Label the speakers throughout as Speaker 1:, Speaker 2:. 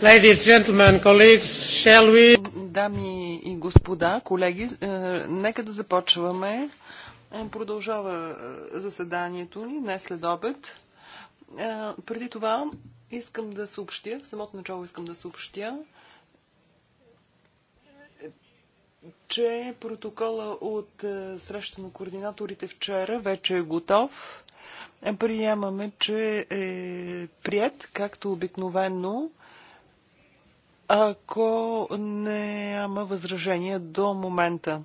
Speaker 1: Ladies, gentlemen, colleagues, shall we... Дами и господа, колеги, е, нека да започваме. Е, продължава е, заседанието ни днес след обед. преди това искам да съобщя, в самото начало искам да съобщя, че протокола от среща на координаторите вчера вече е готов. Приемаме, че е прият, както обикновено ако няма възражение до момента.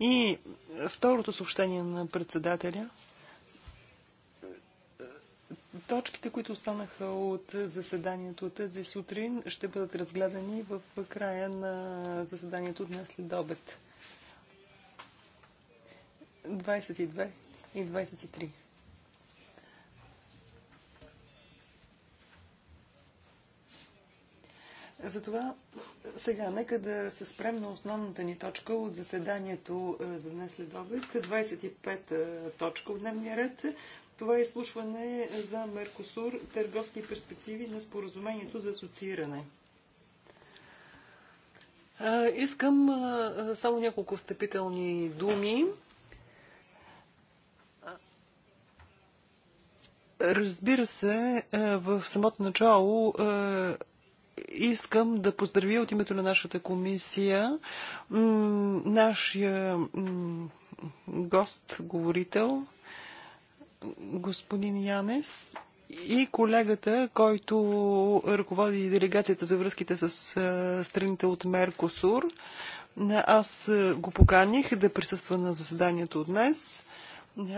Speaker 1: И второто съобщение на председателя. Точките, които останаха от заседанието тази сутрин, ще бъдат разгледани в края на заседанието днес след обед. 22 и 23. Затова сега нека да се спрем на основната ни точка от заседанието е, за днес след обед, 25 е, точка от дневния ред. Това е изслушване за Меркосур, търговски перспективи на споразумението за асоцииране. Е, искам само няколко встъпителни думи. Разбира се, в самото начало искам да поздравя от името на нашата комисия нашия гост, говорител, господин Янес и колегата, който ръководи делегацията за връзките с страните от Меркосур. Аз го поканих да присъства на заседанието днес.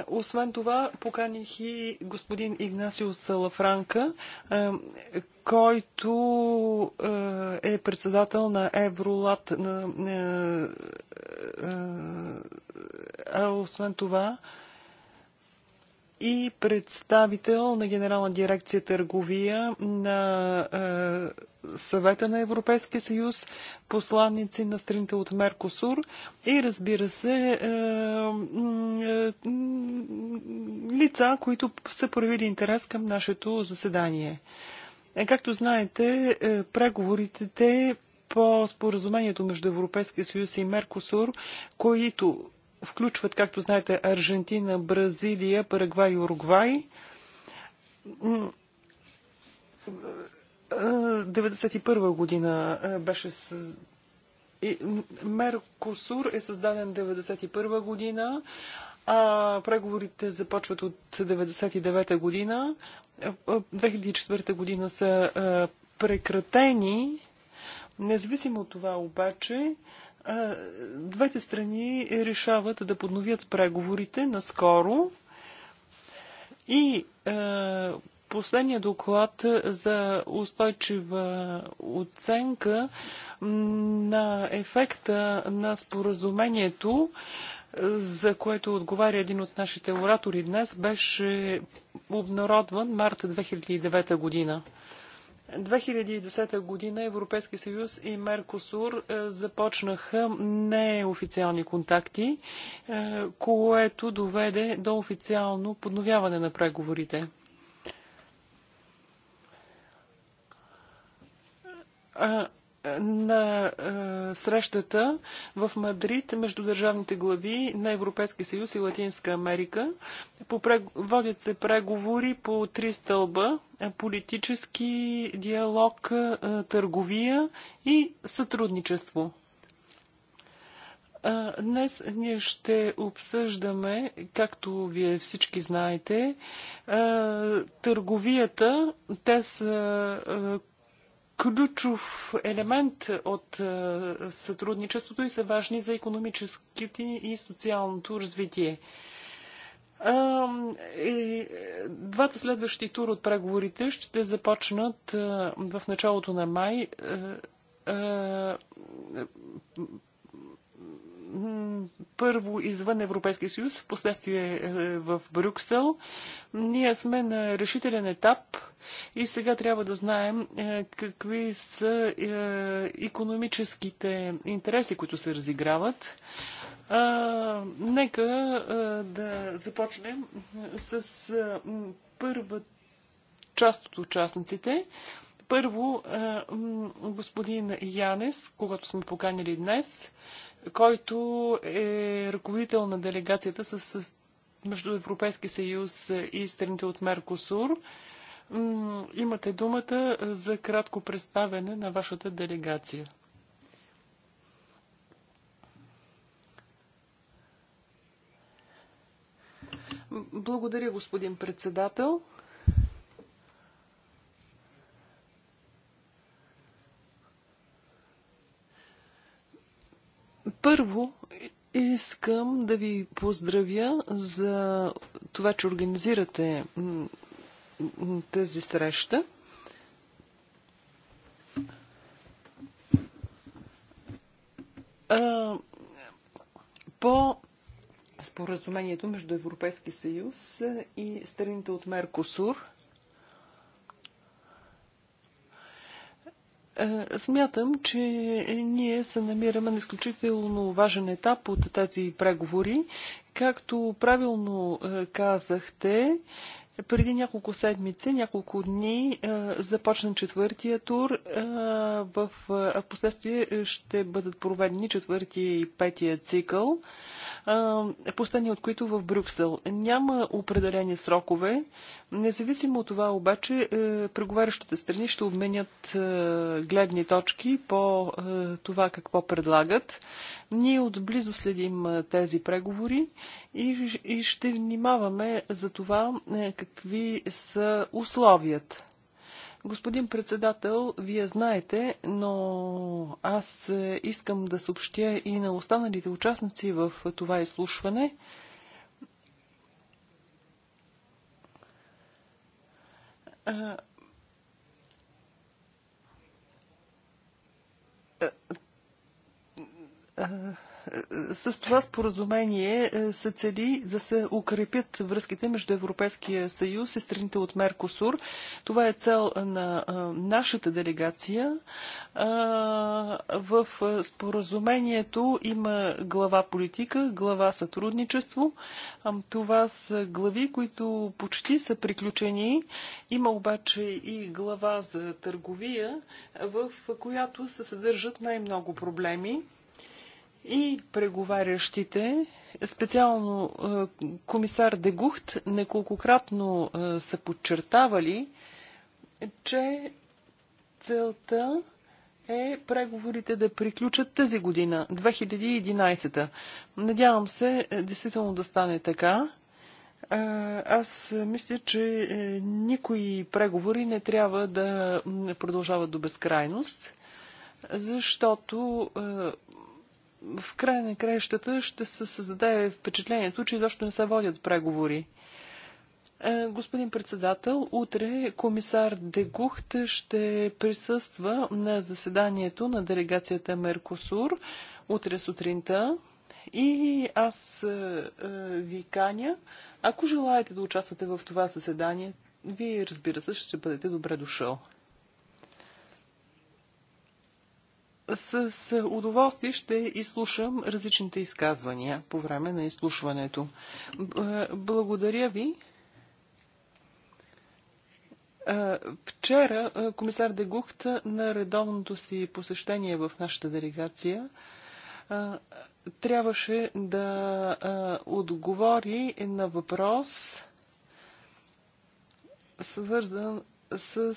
Speaker 1: Освен това, поканих и господин Игнасио Салафранка, е, който е, е председател на Евролат. Е, а освен това, и представител на Генерална дирекция търговия на е, съвета на Европейския съюз, посланници на страните от Меркосур и разбира се е, е, лица, които са проявили интерес към нашето заседание. Е, както знаете, е, преговорите те по споразумението между Европейския съюз и Меркосур, които включват, както знаете, Аржентина, Бразилия, Парагвай и Уругвай. 1991 година беше с... Меркосур е създаден 1991 година, а преговорите започват от 1999 година. 2004 година са прекратени. Независимо от това обаче, Двете страни решават да подновят преговорите наскоро и последния доклад за устойчива оценка на ефекта на споразумението, за което отговаря един от нашите оратори днес, беше обнародван март 2009 година. 2010 година Европейски съюз и Меркосур е, започнаха неофициални контакти, е, което доведе до официално подновяване на преговорите. А, е, на е, срещата в Мадрид между държавните глави на Европейския съюз и Латинска Америка. Попрег... Водят се преговори по три стълба е, политически диалог, е, търговия и сътрудничество. Е, днес ние ще обсъждаме, както вие всички знаете, е, търговията. Те са ключов елемент от е, сътрудничеството и са важни за економическите и социалното развитие. Е, е, двата следващи тур от преговорите ще започнат в началото на май първо извън Европейския съюз, в последствие е, в Брюксел. Ние сме на решителен етап и сега трябва да знаем е, какви са економическите интереси, които се разиграват. Нека е, да започнем с първата част от участниците. Първо, господин Янес, когато сме поканили днес, който е ръководител на делегацията с, с, между Европейски съюз и страните от Меркосур. Имате думата за кратко представяне на вашата делегация. Благодаря, господин председател. Първо, искам да ви поздравя за това, че организирате тази среща. по споразумението между Европейски съюз и страните от Меркосур – Е, смятам, че ние се намираме на изключително важен етап от тези преговори. Както правилно е, казахте, преди няколко седмици, няколко дни е, започна четвъртия тур. В последствие ще бъдат проведени четвъртия и петия цикъл последния от които в Брюксел. Няма определени срокове. Независимо от това обаче, е, преговарящите страни ще обменят е, гледни точки по е, това какво предлагат. Ние отблизо следим тези преговори и ще внимаваме за това какви са условията. Господин председател, вие знаете, но аз искам да съобщя и на останалите участници в това изслушване. Uh... С това споразумение е, се цели да се укрепят връзките между Европейския съюз и страните от Меркосур. Това е цел на е, нашата делегация. Е, в споразумението има глава политика, глава сътрудничество. Това са глави, които почти са приключени. Има обаче и глава за търговия, в която се съдържат най-много проблеми и преговарящите, специално е, комисар Дегухт, неколкократно е, са подчертавали, че целта е преговорите да приключат тази година, 2011. Надявам се, е, действително да стане така. Аз мисля, че никои преговори не трябва да продължават до безкрайност, защото в края на краищата ще се създаде впечатлението, че изобщо не се водят преговори. Е, господин председател, утре комисар Дегухт ще присъства на заседанието на делегацията Меркосур утре сутринта и аз е, е, ви каня. Ако желаете да участвате в това заседание, вие разбира се ще бъдете добре дошъл. С удоволствие ще изслушам различните изказвания по време на изслушването. Благодаря ви. Вчера комисар Дегухт на редовното си посещение в нашата делегация трябваше да отговори на въпрос, свързан с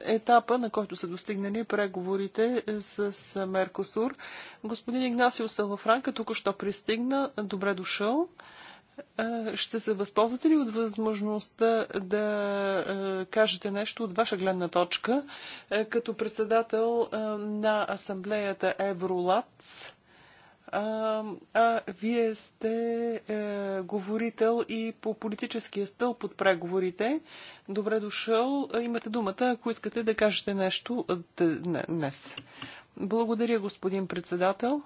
Speaker 1: етапа, на който са достигнали преговорите е, с е, Меркосур. Господин Игнасио Салафранка тук що пристигна. Добре дошъл. Е, ще се възползвате ли от възможността да кажете нещо от ваша гледна точка като председател на асамблеята Евролац? А, а вие сте е, говорител и по политическия стълб от преговорите. Добре дошъл. Имате думата, ако искате да кажете нещо е, днес. Благодаря, господин председател.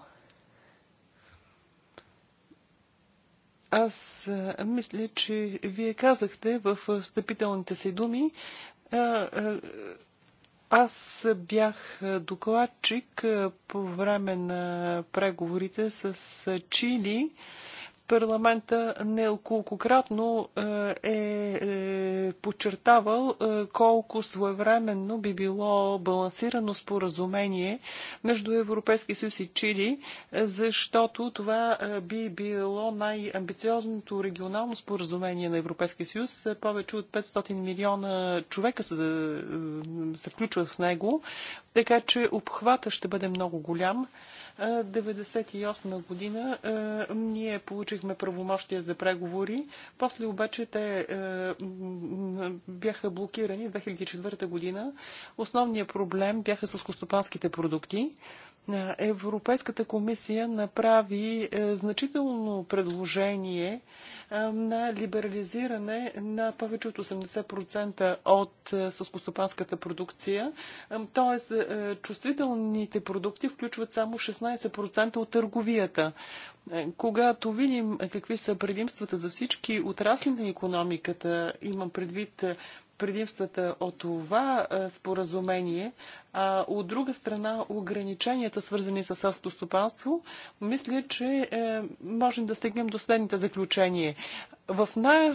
Speaker 1: Аз е, мисля, че вие казахте в е, стъпителните си думи, аз бях докладчик по време на преговорите с Чили Парламента неколкократно е, е подчертавал е, колко своевременно би било балансирано споразумение между Европейски съюз и Чили, е, защото това би било най-амбициозното регионално споразумение на Европейския съюз. Повече от 500 милиона човека се включват в него, така че обхвата ще бъде много голям. 1998 година ние получихме правомощия за преговори, после обаче те бяха блокирани 2004 година. Основният проблем бяха сълскостопанските продукти. Европейската комисия направи значително предложение на либерализиране на повече от 80% от съскостопанската продукция. Тоест, чувствителните продукти включват само 16% от търговията. Е, когато видим какви са предимствата за всички отрасли на економиката, имам предвид предимствата от това споразумение, а от друга страна ограниченията, свързани с автостопанство, мисля, че е, можем да стигнем до следните заключения. В, най-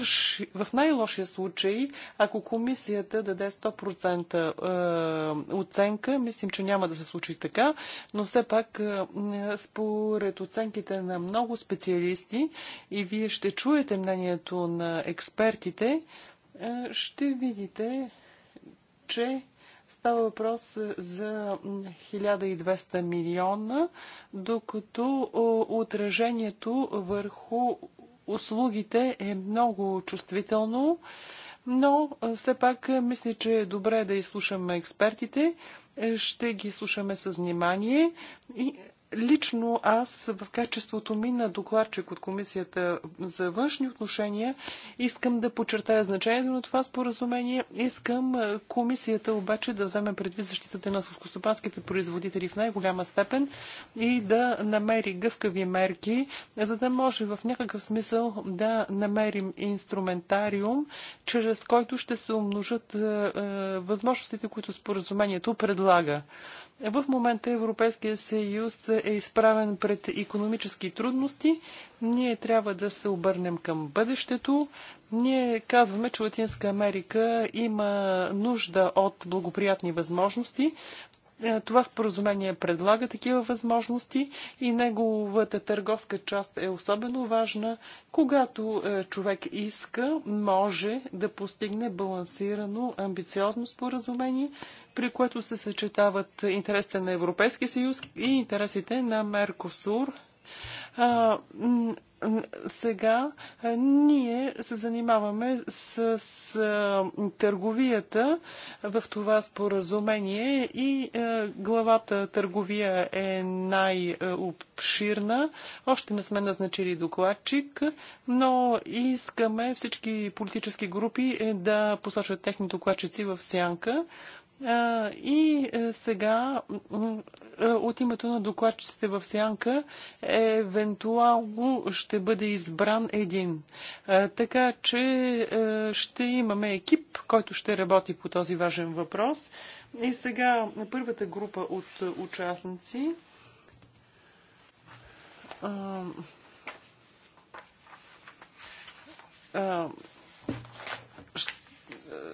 Speaker 1: в най-лошия случай, ако комисията даде 100% е, оценка, мислим, че няма да се случи така, но все пак е, според оценките на много специалисти и вие ще чуете мнението на експертите, е, ще видите, че Става въпрос за 1200 милиона, докато отражението върху услугите е много чувствително, но е, все пак е, мисля, че е добре да изслушаме експертите. Ще ги слушаме с внимание и Лично аз в качеството ми на докладчик от Комисията за външни отношения искам да подчертая значението на това споразумение. Искам Комисията обаче да вземе предвид защитата на сълскостопанските производители в най-голяма степен и да намери гъвкави мерки, за да може в някакъв смисъл да намерим инструментариум, чрез който ще се умножат възможностите, които споразумението предлага. В момента Европейския съюз е изправен пред економически трудности. Ние трябва да се обърнем към бъдещето. Ние казваме, че Латинска Америка има нужда от благоприятни възможности, е, това споразумение предлага такива възможности и неговата търговска част е особено важна. Когато е, човек иска, може да постигне балансирано, амбициозно споразумение, при което се съчетават интересите на Европейския съюз и интересите на Меркосур. Сега ние се занимаваме с, с търговията в това споразумение и главата търговия е най-обширна. Още не сме назначили докладчик, но искаме всички политически групи е, да посочат техни докладчици в сянка. И е, сега е, от името на докладчиците в Сянка евентуално ще бъде избран един. Така че е, ще имаме екип, който ще работи по този важен въпрос. И сега първата група от участници.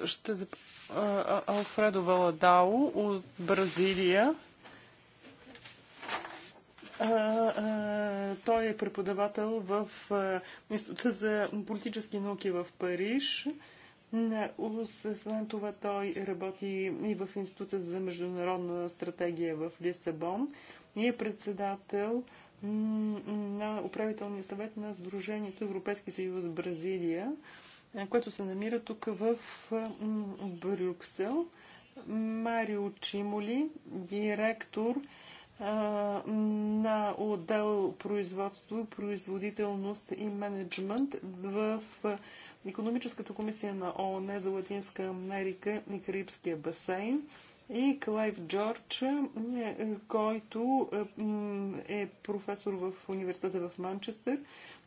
Speaker 1: ще започнем Алфредо Валадао от Бразилия. Той е преподавател в Института за политически науки в Париж. Освен това, той работи и в Института за международна стратегия в Лисабон и е председател на управителния съвет на Сдружението Европейски съюз Бразилия. Е, което се намира тук в е, Брюксел. Марио Чимоли, директор е, на отдел производство, производителност и менеджмент в Економическата комисия на ООН за Латинска Америка и Карибския басейн и Клайв Джордж, който е професор в университета в Манчестър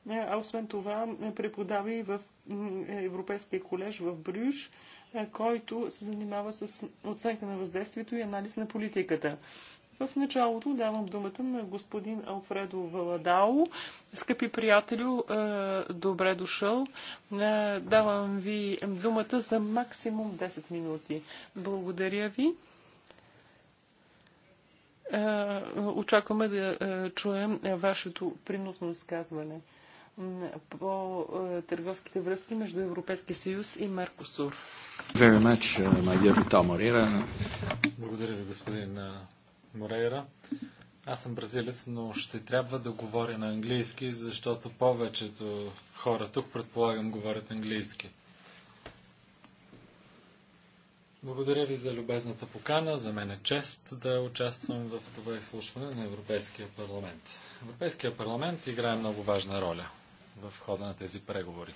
Speaker 1: е, а освен това е, преподава и в е, Европейския колеж в Брюж, който се занимава с оценка на въздействието и анализ на политиката. В началото давам думата на господин Алфредо Валадао. Скъпи приятелю, добре дошъл. Давам ви думата за максимум 10 минути. Благодаря ви. Очакваме да чуем вашето приносно изказване по е, търговските връзки между Европейския съюз и Меркосур.
Speaker 2: Uh, Благодаря ви, господин Морейра. Аз съм бразилец, но ще трябва да говоря на английски, защото повечето хора тук, предполагам, говорят английски. Благодаря ви за любезната покана. За мен е чест да участвам в това изслушване на Европейския парламент. Европейския парламент играе много важна роля в хода на тези преговори.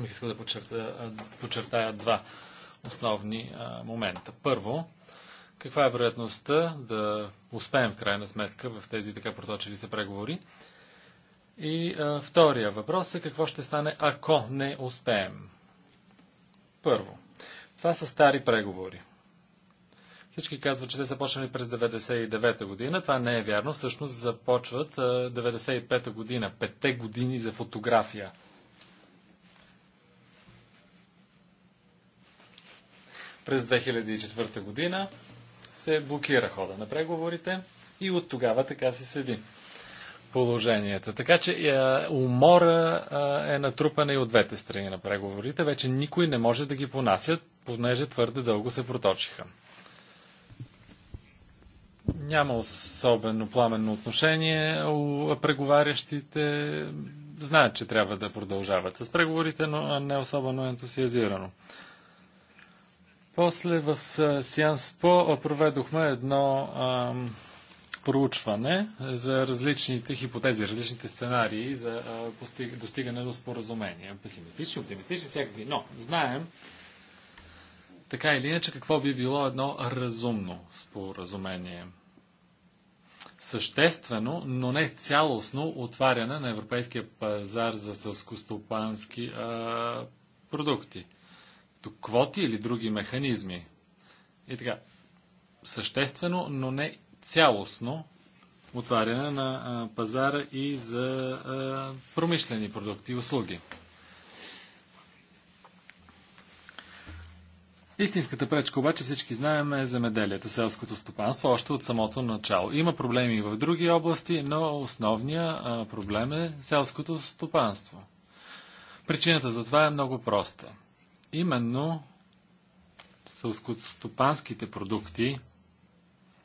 Speaker 2: Бих искал да подчертая, подчертая два основни а, момента. Първо, каква е вероятността да успеем в крайна сметка в тези така проточили се преговори? И а, втория въпрос е какво ще стане ако не успеем? Първо, това са стари преговори. Всички казват, че те са почнали през 99-та година. Това не е вярно. Всъщност започват 95-та година. Петте години за фотография. През 2004 година се блокира хода на преговорите и от тогава така се седи положението. Така че е, умора е, е натрупана и от двете страни на преговорите. Вече никой не може да ги понасят, понеже твърде дълго се проточиха. Няма особено пламенно отношение. Преговарящите знаят, че трябва да продължават с преговорите, но не особено ентусиазирано. После в Сианс По проведохме едно а, проучване за различните хипотези, различните сценарии за а, достигане до споразумения. Песимистични, оптимистични, всякакви. Но знаем, така или иначе, какво би било едно разумно споразумение? съществено, но не цялостно отваряне на европейския пазар за селскостопански продукти. Като квоти или други механизми. И така, съществено, но не цялостно отваряне на пазара и за промишлени продукти и услуги. Истинската пречка обаче всички знаем е земеделието, селското стопанство, още от самото начало. Има проблеми и в други области, но основният проблем е селското стопанство. Причината за това е много проста. Именно селскостопанските продукти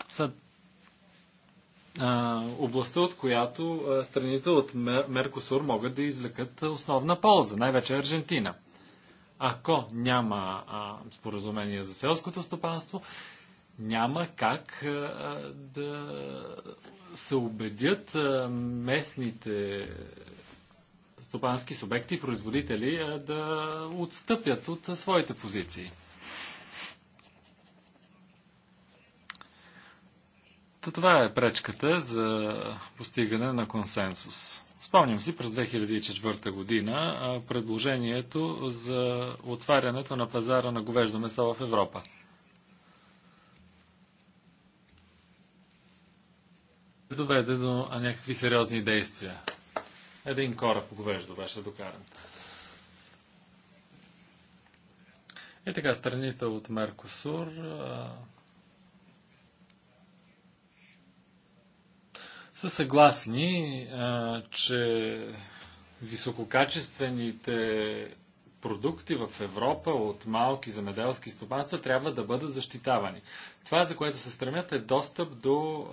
Speaker 2: са а, областта, от която а, страните от Меркосур могат да извлекат основна полза, най-вече Аржентина. Ако няма а, споразумение за селското стопанство, няма как а, да се убедят а, местните стопански субекти и производители а, да отстъпят от а, своите позиции. То това е пречката за постигане на консенсус. Спомням си през 2004 година предложението за отварянето на пазара на говеждо месо в Европа. доведе до някакви сериозни действия. Един кораб говеждо беше докаран. И така, страните от Меркосур са съгласни, че висококачествените продукти в Европа от малки земеделски стопанства трябва да бъдат защитавани. Това, за което се стремят, е достъп до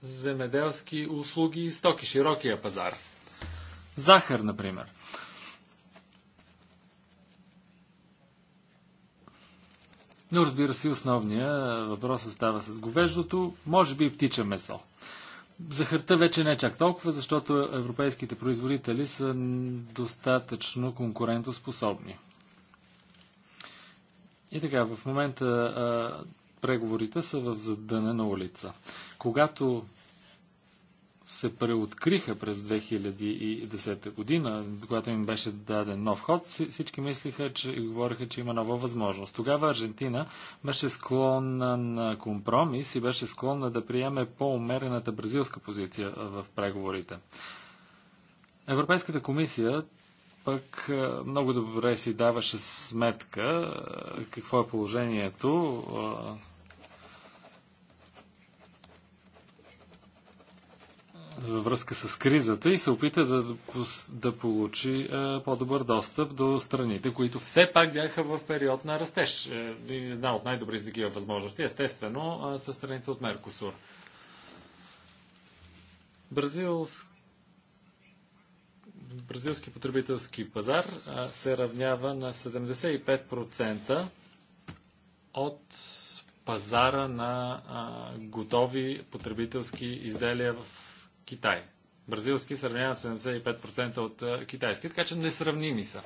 Speaker 2: земеделски услуги и стоки, широкия пазар. Захар, например. Но разбира се, основният въпрос остава с говеждото, може би и птиче месо. Захарта вече не е чак толкова, защото европейските производители са достатъчно конкурентоспособни. И така, в момента а, преговорите са в задънена улица. Когато се преоткриха през 2010 година, когато им беше даден нов ход, всички мислиха, че говориха, че има нова възможност. Тогава Аржентина беше склонна на компромис и беше склонна да приеме по-умерената бразилска позиция в преговорите. Европейската комисия пък много добре си даваше сметка какво е положението във връзка с кризата и се опита да, да получи по-добър достъп до страните, които все пак бяха в период на растеж. Е, една от най-добрите такива възможности, естествено, са страните от Меркосур. Бразилск... Бразилски потребителски пазар се равнява на 75% от пазара на а, готови потребителски изделия в Китай. Бразилски сравнява 75% от китайски, така че несравними са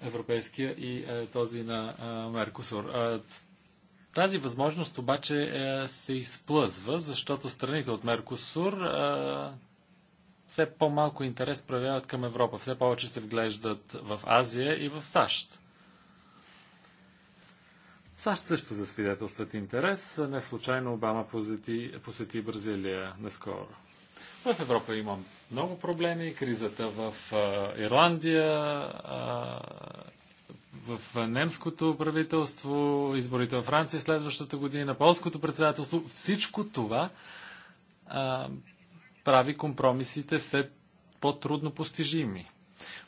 Speaker 2: европейския и е, този на е, Меркосур. Е, тази възможност обаче е, се изплъзва, защото страните от Меркосур е, все по-малко интерес проявяват към Европа, все повече се вглеждат в Азия и в САЩ. САЩ също засвидетелстват интерес. Не случайно Обама посети, посети Бразилия наскоро. В Европа има много проблеми. Кризата в Ирландия, в немското правителство, изборите във Франция следващата година, полското председателство. Всичко това прави компромисите все по-трудно постижими.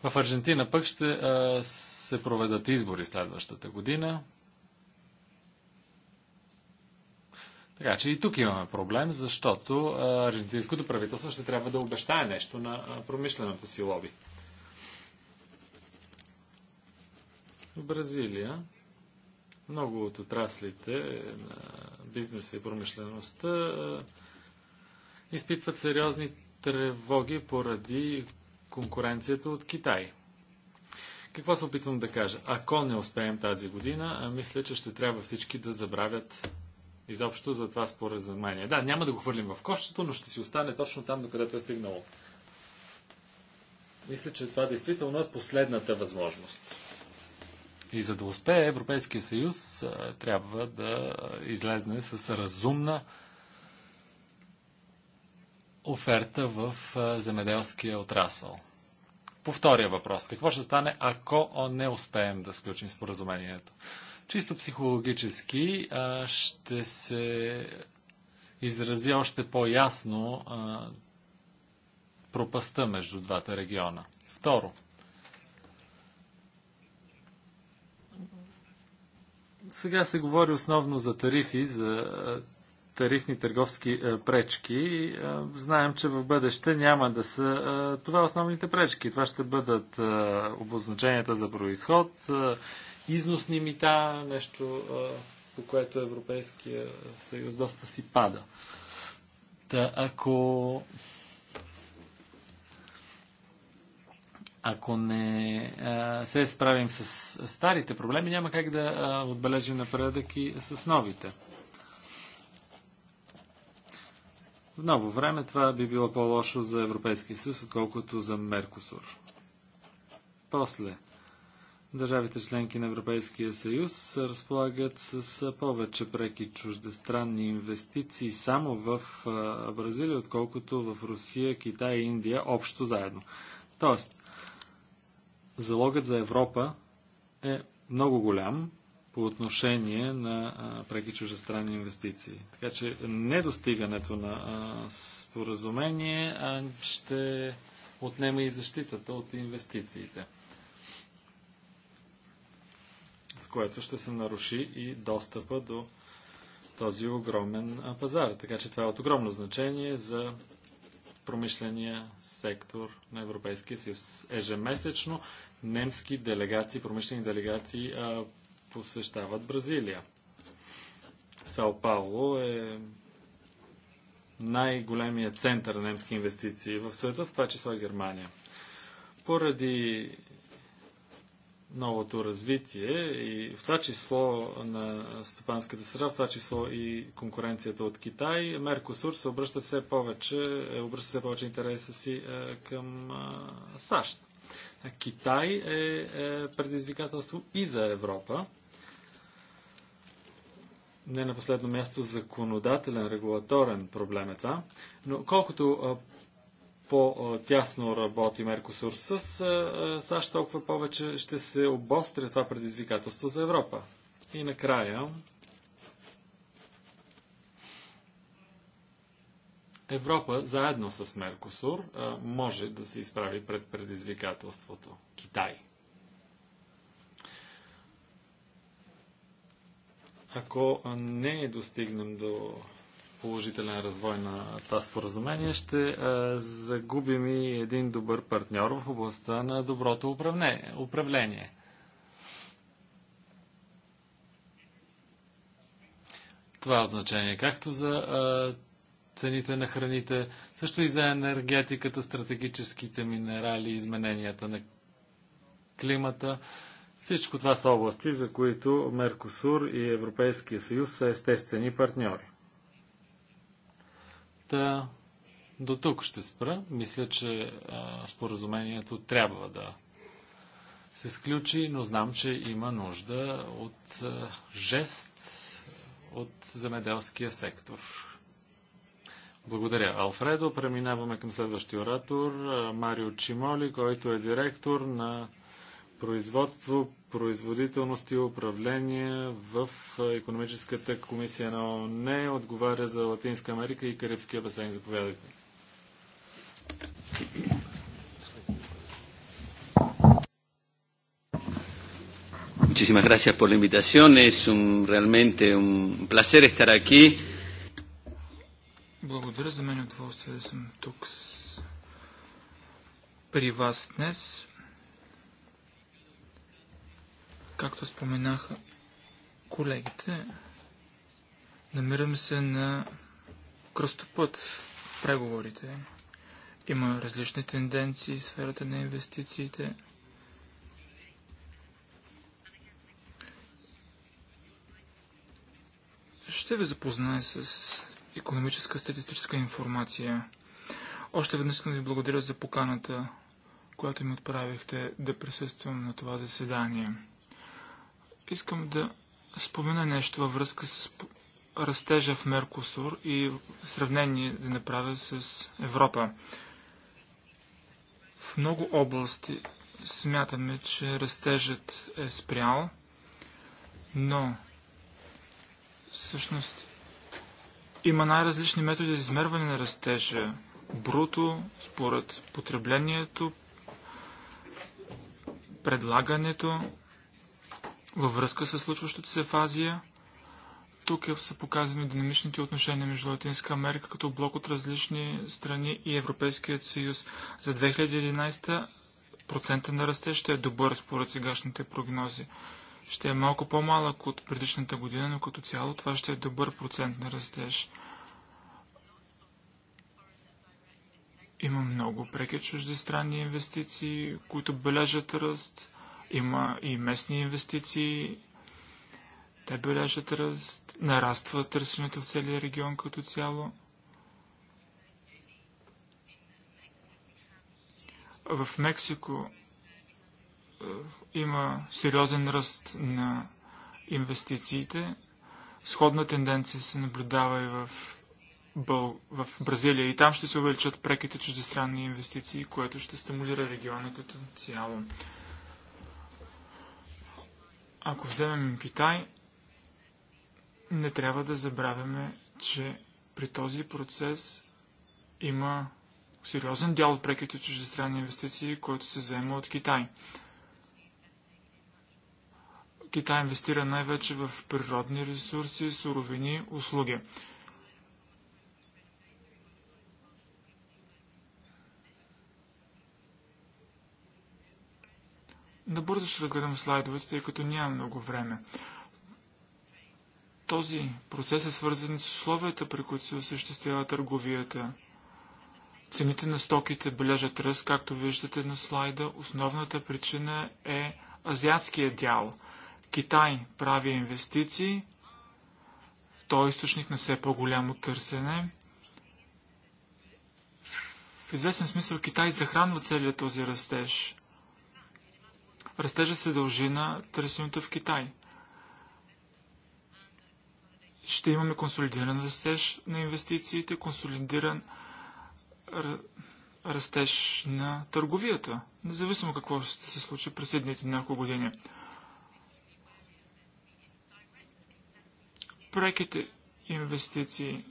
Speaker 2: В Аржентина пък ще се проведат избори следващата година. Така че и тук имаме проблем, защото аржентинското правителство ще трябва да обещае нещо на промишленото си лоби. В Бразилия много от отраслите на бизнеса и промишлеността изпитват сериозни тревоги поради конкуренцията от Китай. Какво се опитвам да кажа? Ако не успеем тази година, мисля, че ще трябва всички да забравят изобщо за това споразумение. Да, няма да го хвърлим в кошчето, но ще си остане точно там, докъдето е стигнало. Мисля, че това действително е последната възможност. И за да успее Европейския съюз, трябва да излезне с разумна оферта в земеделския отрасъл. По втория въпрос, какво ще стане, ако не успеем да сключим споразумението? Чисто психологически а, ще се изрази още по-ясно пропаста между двата региона. Второ, сега се говори основно за тарифи, за тарифни търговски пречки. Знаем, че в бъдеще няма да са това основните пречки. Това ще бъдат обозначенията за происход, износни мита, нещо по което Европейския съюз доста си пада. Та, ако ако не а, се справим с старите проблеми, няма как да а, отбележим напредък и с новите. В ново време това би било по-лошо за Европейския съюз, отколкото за Меркосур. После, Държавите членки на Европейския съюз разполагат с повече преки чуждестранни инвестиции само в Бразилия, отколкото в Русия, Китай и Индия общо заедно. Тоест, залогът за Европа е много голям по отношение на преки чуждестранни инвестиции. Така че недостигането на споразумение ще отнема и защитата от инвестициите с което ще се наруши и достъпа до този огромен пазар. Така че това е от огромно значение за промишления сектор на Европейския съюз. Ежемесечно немски делегации, промишлени делегации а, посещават Бразилия. Сао Пауло е най-големия център на немски инвестиции в света, в това число Германия. Поради новото развитие и в това число на стопанската среда, в това число и конкуренцията от Китай, Меркосур се обръща все повече, е, обръща все повече интереса си е, към САЩ. Китай е, е предизвикателство и за Европа. Не на последно място законодателен, регулаторен проблем е това. Но колкото по-тясно работи Меркосур с САЩ, толкова повече ще се обостря това предизвикателство за Европа. И накрая, Европа заедно с Меркосур може да се изправи пред предизвикателството Китай. Ако не достигнем до положителен развой на това споразумение, ще е, загубим и един добър партньор в областта на доброто управление. Това е от значение както за а, е, цените на храните, също и за енергетиката, стратегическите минерали, измененията на климата. Всичко това са области, за които Меркосур и Европейския съюз са естествени партньори. Та, до тук ще спра. Мисля, че а, споразумението трябва да се сключи, но знам, че има нужда от а, жест от земеделския сектор. Благодаря, Алфредо. Преминаваме към следващия оратор, Марио Чимоли, който е директор на производство, производителност и управление в економическата комисия на ООН отговаря за Латинска Америка и Карибския басейн. Заповядайте.
Speaker 1: Muchísimas gracias
Speaker 2: por la invitación. Es un, realmente un placer estar aquí.
Speaker 3: Благодаря за мен е удоволствие да съм тук с... при вас днес. Както споменаха колегите, намираме се на кръстопът в преговорите. Има различни тенденции в сферата на инвестициите. Ще ви запозная с економическа статистическа информация. Още веднъж ви благодаря за поканата, която ми отправихте да присъствам на това заседание. Искам да спомена нещо във връзка с растежа в Меркосур и сравнение да направя с Европа. В много области смятаме, че растежът е спрял, но всъщност има най-различни методи за измерване на растежа. Бруто, според потреблението, предлагането, във връзка с случващото се в Азия. Тук е- са показани динамичните отношения между Латинска Америка като блок от различни страни и Европейският съюз. За 2011 процента на расте ще е добър според сегашните прогнози. Ще е малко по-малък от предишната година, но като цяло това ще е добър процент на растеж. Има много преки чужди странни инвестиции, които бележат ръст. Има и местни инвестиции. Те бележат ръст. Нараства търсенето в целия регион като цяло. В Мексико е, има сериозен ръст на инвестициите. Сходна тенденция се наблюдава и в, Бъл... в Бразилия. И там ще се увеличат преките чуждестранни инвестиции, което ще стимулира региона като цяло. Ако вземем Китай, не трябва да забравяме, че при този процес има сериозен дял от преките чуждестранни инвестиции, който се заема от Китай. Китай инвестира най-вече в природни ресурси, суровини, услуги. Набързо ще разгледам слайдовете, тъй като няма много време. Този процес е свързан с условията, при които се осъществява търговията. Цените на стоките бележат ръст, както виждате на слайда. Основната причина е азиатския дял. Китай прави инвестиции, той е източник на все по-голямо търсене. В известен смисъл Китай захранва целият този растеж. Растежа се дължи на търсенето в Китай. Ще имаме консолидиран растеж на инвестициите, консолидиран растеж на търговията, независимо какво ще се случи през следните няколко години. Преките инвестиции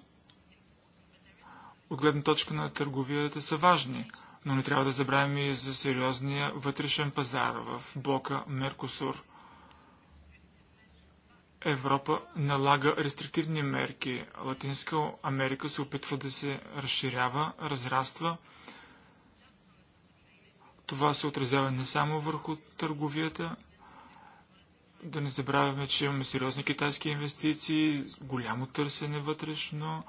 Speaker 3: от гледна точка на търговията са важни – но не трябва да забравим и за сериозния вътрешен пазар в блока Меркосур. Европа налага рестриктивни мерки. Латинска Америка се опитва да се разширява, разраства. Това се отразява не само върху търговията. Да не забравяме, че имаме сериозни китайски инвестиции, голямо търсене вътрешно,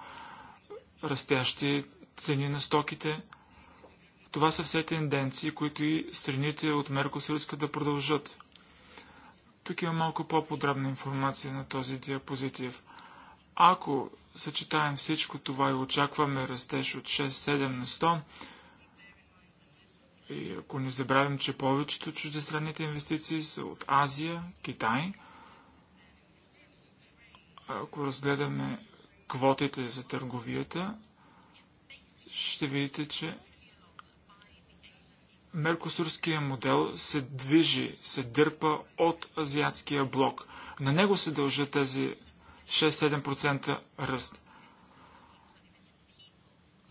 Speaker 3: растящи цени на стоките – това са все тенденции, които и страните от Меркосур искат да продължат. Тук има малко по-подробна информация на този диапозитив. Ако съчетаем всичко това и очакваме растеж от 6-7 на 100, и ако не забравим, че повечето чуждестранните инвестиции са от Азия, Китай, ако разгледаме квотите за търговията, ще видите, че меркосурския модел се движи, се дърпа от азиатския блок. На него се дължат тези 6-7% ръст.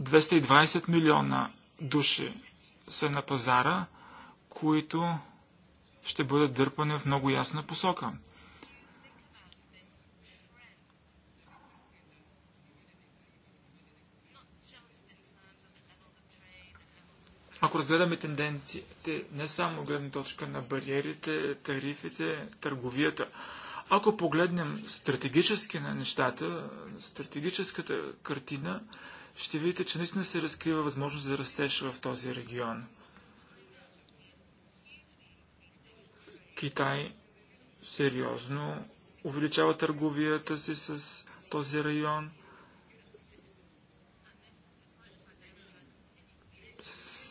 Speaker 3: 220 милиона души са на пазара, които ще бъдат дърпани в много ясна посока. Ако разгледаме тенденциите не само гледна точка на бариерите, тарифите, търговията, ако погледнем стратегически на нещата, стратегическата картина, ще видите, че наистина се разкрива възможност за да растеж в този регион. Китай сериозно увеличава търговията си с този район.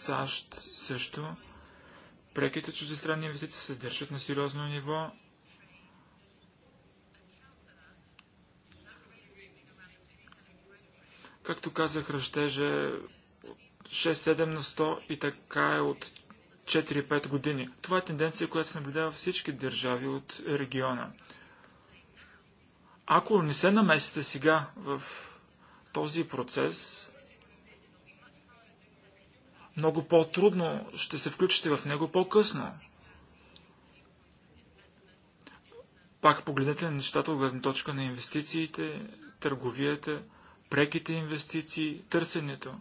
Speaker 3: САЩ също. Преките чуждестранни инвестиции се държат на сериозно ниво. Както казах, растеже 6-7 на 100 и така е от 4-5 години. Това е тенденция, която се наблюдава всички държави от региона. Ако не се намесите сега в този процес, много по-трудно ще се включите в него по-късно. Пак погледнете на нещата от гледна точка на инвестициите, търговията, преките инвестиции, търсенето.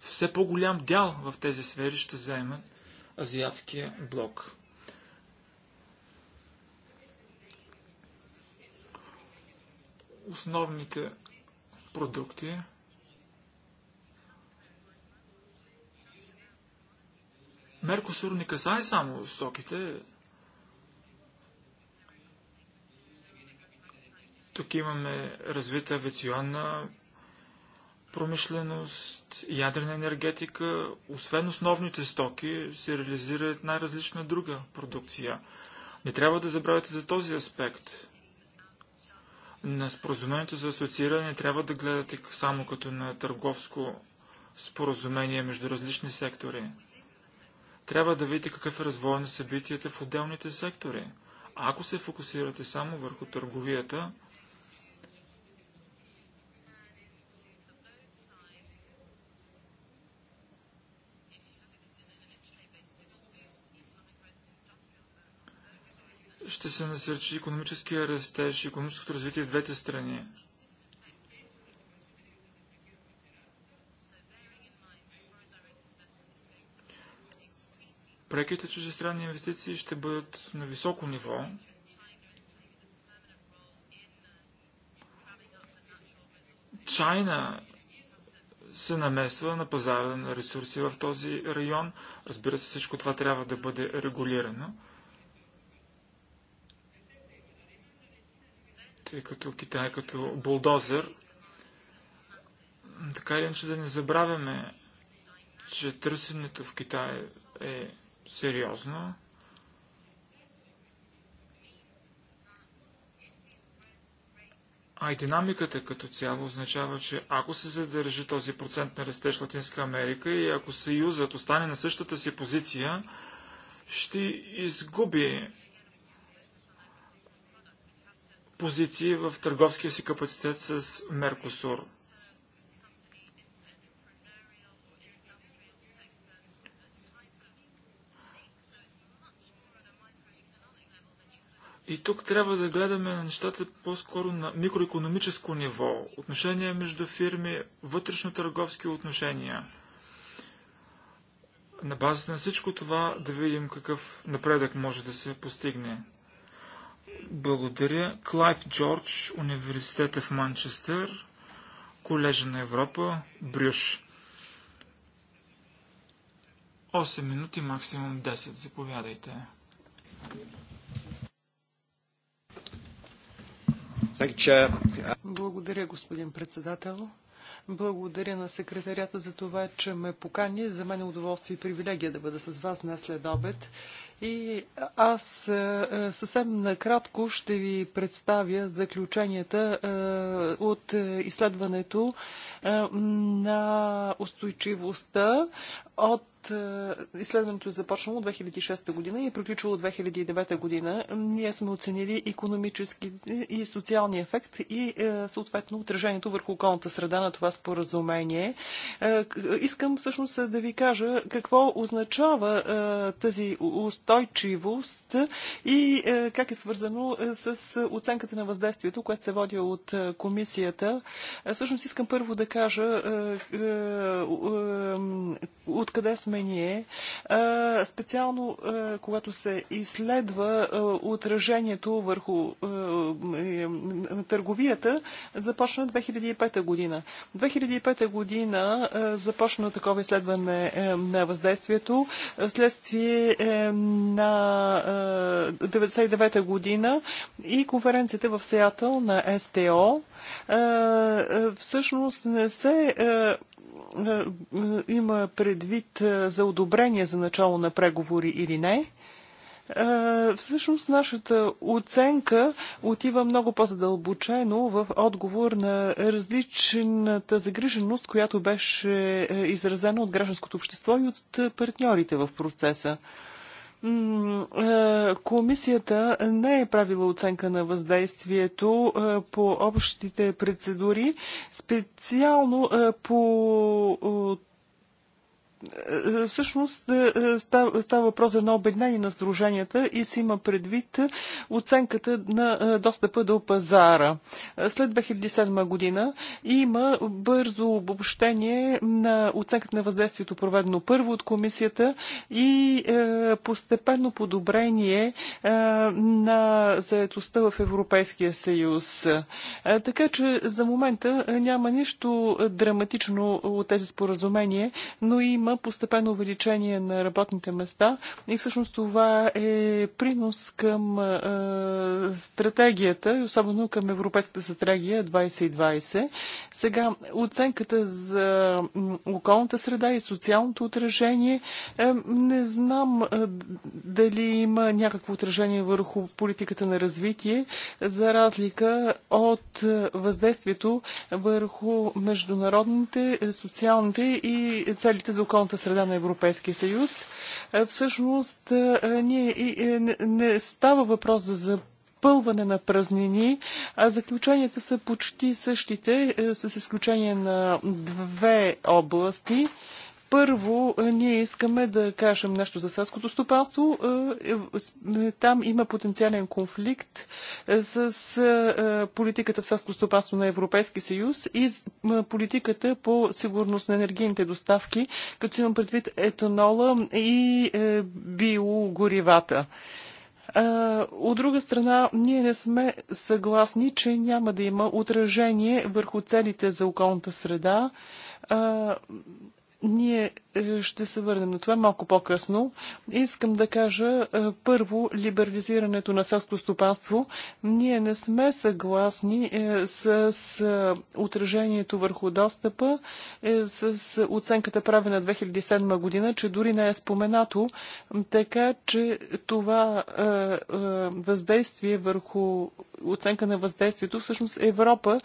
Speaker 3: Все по-голям дял в тези сфери ще заеме азиатския блок. Основните продукти Меркосур не касае само стоките. Тук имаме развита авиационна промишленост, ядрена енергетика. Освен основните стоки, се реализира една различна друга продукция. Не трябва да забравяте за този аспект. На споразумението за асоцииране трябва да гледате само като на търговско споразумение между различни сектори. Трябва да видите какъв е развой на събитията в отделните сектори. ако се фокусирате само върху търговията, ще се насърчи економическия растеж и економическото развитие в двете страни. Преките чужестранни инвестиции ще бъдат на високо ниво. Чайна се намесва на пазара на ресурси в този район. Разбира се, всичко това трябва да бъде регулирано. Тъй като Китай е като булдозер. Така или иначе да не забравяме, че търсенето в Китай е сериозно. А и динамиката като цяло означава, че ако се задържи този процент на растеж Латинска Америка и ако Съюзът остане на същата си позиция, ще изгуби позиции в търговския си капацитет с Меркосур. И тук трябва да гледаме на нещата по-скоро на микроекономическо ниво, отношения между фирми, вътрешно-търговски отношения. На базата на всичко това да видим какъв напредък може да се постигне. Благодаря. Клайв Джордж, университета в Манчестър, Колежа на Европа, Брюш. 8 минути, максимум 10. Заповядайте.
Speaker 1: Благодаря, господин председател. Благодаря на секретарята за това, че ме покани. За мен е удоволствие и привилегия да бъда с вас днес след обед и аз е, е, съвсем накратко ще ви представя заключенията е, от изследването на устойчивостта от изследването е започнало 2006 година и е приключило 2009 година. Ние сме оценили економически и социални ефект и съответно отражението върху околната среда на това споразумение. Искам всъщност да ви кажа какво означава тази устойчивост устойчивост и е, как е свързано е, с оценката на въздействието, което се води от е, комисията. Всъщност искам първо да кажа откъде сме ние. Специално, когато се изследва отражението върху търговията, започна 2005 година. 2005 година започна такова изследване на въздействието следствие на 1999 е, година и конференцията в Сеатъл на СТО е, е, всъщност не се има предвид за одобрение за начало на преговори или не. Всъщност нашата оценка отива много по-задълбочено в отговор на различната загриженост, която беше изразена от гражданското общество и от партньорите в процеса. Е, комисията не е правила оценка на въздействието е, по общите процедури, специално е, по е, всъщност е, е, става, въпрос за едно обеднение на сдруженията и си има предвид оценката на достъпа до пазара. След 2007 година има бързо обобщение на оценката на въздействието, проведено първо от комисията и постепенно подобрение на заетостта в Европейския съюз. Така че за момента няма нищо драматично от тези споразумения, но има има постепенно увеличение на работните места и всъщност това е принос към е, стратегията, и особено към Европейската стратегия 2020. Сега оценката за околната среда и социалното отражение, е, не знам е, дали има някакво отражение върху политиката на развитие, за разлика от въздействието върху международните, социалните и целите за околната околната среда на Европейския съюз. Е, всъщност, е, е, ние не става въпрос за запълване на празнини, а заключенията са почти същите, с изключение на две области – първо, ние искаме да кажем нещо за селското стопанство. Е, е, там има потенциален конфликт е, с политиката в селското стопанство на Европейски съюз и политиката по сигурност на енергийните доставки, като имам предвид етанола и биогоривата. От друга страна, ние не сме съгласни, че няма да има отражение върху целите за околната среда ние е, ще се върнем на това малко по-късно. Искам да кажа е, първо либерализирането на селско стопанство. Ние не сме съгласни е, с отражението върху достъпа, с оценката правена 2007 година, че дори не е споменато, така че това въздействие върху оценка на въздействието, всъщност Европа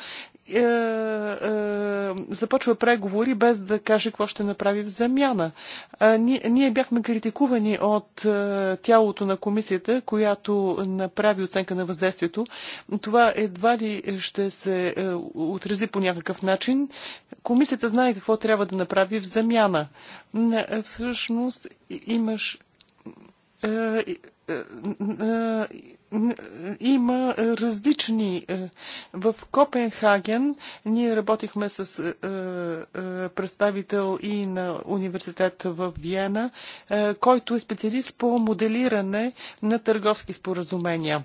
Speaker 1: е, е, започва преговори без да каже какво ще направи в замяна. А, ние, ние бяхме критикувани от а, тялото на комисията, която направи оценка на въздействието. Това едва ли ще се а, отрази по някакъв начин. Комисията знае какво трябва да направи в замяна. А, всъщност имаш. А, а, а, има е, различни. Е, в Копенхаген ние работихме с е, представител и на университет в Виена, който е специалист по моделиране на търговски споразумения.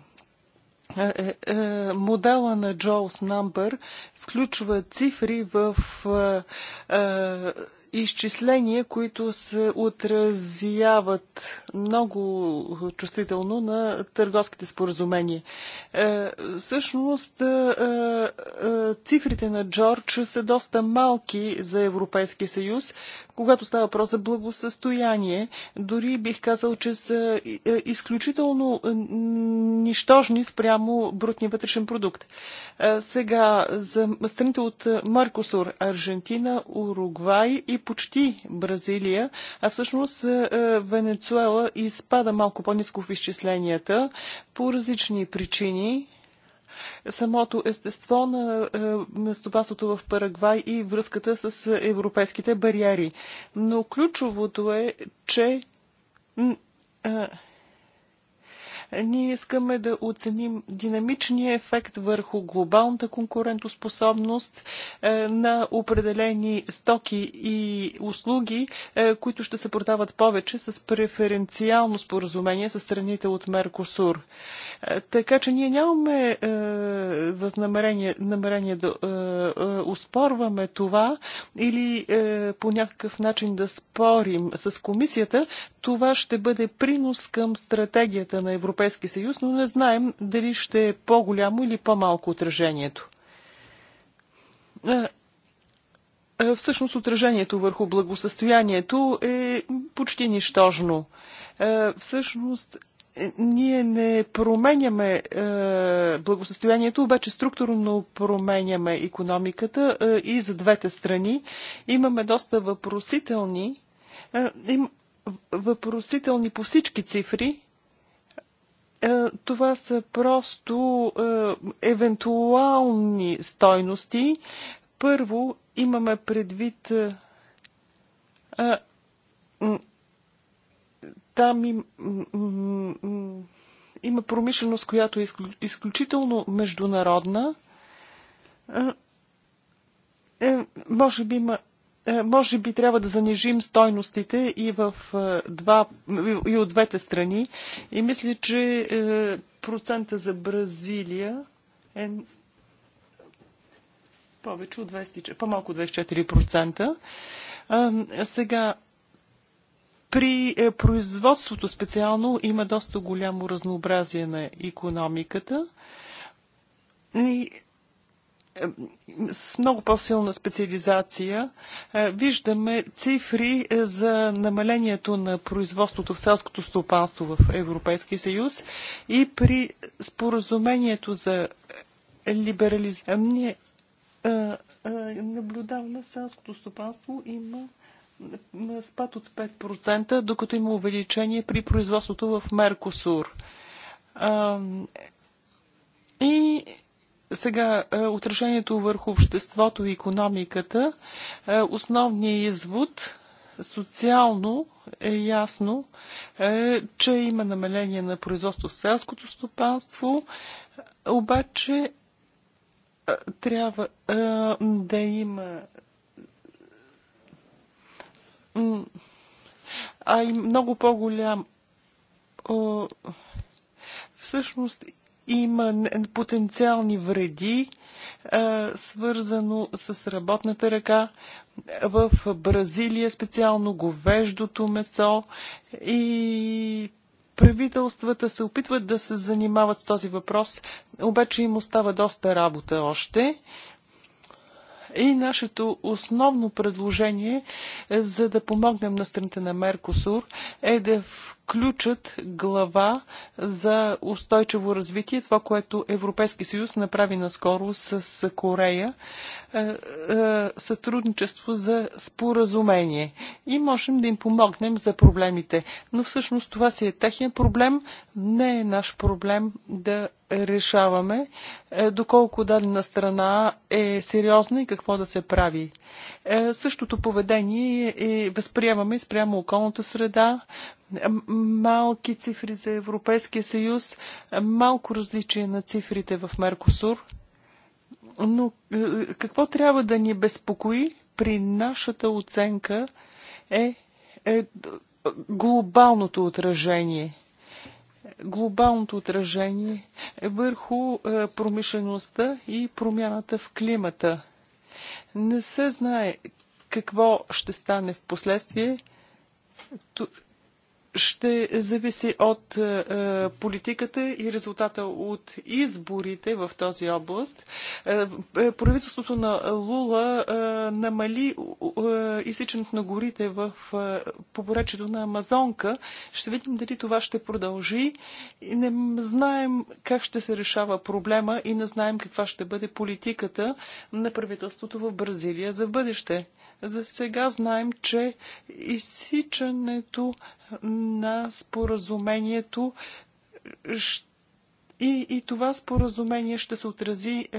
Speaker 1: Модела на Джоус Намбър включва цифри в изчисления, които се отразяват много чувствително на търговските споразумения. Е, всъщност, е, е, е цифрите на Джордж са доста малки за Европейския съюз, когато става въпрос за благосъстояние. Дори бих казал, че са е, е, изключително е, нищожни спрямо брутния вътрешен продукт. Сега за страните от Маркосур, Аржентина, Уругвай и почти Бразилия, а всъщност Венецуела изпада малко по-низко в изчисленията по различни причини самото естество на, местопасото в Парагвай и връзката с европейските бариери. Но ключовото е, че е, ние искаме да оценим динамичния ефект върху глобалната конкурентоспособност е, на определени стоки и услуги, е, които ще се продават повече с преференциално споразумение с страните от Меркосур. Е, така че ние нямаме възнамерение намерение да успорваме това или по някакъв начин да спорим с комисията. Това ще бъде принос към стратегията на Европейския Европейски съюз, но не знаем дали ще е по-голямо или по-малко отражението. Всъщност отражението върху благосъстоянието е почти нищожно. Всъщност е, ние не променяме благосъстоянието, обаче структурно променяме економиката и за двете страни. Имаме доста въпросителни, въпросителни по всички цифри. Е, това са просто е, евентуални стойности. Първо имаме предвид е, там им, има промишленост, която е изключително международна. Може би има е, може би трябва да занижим стойностите и, в е, два, и от двете страни. И мисля, че е, процента за Бразилия е повече от 24, по-малко 24%. А, сега, при производството специално има доста голямо разнообразие на економиката. И с много по-силна специализация. Е, виждаме цифри е, за намалението на производството в селското стопанство в Европейския съюз и при споразумението за либерализация. Е, наблюдаваме селското стопанство има спад от 5%, докато има увеличение при производството в Меркосур. И сега, е, отражението върху обществото и економиката. Е, основният извод социално е ясно, е, че има намаление на производство в селското стопанство, обаче трябва да има а и много по-голям всъщност има потенциални вреди, свързано с работната ръка. В Бразилия специално говеждото месо и правителствата се опитват да се занимават с този въпрос, обаче им остава доста работа още. И нашето основно предложение, е, за да помогнем на страните на Меркосур, е да включат глава за устойчиво развитие, това, което Европейски съюз направи наскоро с Корея, е, е, сътрудничество за споразумение. И можем да им помогнем за проблемите. Но всъщност това си е техния проблем, не е наш проблем да решаваме е, доколко дадена страна е сериозна и какво да се прави. Е, същото поведение е, възприемаме спрямо околната среда, малки цифри за Европейския съюз, малко различие на цифрите в Меркосур. Но е, какво трябва да ни безпокои при нашата оценка е, е глобалното отражение – глобалното отражение върху е, промишлеността и промяната в климата. Не се знае какво ще стане в последствие ще зависи от е, е, политиката и резултата от изборите в този област. Е, правителството на Лула намали изсичането на горите в поборечето на Амазонка. Ще видим дали това ще продължи. И не знаем как ще се решава проблема и не знаем каква ще бъде политиката на правителството в Бразилия за бъдеще. За сега знаем, че изсичането на споразумението и, и това споразумение ще се отрази е,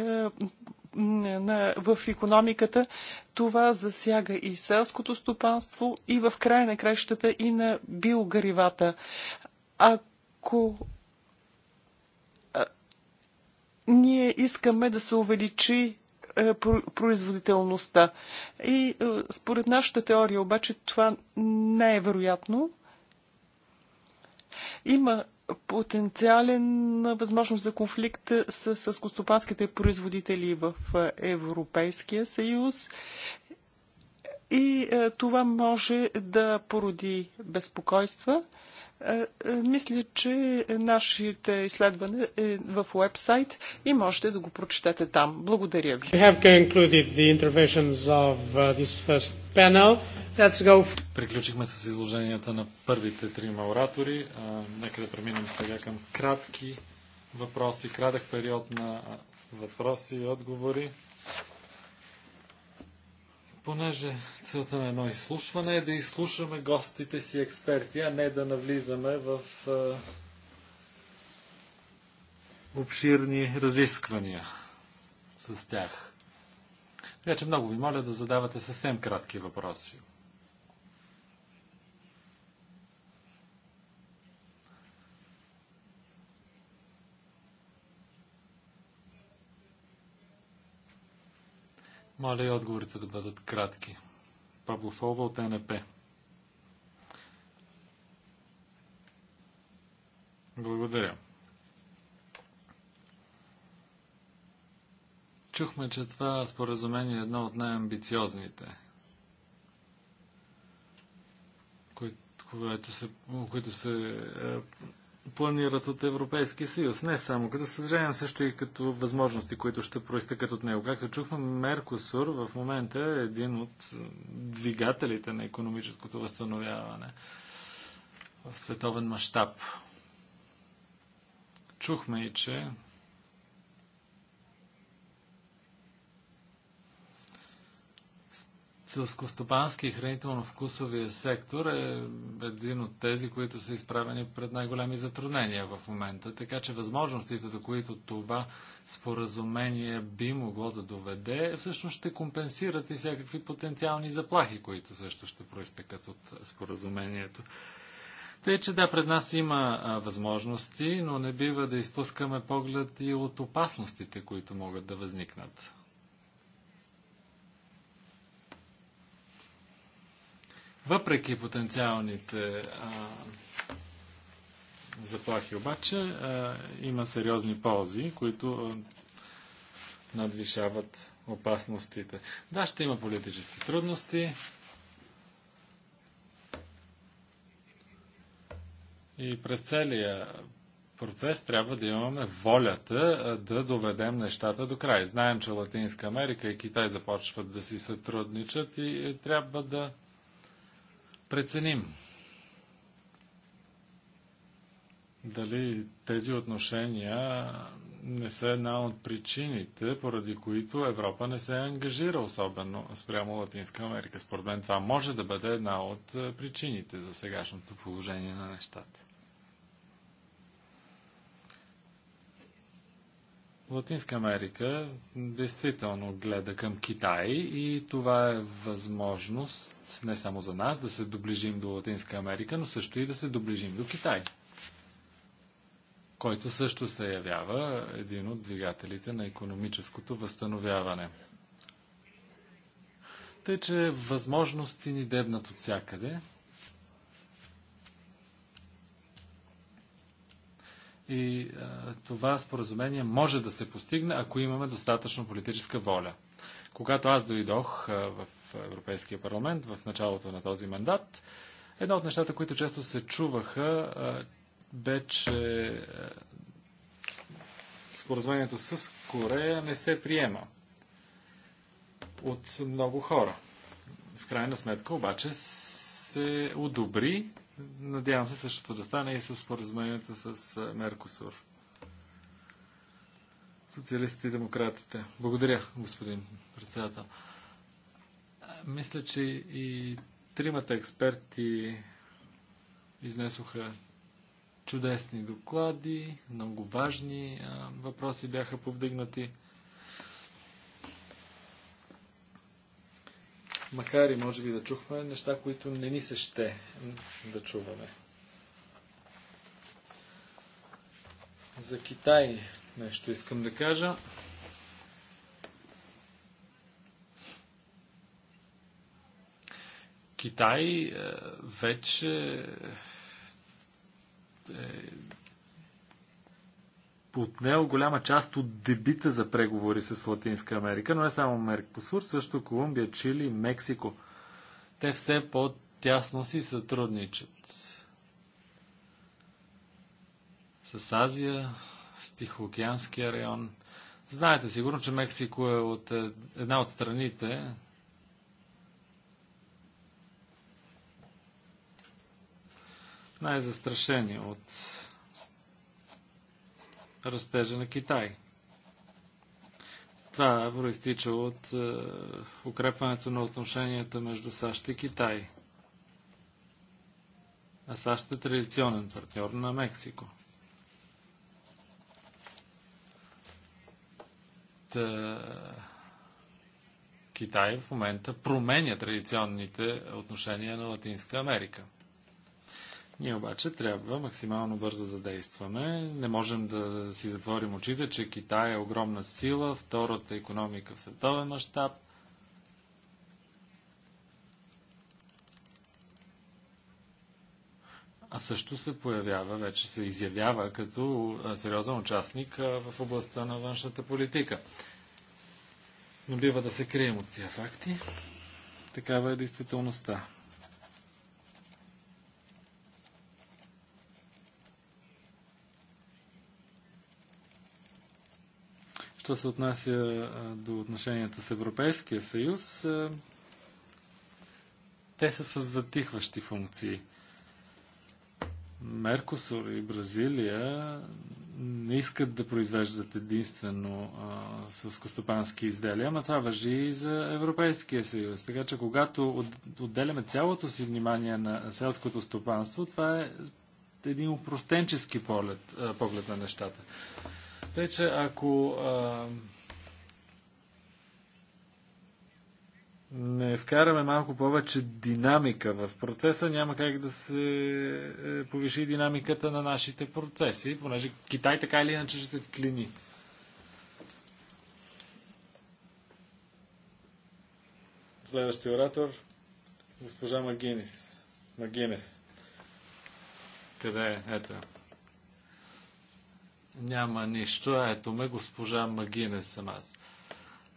Speaker 1: на, в економиката, това засяга и селското стопанство, и в края на кращата, и на биогаривата. Ако а, ние искаме да се увеличи е, производителността. И е, според нашата теория обаче това не е вероятно. Има потенциален е, възможност за конфликт с, с костопанските производители в Европейския съюз и е, това може да породи безпокойства. Е, е, мисля, че нашите изследване е в уебсайт и можете да го прочетете там. Благодаря ви.
Speaker 2: Приключихме с изложенията на първите трима оратори. Нека да преминем сега към кратки въпроси, кратък период на въпроси и отговори. Понеже целта на едно изслушване е да изслушаме гостите си експерти, а не да навлизаме в е, обширни разисквания с тях. Така че много ви моля да задавате съвсем кратки въпроси. Моля и отговорите да бъдат кратки. Пабло Фолба от НП. Благодаря. Чухме, че това споразумение е едно от най-амбициозните, които, които се, които се планират от Европейския съюз. Не само като съдържание, но също и като възможности, които ще проистъкат от него. Както чухме, Меркосур в момента е един от двигателите на економическото възстановяване в световен мащаб. Чухме и, че Селскостопански и хранително-вкусовия сектор е един от тези, които са изправени пред най-големи затруднения в момента. Така че възможностите, до които това споразумение би могло да доведе, всъщност ще компенсират и всякакви потенциални заплахи, които също ще проистекат от споразумението. Тъй, че да, пред нас има а, възможности, но не бива да изпускаме поглед и от опасностите, които могат да възникнат. Въпреки потенциалните а, заплахи обаче, а, има сериозни ползи, които а, надвишават опасностите. Да, ще има политически трудности. И през целия процес трябва да имаме волята да доведем нещата до край. Знаем, че Латинска Америка и Китай започват да си сътрудничат и трябва да преценим дали тези отношения не са една от причините, поради които Европа не се ангажира особено спрямо Латинска Америка. Според мен това може да бъде една от причините за сегашното положение на нещата. Латинска Америка действително гледа към Китай и това е възможност не само за нас да се доближим до Латинска Америка, но също и да се доближим до Китай, който също се явява един от двигателите на економическото възстановяване. Тъй, че възможности ни дебнат от всякъде – И а, това споразумение може да се постигне, ако имаме достатъчно политическа воля. Когато аз дойдох в Европейския парламент в началото на този мандат, едно от нещата, които често се чуваха, а, бе, че а, споразумението с Корея не се приема от много хора. В крайна сметка обаче се одобри Надявам се същото да стане и с споразумението с Меркосур. Социалистите и демократите. Благодаря, господин председател. Мисля, че и тримата експерти изнесоха чудесни доклади, много важни въпроси бяха повдигнати. макар и може би да чухме неща, които не ни се ще да чуваме. За Китай нещо искам да кажа. Китай е, вече е, е отнел голяма част от дебита за преговори с Латинска Америка, но не само Меркосур, също Колумбия, Чили, Мексико. Те все по-тясно си сътрудничат. С Азия, с Тихоокеанския район. Знаете сигурно, че Мексико е от е, една от страните, най-застрашени от растежа на Китай. Това проистича от е, укрепването на отношенията между САЩ и Китай. А САЩ е традиционен партньор на Мексико. Та... Китай в момента променя традиционните отношения на Латинска Америка. Ние обаче трябва максимално бързо да действаме. Не можем да си затворим очите, че Китай е огромна сила, втората економика в световен мащаб. А също се появява, вече се изявява като сериозен участник в областта на външната политика. Но бива да се крием от тия факти. Такава е действителността. Що се отнася до отношенията с Европейския съюз, те са с затихващи функции. Меркосур и Бразилия не искат да произвеждат единствено сълскостопански изделия, но това въжи и за Европейския съюз. Така че когато отделяме цялото си внимание на селското стопанство, това е един упростенчески поглед, поглед на нещата. Вече ако а, не вкараме малко повече динамика в процеса, няма как да се е, повиши динамиката на нашите процеси, понеже Китай така или иначе ще се вклини. Следващия оратор, госпожа Магинис. Магинес. Къде е? Ето. Няма нищо. Ето ме, госпожа Магине съм аз.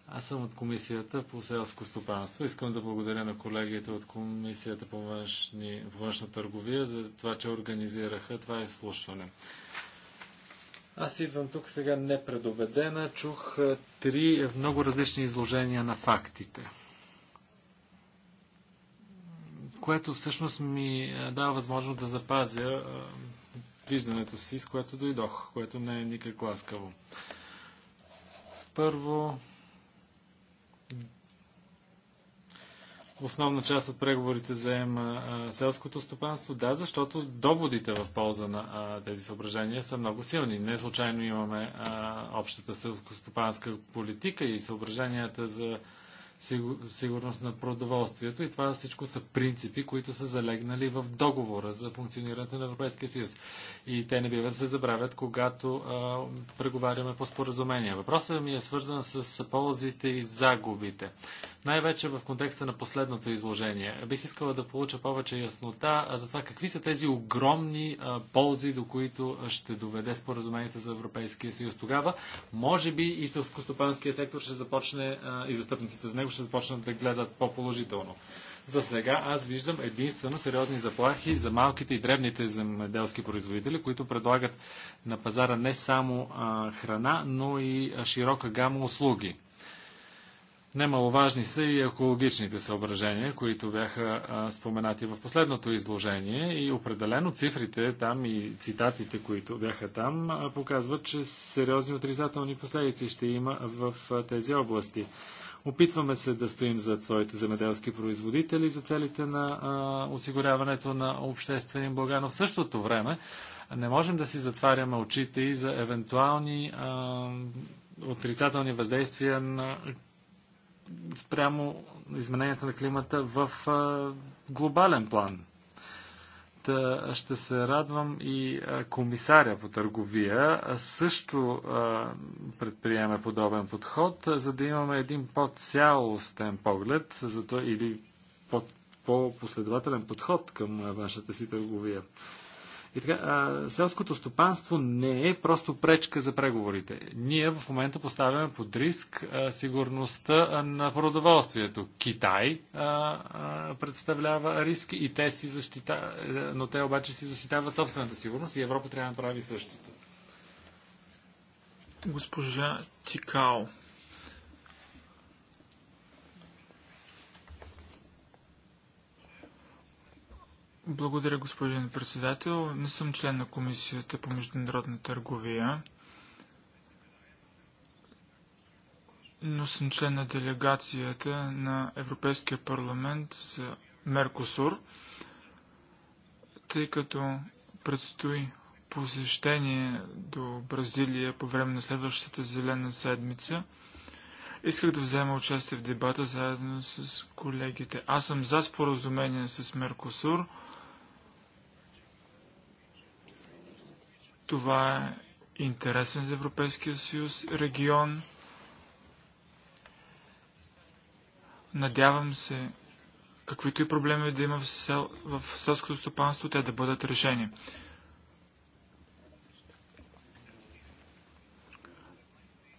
Speaker 2: Аз съм от Комисията по селско стопанство. Искам да благодаря на колегите от Комисията по външни, външна търговия за това, че организираха това изслушване. Аз идвам тук сега непредобедена. Чух е, три много различни изложения на фактите което всъщност ми е, дава възможност да запазя е, виждането си, с което дойдох, което не е никак ласкаво. Първо, основна част от преговорите заема селското стопанство. Да, защото доводите в полза на а, тези съображения са много силни. Не случайно имаме а, общата селскостопанска политика и съображенията за сигурност на продоволствието. И това всичко са принципи, които са залегнали в договора за функционирането на Европейския съюз. И те не биват да се забравят, когато а, преговаряме по споразумение. Въпросът ми е свързан с ползите и загубите най-вече в контекста на последното изложение. Бих искала да получа повече яснота за това какви са тези огромни а, ползи, до които ще доведе споразумението за Европейския съюз. Тогава, може би и селскостопанския сектор ще започне а, и застъпниците за него ще започнат да гледат по-положително. За сега аз виждам единствено сериозни заплахи за малките и древните земеделски производители, които предлагат на пазара не само а, храна, но и широка гама услуги Немаловажни са и екологичните съображения, които бяха споменати в последното изложение и определено цифрите там и цитатите, които бяха там, показват, че сериозни отрицателни последици ще има в тези области. Опитваме се да стоим зад своите земеделски производители за целите на а, осигуряването на обществени блага, но в същото време не можем да си затваряме очите и за евентуални а, отрицателни въздействия на спрямо измененията на климата в глобален план. Та ще се радвам и комисаря по търговия също предприеме подобен подход, за да имаме един по-цялостен поглед за това, или по-последователен подход към външната си търговия. И така, а, селското стопанство не е просто пречка за преговорите. Ние в момента поставяме под риск а, сигурността на продоволствието. Китай а, а, представлява риск и те си защита... но те обаче си защитават собствената сигурност и Европа трябва да направи същото.
Speaker 3: Госпожа
Speaker 2: Тикао.
Speaker 3: Благодаря, господин председател. Не съм член на Комисията по международна търговия, но съм член на делегацията на Европейския парламент за Меркосур, тъй като предстои посещение до Бразилия по време на следващата зелена седмица. Исках да взема участие в дебата заедно с колегите. Аз съм за споразумение с Меркосур – Това е интересен за Европейския съюз регион. Надявам се, каквито и проблеми да има в, сел, в селското стопанство, те да бъдат решени.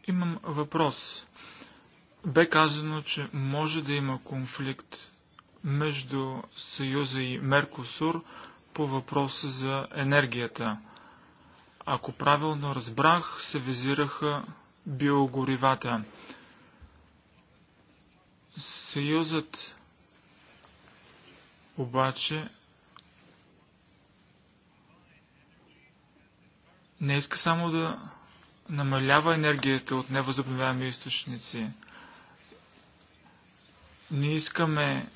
Speaker 3: Имам въпрос. Бе казано, че може да има конфликт между Съюза и Меркосур по въпроса за енергията. Ако правилно разбрах, се визираха биогоривата. Съюзът обаче не иска само да намалява енергията от невъзобновяеми източници. Не искаме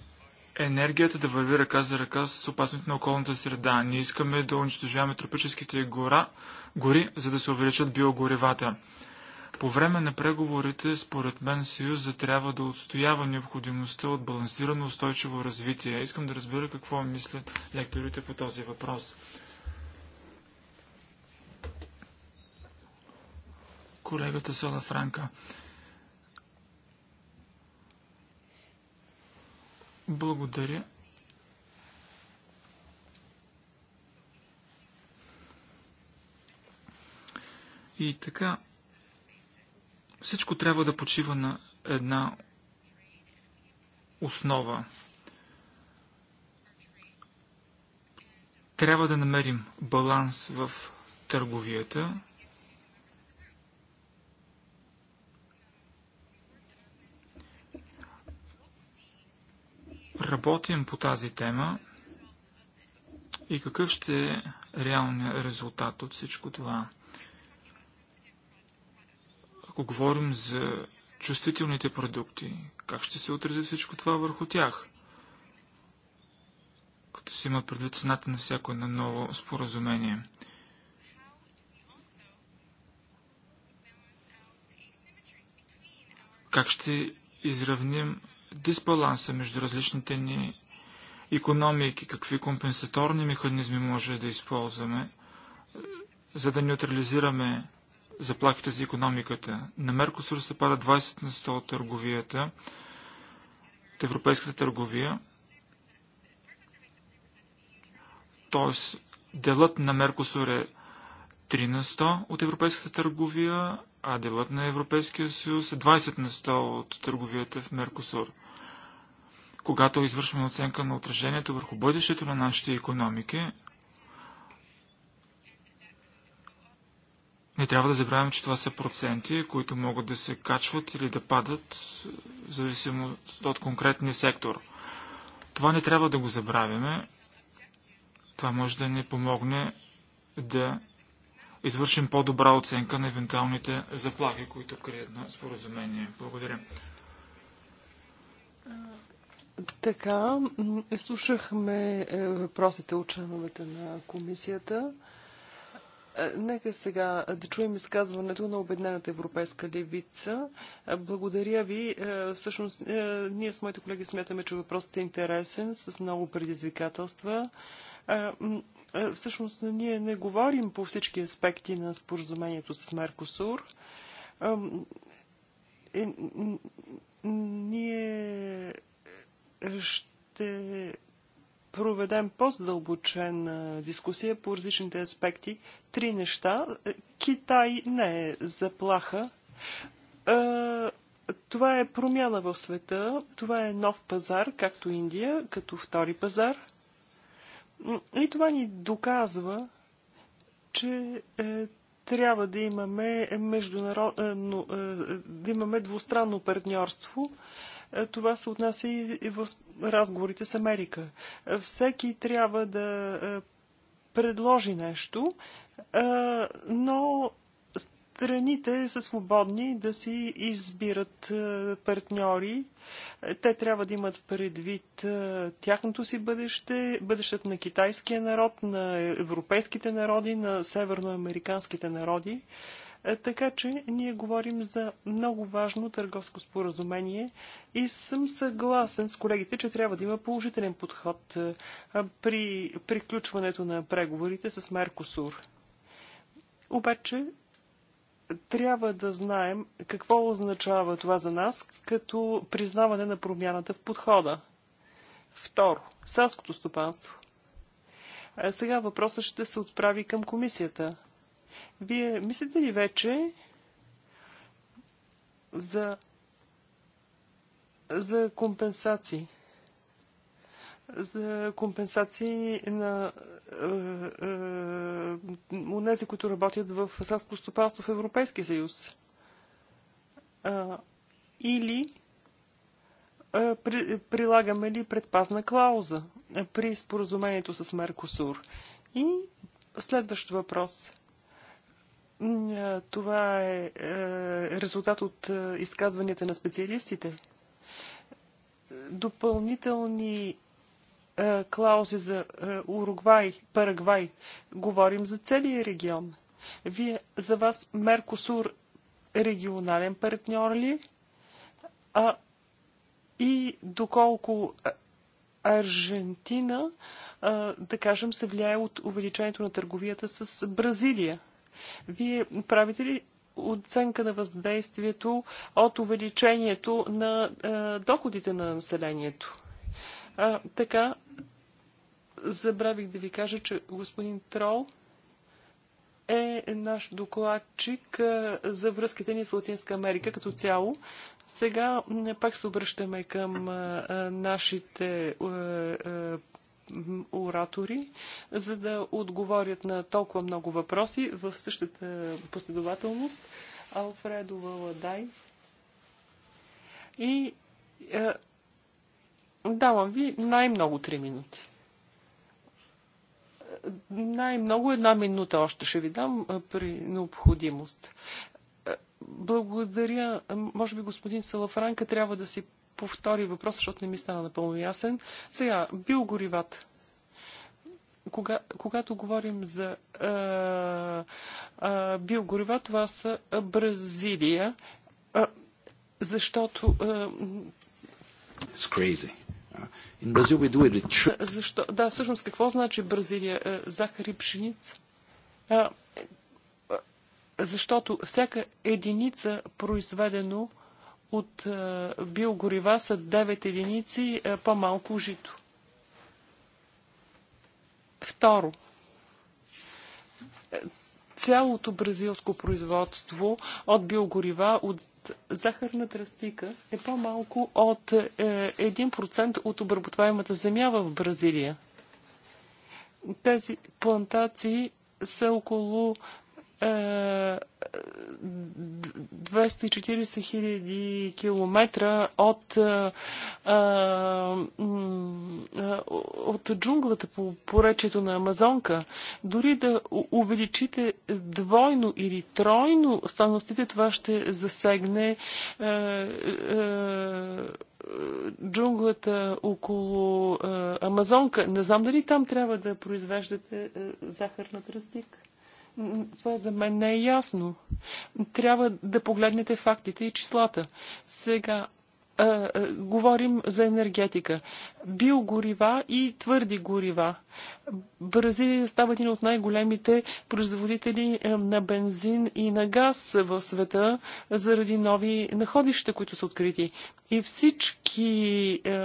Speaker 3: енергията да върви ръка за ръка с опасните на околната среда. Не искаме да унищожаваме тропическите гора, гори, за да се увеличат биогоревата. По време на преговорите, според мен, Съюза трябва да отстоява необходимостта от балансирано устойчиво развитие. Искам да разбера какво мислят лекторите по този въпрос. Колегата Сала Франка. Благодаря. И така, всичко трябва да почива на една основа. Трябва да намерим баланс в търговията, работим по тази тема и какъв ще е реалният резултат от всичко това. Ако говорим за чувствителните продукти, как ще се отрази всичко това върху тях? Като се има предвид цената на всяко едно ново споразумение. Как ще изравним дисбаланса между различните ни економики, какви компенсаторни механизми може да използваме, е, за да неутрализираме заплахите за економиката. На Меркосур се пада 20 на 100 от търговията, от европейската търговия. Тоест, делът на Меркосур е 3 на 100 от европейската търговия, а делът на Европейския съюз е 20 на 100 от търговията в Меркосур. Когато извършваме оценка на отражението върху бъдещето на нашите економики, не трябва да забравяме, че това са проценти, които могат да се качват или да падат е, в зависимост от конкретния сектор. Това не трябва да го забравяме. Това може да ни помогне да извършим по-добра оценка на евентуалните заплахи, които крият на споразумение. Благодаря.
Speaker 1: Така, слушахме е, въпросите от членовете на комисията. Е, нека сега да чуем изказването на Обеднената европейска левица. Е, благодаря ви. Всъщност, ние с моите колеги смятаме, че въпросът е интересен, с много предизвикателства. Е, е, всъщност ние не говорим по всички аспекти на споразумението с Меркосур. Е, ние ще проведем по-задълбочена дискусия по различните аспекти. Три неща. Китай не е заплаха. Това е промяна в света. Това е нов пазар, както Индия, като втори пазар. И това ни доказва, че е, трябва да имаме, международ... Е, е, да имаме двустранно партньорство. Е, това се отнася и в разговорите с Америка. Е, всеки трябва да е, предложи нещо, но Страните са свободни да си избират е, партньори. Те трябва да имат предвид е, тяхното си бъдеще, бъдещето на китайския народ, на европейските народи, на северноамериканските народи. Е, така че ние говорим за много важно търговско споразумение и съм съгласен с колегите, че трябва да има положителен подход при приключването на преговорите с Меркосур. Обаче трябва да знаем какво означава това за нас като признаване на промяната в подхода. Второ, селското стопанство. А сега въпросът ще се отправи към комисията. Вие мислите ли вече за, за компенсации? за компенсации на тези, е, е, е, които работят в селско стопанство в Европейския съюз. Или прилагаме ли предпазна клауза при споразумението с Меркосур? И следващ въпрос. Това е резултат от изказванията на специалистите. Допълнителни е, клаузи за е, Уругвай, Парагвай. Говорим за целия регион. Вие, за вас Меркосур регионален партньор ли? А, и доколко е, Аржентина, а, да кажем, се влияе от увеличението на търговията с Бразилия? Вие правите ли оценка на въздействието от увеличението на а, доходите на населението? А, така, забравих да ви кажа, че господин Трол е наш докладчик за връзките ни с Латинска Америка като цяло. Сега пак се обръщаме към нашите оратори, за да отговорят на толкова много въпроси в същата последователност. Алфредо Валадай и Давам ви най-много 3 минути. Най-много една минута още ще ви дам при необходимост. Благодаря. Може би господин Салафранка трябва да си повтори въпрос, защото не ми стана напълно ясен. Сега, биогоривата. Кога, когато говорим за а, а, биогорива, това са Бразилия, а, защото. А,
Speaker 4: It's crazy. In Brazil we do
Speaker 1: it. Защо? Да, всъщност какво значи Бразилия? Е, захар и пшеница? А, е, защото всяка единица произведено от е, биогорива са 9 единици по-малко жито. Второ, цялото бразилско производство от биогорива, от захарна тръстика е по-малко от 1% е, от обработваемата земя в Бразилия. Тези плантации са около е, 240 хиляди километра от, а, от джунглата по поречето на Амазонка. Дори да увеличите двойно или тройно стойностите, това ще засегне а, е, а, е, джунглата около е, Амазонка. Не знам дали там трябва да произвеждате захар на тръстик. Това за мен не е ясно. Трябва да погледнете фактите и числата. Сега говорим за енергетика. Биогорива и твърди горива. Бразилия става един от най-големите производители е, на бензин и на газ в света заради нови находища, които са открити. И всички е,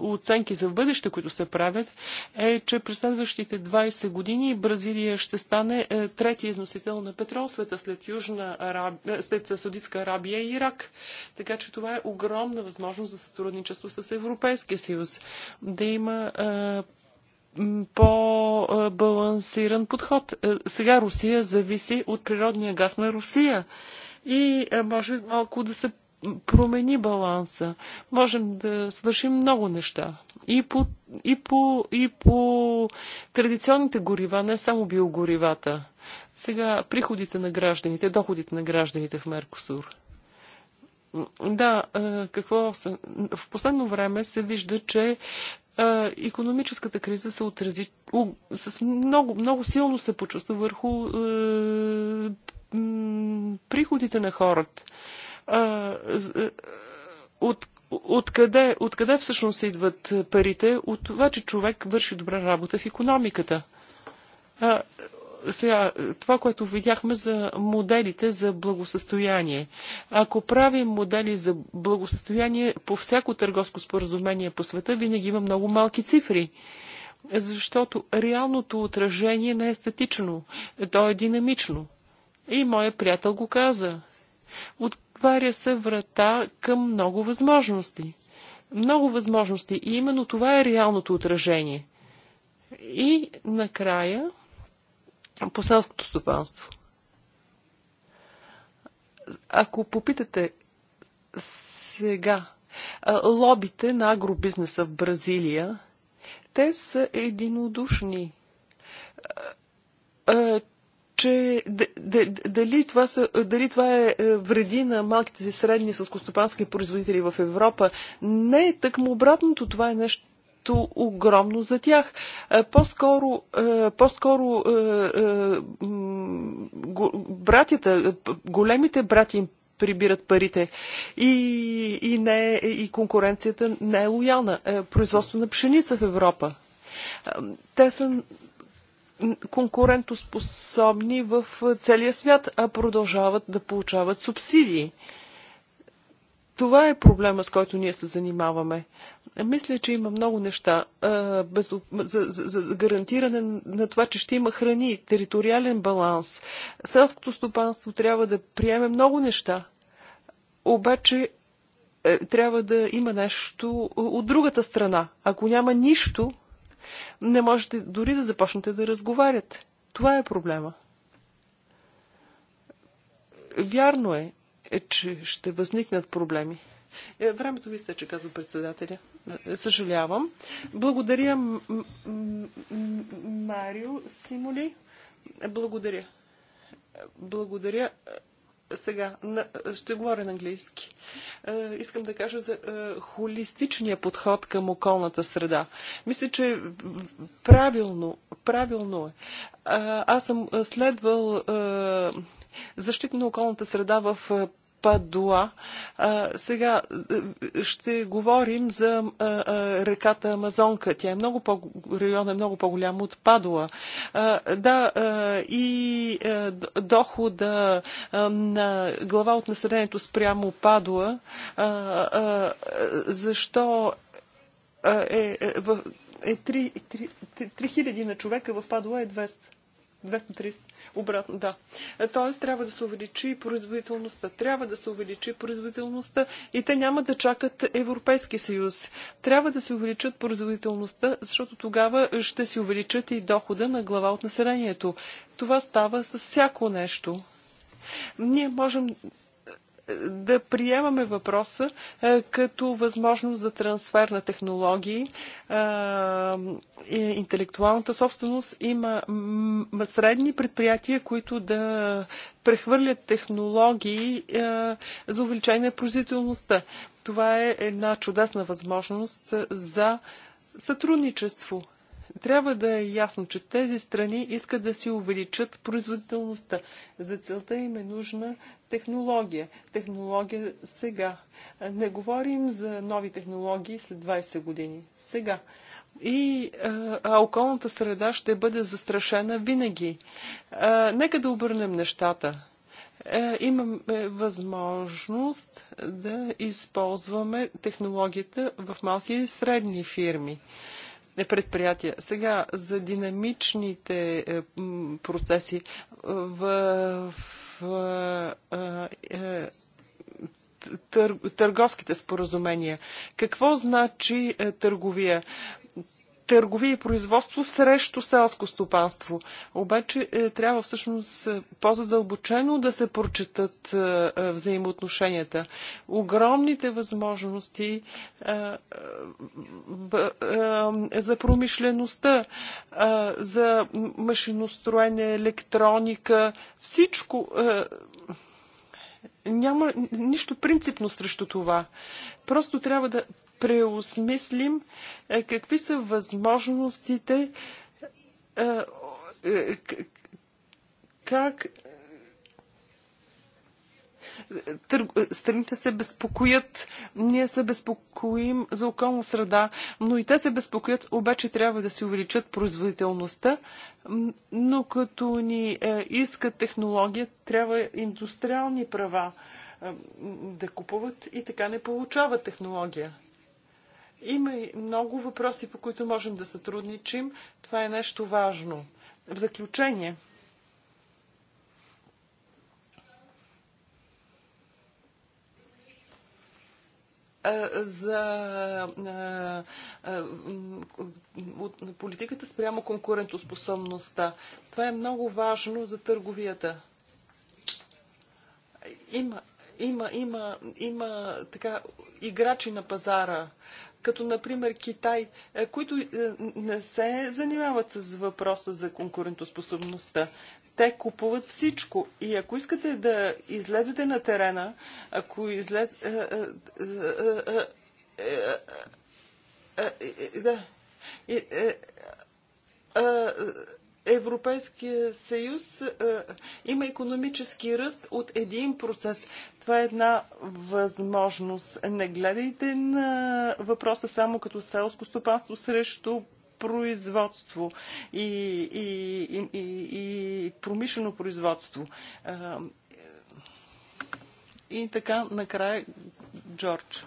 Speaker 1: оценки за бъдеще, които се правят, е, че през следващите 20 години Бразилия ще стане е, третия износител на петрол света след, Южна Араб... Е, след Саудитска Арабия и Ирак. Така че това е огромно огромна възможност за сътрудничество с Европейския съюз, да има по-балансиран подход. Сега Русия зависи от природния газ на Русия и може малко да се промени баланса. Можем да свършим много неща. И по, и по, и по традиционните горива, не само биогоривата. Сега приходите на гражданите, доходите на гражданите в Меркосур. Да, е, какво са? В последно време се вижда, че економическата криза се отрази с много, много силно се почувства върху е, приходите на хората. Е, от Откъде, откъде всъщност идват парите? От това, че човек върши добра работа в економиката. А, сега, това, което видяхме за моделите за благосъстояние. Ако правим модели за благосъстояние по всяко търговско споразумение по света, винаги има много малки цифри защото реалното отражение не е статично, то е динамично. И моят приятел го каза. Отваря се врата към много възможности. Много възможности. И именно това е реалното отражение. И накрая по селското стопанство. Ако попитате сега лобите на агробизнеса в Бразилия, те са единодушни че дали това, са, дали това е, е вреди на малките и средни съскостопански производители в Европа, не е тъкмо обратното. Това е нещо нещо огромно за тях. Е, по-скоро, е, по-скоро е, братята, големите брати им прибират парите. И, и, не, и конкуренцията не е лоялна. Производство на пшеница в Европа. Те са конкурентоспособни в целия свят, а продължават да получават субсидии. Това е проблема, с който ние се занимаваме. Мисля, че има много неща а, без, за, за, за гарантиране на това, че ще има храни, териториален баланс. Селското стопанство трябва да приеме много неща. Обаче е, трябва да има нещо от другата страна. Ако няма нищо, не можете дори да започнете да разговаряте. Това е проблема. Вярно е, е, че ще възникнат проблеми. Е, времето ви сте, че казва председателя. Е, съжалявам. Благодаря, Марио Симоли. Благодаря. Благодаря. Сега на, ще говоря на английски. Е, искам да кажа за е, холистичния подход към околната среда. Мисля, че правилно, правилно е. Аз съм следвал е, защита на околната среда в е, Падуа. А, сега е, ще говорим за а, е, а, е, реката Амазонка. Тя е много по, район е много по-голям от Падуа. А, да, а, и а, дохода а, на глава от населението спрямо Падуа, а, а, защо а, е, е, е 3000 на човека в Падуа е 200. 230. Обратно, да. Е, тоест, трябва да се увеличи производителността. Трябва да се увеличи производителността и те няма да чакат Европейски съюз. Трябва да се увеличат производителността, защото тогава ще си увеличат и дохода на глава от населението. Това става с всяко нещо. Ние можем да приемаме въпроса е, като възможност за трансфер на технологии. Е, интелектуалната собственост има средни предприятия, които да прехвърлят технологии е, за увеличение на производителността. Това е една чудесна възможност за сътрудничество трябва да е ясно, че тези страни искат да си увеличат производителността. За целта им е нужна технология. Технология сега. Не говорим за нови технологии след 20 години. Сега. И а, а околната среда ще бъде застрашена винаги. А, нека да обърнем нещата е, имаме възможност да използваме технологията в малки и средни фирми. Е, предприятия. Сега за динамичните е, процеси е, в, в търговските споразумения. Какво значи търговия? търговия и производство срещу селско стопанство. Обаче е, трябва всъщност е, по-задълбочено да се прочитат е, взаимоотношенията. Огромните възможности за промишлеността, за машиностроене, електроника, всичко няма нищо принципно срещу това. Просто трябва да преосмислим е, какви са възможностите, е, е, как страните се безпокоят, ние се безпокоим за околна среда, но и те се безпокоят, обаче трябва да си увеличат производителността, но като ни искат технология, трябва индустриални права да купуват и така не получават технология. Има и много въпроси, по които можем да сътрудничим. Това е нещо важно. В заключение, за политиката спрямо конкурентоспособността. Това е много важно за търговията. Има, има, има, има така играчи на пазара като например Китай, които не се занимават с въпроса за конкурентоспособността. Те купуват всичко. И ако искате да излезете на терена, ако излез... Да. Европейския съюз а, има економически ръст от един процес. Това е една възможност. Не гледайте на въпроса само като селско стопанство срещу производство и, и, и, и, и промишлено производство. А, и така, накрая, Джордж.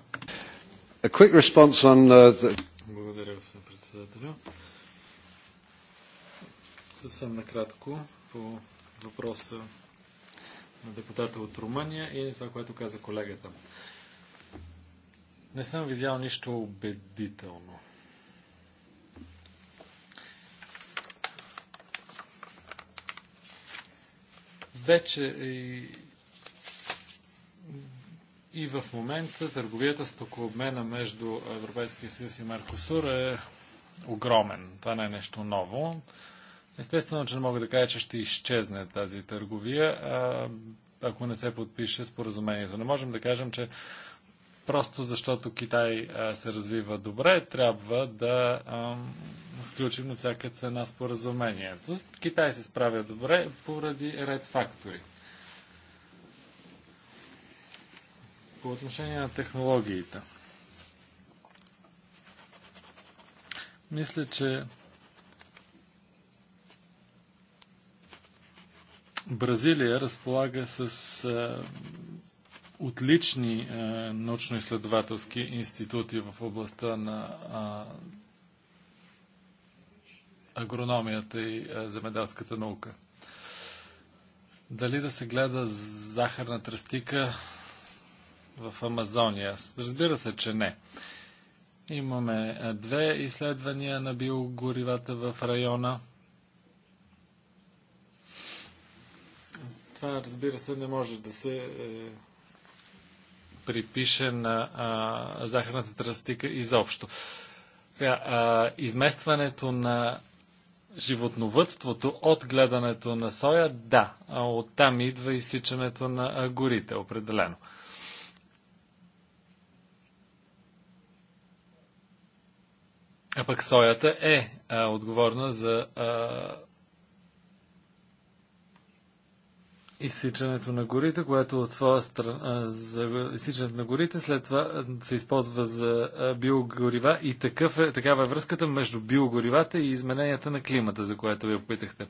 Speaker 4: A quick response on, uh, the...
Speaker 2: Благодаря, господин председател съвсем накратко по въпроса на депутата от Румъния и това, което каза колегата. Не съм видял нищо убедително. Вече и, и в момента търговията с обмена между Европейския съюз и Меркосур е огромен. Това не е нещо ново. Естествено, че не мога да кажа, че ще изчезне тази търговия, ако не се подпише споразумението. Не можем да кажем, че просто защото Китай се развива добре, трябва да сключим на всяка цена споразумението. Китай се справя добре поради ред фактори. По отношение на технологиите. Мисля, че Бразилия разполага с а, отлични научно-изследователски институти в областта на а, агрономията и а, земеделската наука. Дали да се гледа захарна тръстика в Амазония? Разбира се, че не. Имаме две изследвания на биогоривата в района – това, разбира се, не може да се е, припише на а, захарната тръстика изобщо. Сега, а, изместването на животновътството от гледането на соя, да, а оттам идва изсичането на горите, определено. А пък соята е а, отговорна за а, изсичането на горите, което от своя страна за изсичането на горите след това се използва за биогорива и такъв е, такава е връзката между биогоривата и измененията на климата, за което ви опитахте.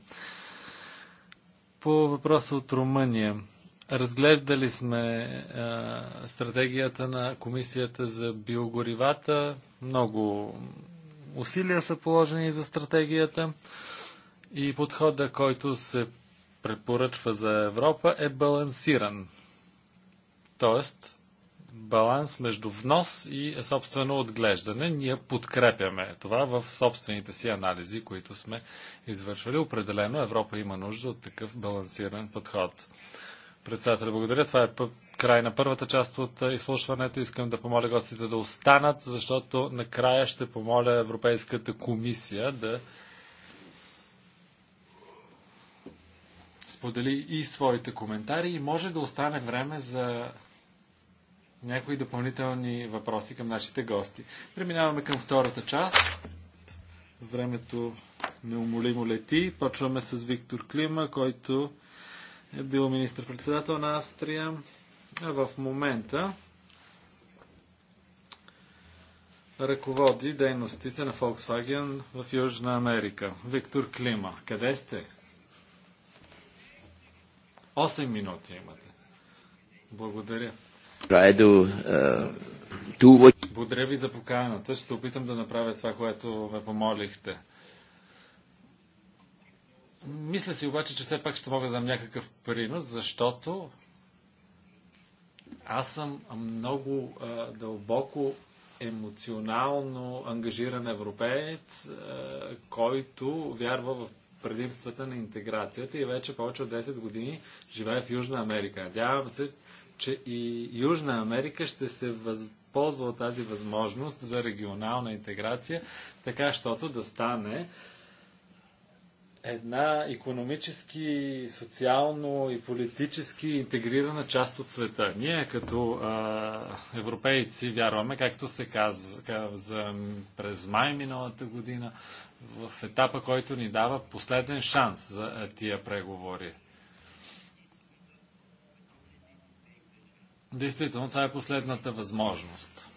Speaker 2: По въпроса от Румъния. Разглеждали сме а, стратегията на Комисията за биогоривата. Много усилия са положени за стратегията и подхода, който се препоръчва за Европа е балансиран. Тоест, баланс между внос и собствено отглеждане. Ние подкрепяме това в собствените си анализи, които сме извършвали. Определено Европа има нужда от такъв балансиран подход. Председателя, благодаря. Това е край на първата част от изслушването. Искам да помоля гостите да останат, защото накрая ще помоля Европейската комисия да сподели и своите коментари и може да остане време за някои допълнителни въпроси към нашите гости. Преминаваме към втората част. Времето неумолимо лети. Почваме с Виктор Клима, който е бил министр-председател на Австрия. А в момента ръководи дейностите на Volkswagen в Южна Америка. Виктор Клима, къде сте? 8 минути имате. Благодаря. Е, Благодаря ви за поканата. Ще се опитам да направя това, което ме помолихте. Мисля си обаче, че все пак ще мога да дам някакъв принос, защото аз съм много а, е, дълбоко емоционално ангажиран европеец, а, е, който вярва в предимствата на интеграцията и вече повече от 10 години живее в Южна Америка. Надявам се, че и Южна Америка ще се възползва от тази възможност за регионална интеграция, така щото да стане една економически, социално и политически интегрирана част от света. Ние като а, европейци вярваме, както се казва през май миналата година, в етапа, който ни дава последен шанс за тия преговори. Действително, това е последната възможност.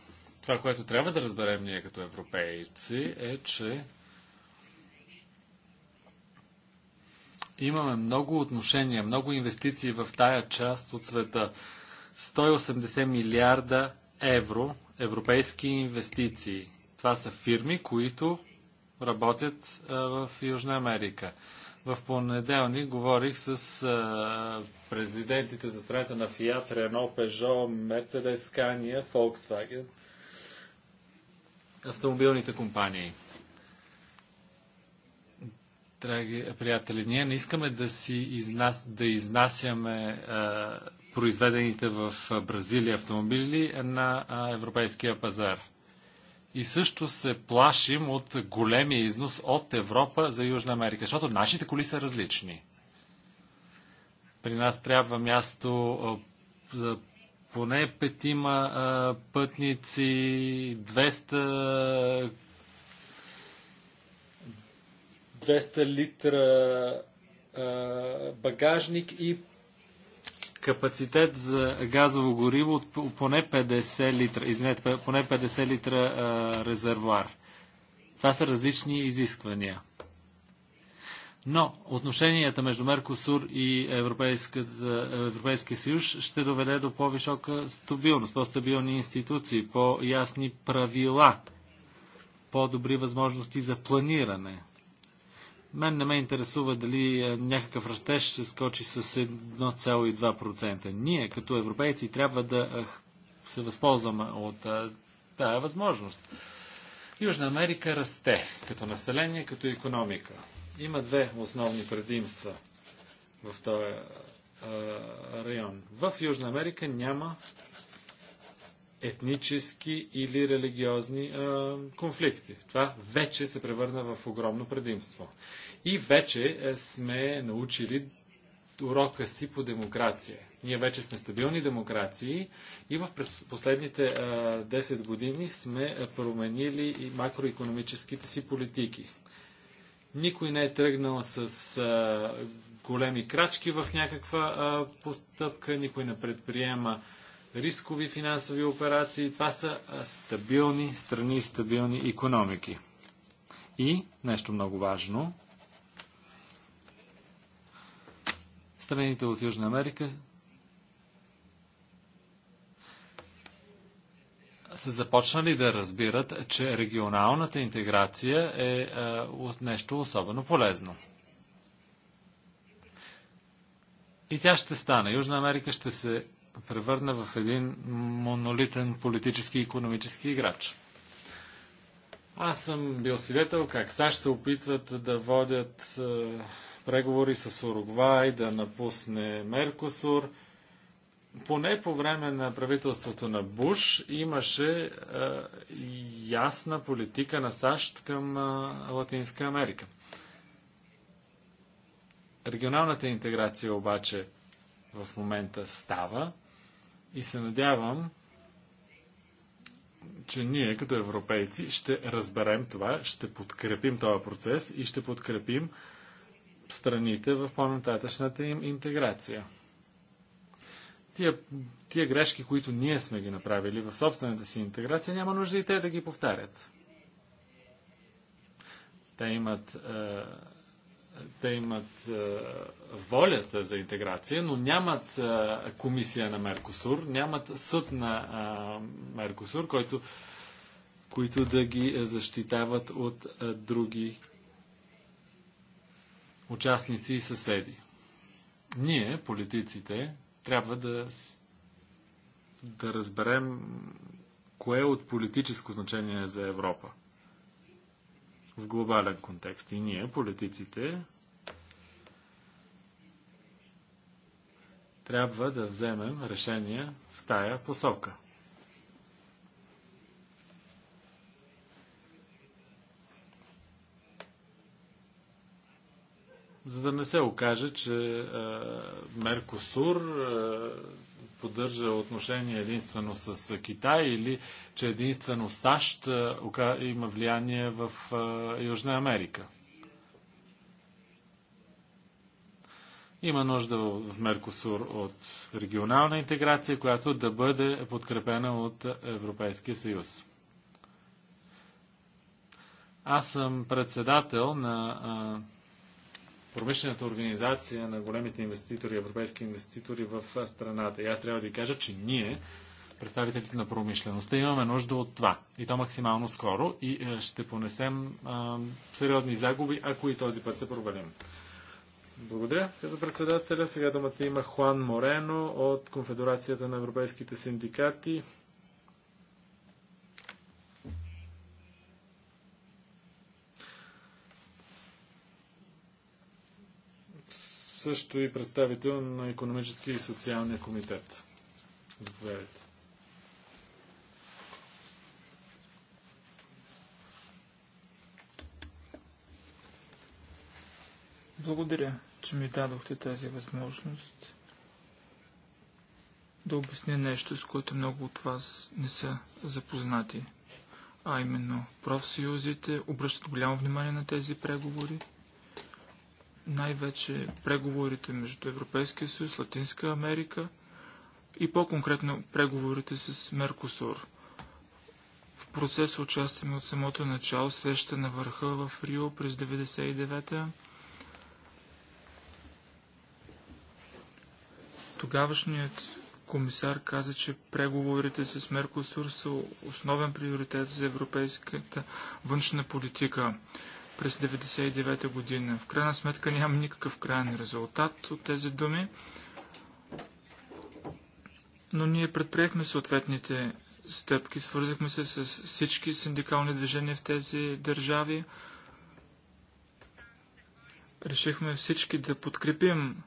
Speaker 2: Това, което трябва да разберем ние като европейци е, че имаме много отношения, много инвестиции в тая част от света. 180 милиарда евро европейски инвестиции. Това са фирми, които работят в Южна Америка. В понеделник говорих с президентите за страната на Фиат, Рено, Пежо, Мерцедес, Кания, Volkswagen, автомобилните компании. Драги приятели, ние не искаме да, си изнас, да изнасяме а, произведените в Бразилия автомобили на а, европейския пазар и също се плашим от големия износ от Европа за Южна Америка, защото нашите коли са различни. При нас трябва място за поне петима пътници, 200, 200 литра багажник и капацитет за газово гориво от поне 50 литра, извинете, поне 50 литра а, резервуар. Това са различни изисквания. Но отношенията между Меркосур и Европейския съюз ще доведе до по-висока стабилност, по-стабилни институции, по-ясни правила, по-добри възможности за планиране. Мен не ме интересува дали е, някакъв растеж ще скочи с 1,2%. Ние, като европейци, трябва да е, се възползваме от е, тая възможност. Южна Америка расте като население, като економика. Има две основни предимства в този район. В Южна Америка няма етнически или религиозни а, конфликти. Това вече се превърна в огромно предимство. И вече е, сме научили урока си по демокрация. Ние вече сме стабилни демокрации и в последните а, 10 години сме е, променили и макроекономическите си политики. Никой не е тръгнал с а, големи крачки в някаква а, постъпка, никой не предприема а, рискови финансови операции. Това са стабилни страни и стабилни економики. И нещо много важно. Страните от Южна Америка са започнали да разбират, че регионалната интеграция е нещо особено полезно. И тя ще стане. Южна Америка ще се Превърна в един монолитен политически и економически играч. Аз съм бил свидетел как САЩ се опитват да водят е, преговори с Уругвай, да напусне Меркосур. Поне по време на правителството на Буш имаше е, ясна политика на САЩ към е, Латинска Америка. Регионалната интеграция обаче в момента става и се надявам, че ние като европейци ще разберем това, ще подкрепим този процес и ще подкрепим страните в по-нататъчната им интеграция. Тия, тия грешки, които ние сме ги направили в собствената си интеграция, няма нужда и те да ги повтарят. Те имат е, те имат волята за интеграция, но нямат комисия на Меркосур, нямат съд на Меркосур, който, които да ги защитават от други участници и съседи. Ние, политиците, трябва да, да разберем кое е от политическо значение за Европа в глобален контекст. И ние, политиците, трябва да вземем решение в тая посока. За да не се окаже, че е, Меркосур е, поддържа отношение единствено с Китай или че единствено САЩ има влияние в Южна Америка. Има нужда в Меркосур от регионална интеграция, която да бъде подкрепена от Европейския съюз. Аз съм председател на промишлената организация на големите инвеститори, европейски инвеститори в страната. И аз трябва да ви кажа, че ние, представителите на промишлеността, имаме нужда от това. И то максимално скоро. И е, ще понесем а, сериозни загуби, ако и този път се провалим. Благодаря за председателя. Сега думата има Хуан Морено от Конфедерацията на европейските синдикати. също и представител на економически и социалния комитет. Заповядайте.
Speaker 3: Благодаря, че ми дадохте тази възможност да обясня нещо, с което много от вас не са запознати. А именно, профсъюзите обръщат голямо внимание на тези преговори най-вече преговорите между Европейския съюз, Латинска Америка и по-конкретно преговорите с Меркосур. В процеса участваме от самото начало среща на върха в Рио през 1999-та. Тогавашният комисар каза, че преговорите с Меркосур са основен приоритет за европейската външна политика през 1999 година. В крайна сметка няма никакъв крайен резултат от тези думи, но ние предприехме съответните стъпки, свързахме се с всички синдикални движения в тези държави, решихме всички да подкрепим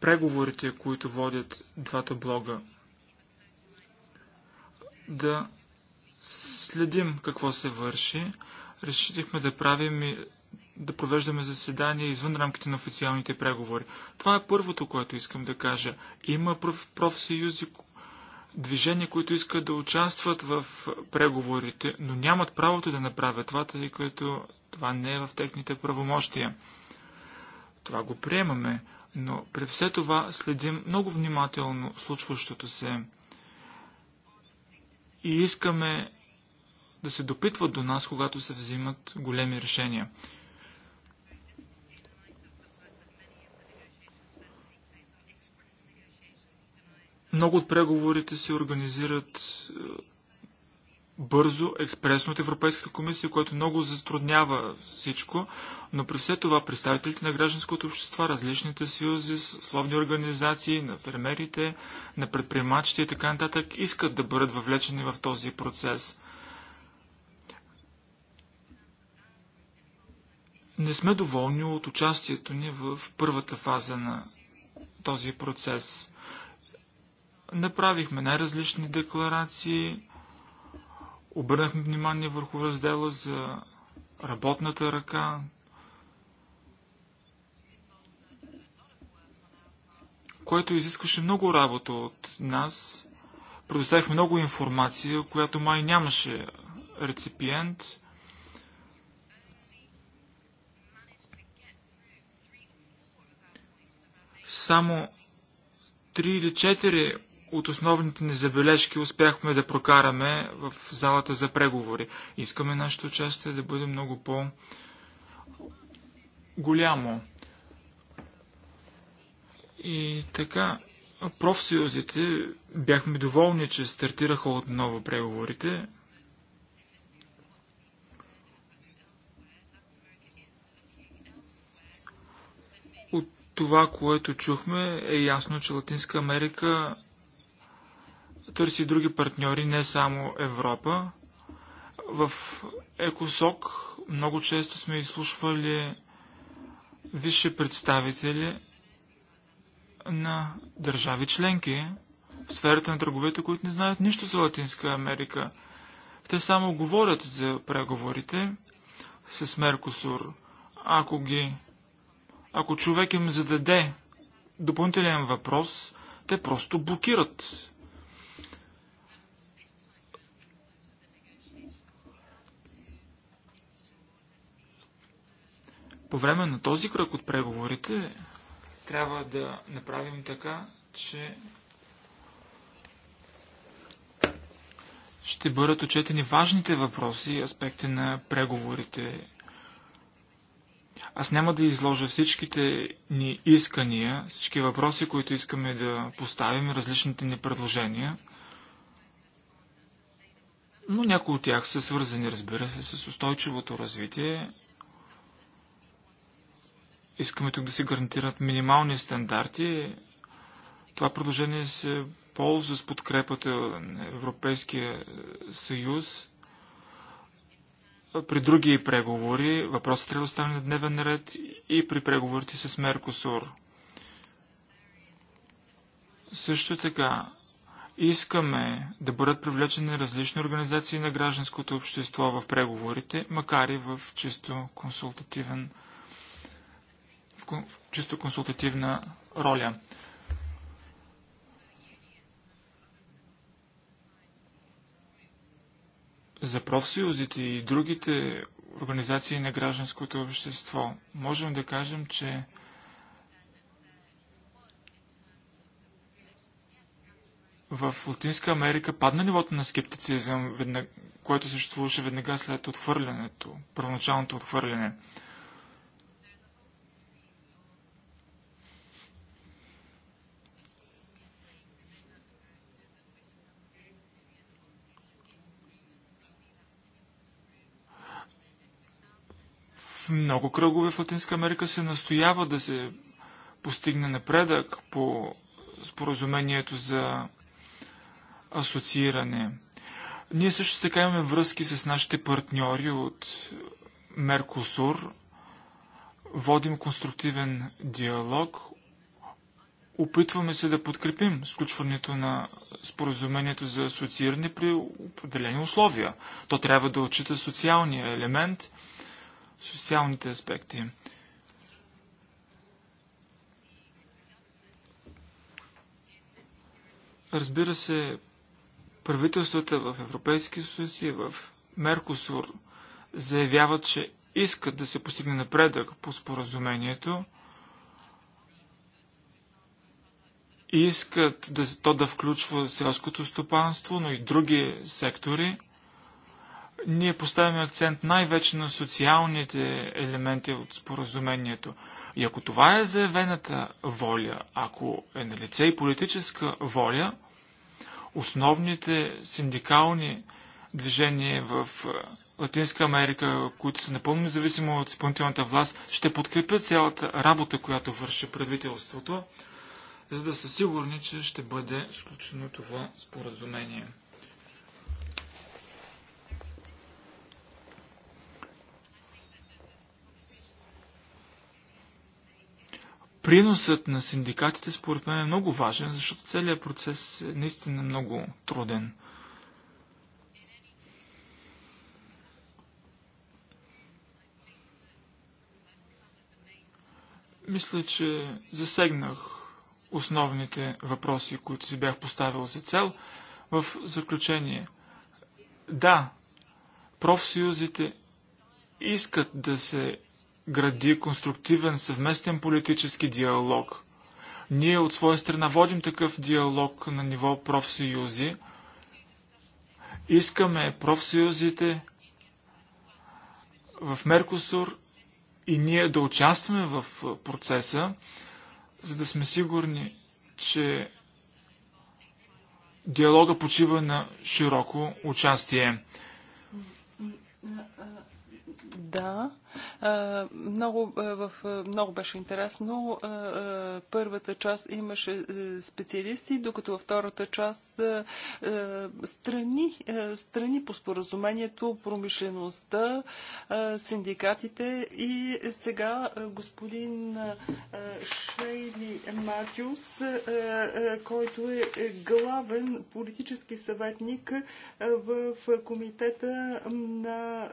Speaker 3: преговорите, които водят двата блога, да следим какво се върши. Решихме да правим да провеждаме заседания извън рамките на официалните преговори. Това е първото, което искам да кажа. Има профсъюзи, движения, които искат да участват в преговорите, но нямат правото да направят това, тъй като това не е в техните правомощия. Това го приемаме, но при все това следим много внимателно случващото се и искаме да се допитват до нас, когато се взимат големи решения. Много от преговорите се организират е, бързо, експресно от Европейската комисия, което много затруднява всичко, но при все това представителите на гражданското общество, различните съюзи, словни организации, на фермерите, на предприемачите и така нататък искат да бъдат въвлечени в този процес. Не сме доволни от участието ни в първата фаза на този процес. Направихме най-различни декларации, обърнахме внимание върху раздела за работната ръка, което изискваше много работа от нас. Предоставихме много информация, която май нямаше реципиент. Само 3 или 4 от основните ни забележки успяхме да прокараме в залата за преговори. Искаме нашето участие да бъде много по-голямо. И така, профсъюзите бяхме доволни, че стартираха отново преговорите. това, което чухме, е ясно, че Латинска Америка търси други партньори, не само Европа. В ЕКОСОК много често сме изслушвали висши представители на държави членки в сферата на търговете, които не знаят нищо за Латинска Америка. Те само говорят за преговорите с Меркосур. Ако ги ако човек им зададе допълнителен въпрос, те просто блокират. По време на този кръг от преговорите трябва да направим така, че ще бъдат отчетени важните въпроси и аспекти на преговорите аз няма да изложа всичките ни искания, всички въпроси, които искаме да поставим, различните ни предложения, но някои от тях са свързани, разбира се, с устойчивото развитие. Искаме тук да се гарантират минимални стандарти. Това предложение се ползва с подкрепата на Европейския съюз при други преговори въпросът трябва да остане на дневен ред и при преговорите с Меркосур. Също така, искаме да бъдат привлечени различни организации на гражданското общество в преговорите, макар и в чисто, консултативен, в чисто консултативна роля. за профсъюзите и другите организации на гражданското общество, можем да кажем, че в Латинска Америка падна нивото на скептицизъм, което съществуваше веднага след отхвърлянето, първоначалното отхвърляне. много кръгове в Латинска Америка се настоява да се постигне напредък по споразумението за асоцииране. Ние също така имаме връзки с нашите партньори от Меркосур. Водим конструктивен диалог. Опитваме се да подкрепим сключването на споразумението за асоцииране при определени условия. То трябва да отчита социалния елемент – социалните аспекти. Разбира се, правителствата в Европейския съюз и в Меркосур заявяват, че искат да се постигне напредък по споразумението и искат да, то да включва селското стопанство, но и други сектори ние поставяме акцент най-вече на социалните елементи от споразумението. И ако това е заявената воля, ако е на лице и политическа воля, основните синдикални движения в е, Латинска Америка, които са напълно независими от изпълнителната власт, ще подкрепят цялата работа, която върши правителството, за да са сигурни, че ще бъде сключено това споразумение. Приносът на синдикатите според мен е много важен, защото целият процес е наистина много труден. Мисля, че засегнах основните въпроси, които си бях поставил за цел. В заключение, да, профсъюзите искат да се гради конструктивен съвместен политически диалог. Ние от своя страна водим такъв диалог на ниво профсъюзи. Искаме профсъюзите в Меркосур и ние да участваме в процеса, за да сме сигурни, че диалога почива на широко участие.
Speaker 1: Да, много, в, много беше интересно. Първата част имаше специалисти, докато във втората част страни, страни по споразумението, промишлеността, синдикатите и сега господин Шейли Матюс, който е главен политически съветник в комитета на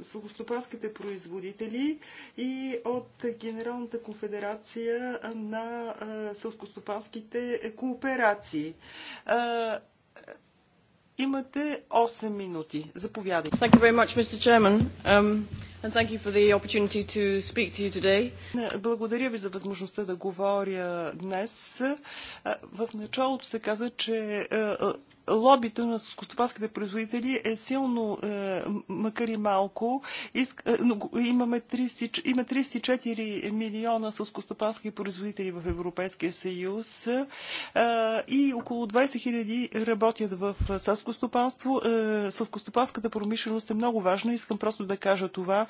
Speaker 1: Сългостопанските производители и от Генералната конфедерация на сълскостопанските кооперации. Имате 8 минути. Заповядайте. Thank you very much, Mr. Chairman. Um, and thank you for the opportunity to speak to you today. Благодаря ви за възможността да говоря днес. В началото се каза, че лобито на скостопанските производители е силно, е, макар и малко. Е, имаме 30, има 34 милиона скостопански производители в Европейския съюз е, и около 20 хиляди работят в съскостопанство. Съскостопанската промишленост е много важна. Искам просто да кажа това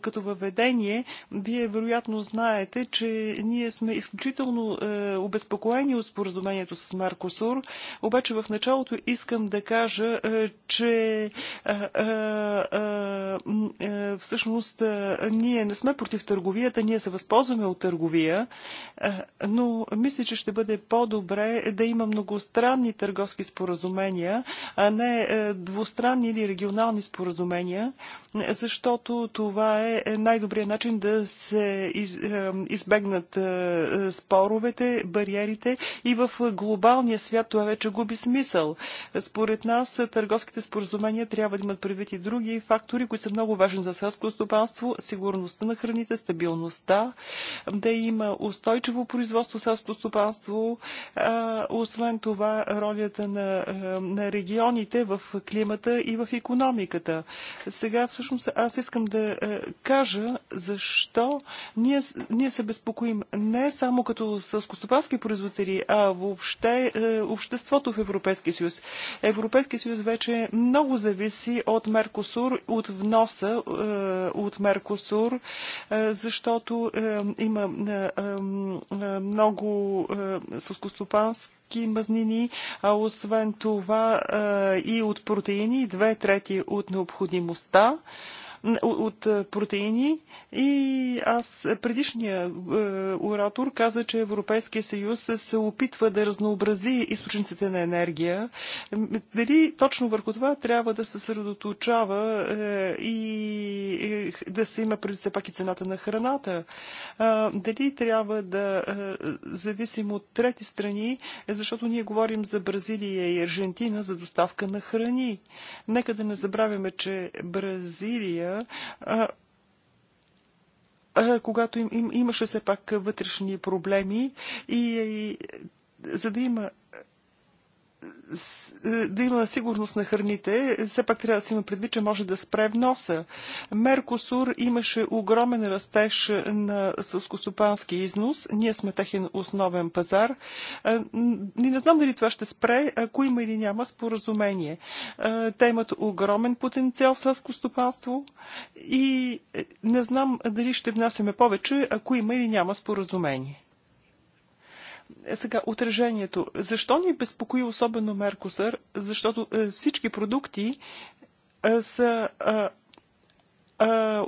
Speaker 1: като въведение. Вие вероятно знаете, че ние сме изключително обезпокоени от споразумението с Маркосур, обаче в началото искам да кажа, е, че е, е, всъщност ние не сме против търговията, ние се възползваме от търговия, но мисля, че ще бъде по-добре да има многостранни търговски споразумения, а не двустранни или регионални споразумения, защото това е най-добрият начин да се избегнат споровете, бариерите и в глобалния свят това вече губи смисъл. Според нас търговските споразумения трябва да имат предвид и други фактори, които са много важни за селското стопанство, сигурността на храните, стабилността, да има устойчиво производство селското стопанство, освен това ролята на, на регионите в климата и в економиката. Сега всъщност аз искам да кажа защо ние, ние се безпокоим не само като сълско-стопански производители, а въобще обществото в Европейския съюз съюз. Европейския съюз вече много зависи от Меркосур, от вноса е, от Меркосур, е, защото е, има много съскостопански мазнини, а освен това и от протеини, две трети от необходимостта от е, протеини и аз е, предишния е, оратор каза, че Европейския съюз се опитва да разнообрази източниците на енергия. Дали точно върху това трябва да се съсредоточава и да се има преди все пак и цената на храната? Дали трябва да зависим от трети страни, защото ние говорим за Бразилия и Аржентина за доставка на храни? Нека да не забравяме, че Бразилия когато им, им, имаше все пак вътрешни проблеми и, и за да има е, да има сигурност на храните, все пак трябва да си има предвид, че може да спре вноса. Меркосур имаше огромен растеж на сълскостопански износ. Ние сме техен основен пазар. Е, не знам дали това ще спре, ако има или няма споразумение. Е, те имат огромен потенциал в сълскостопанство и не знам дали ще внасяме повече, ако има или няма споразумение. Е сега, отражението. Защо ни безпокои особено Меркосър? Защото е, всички продукти е, са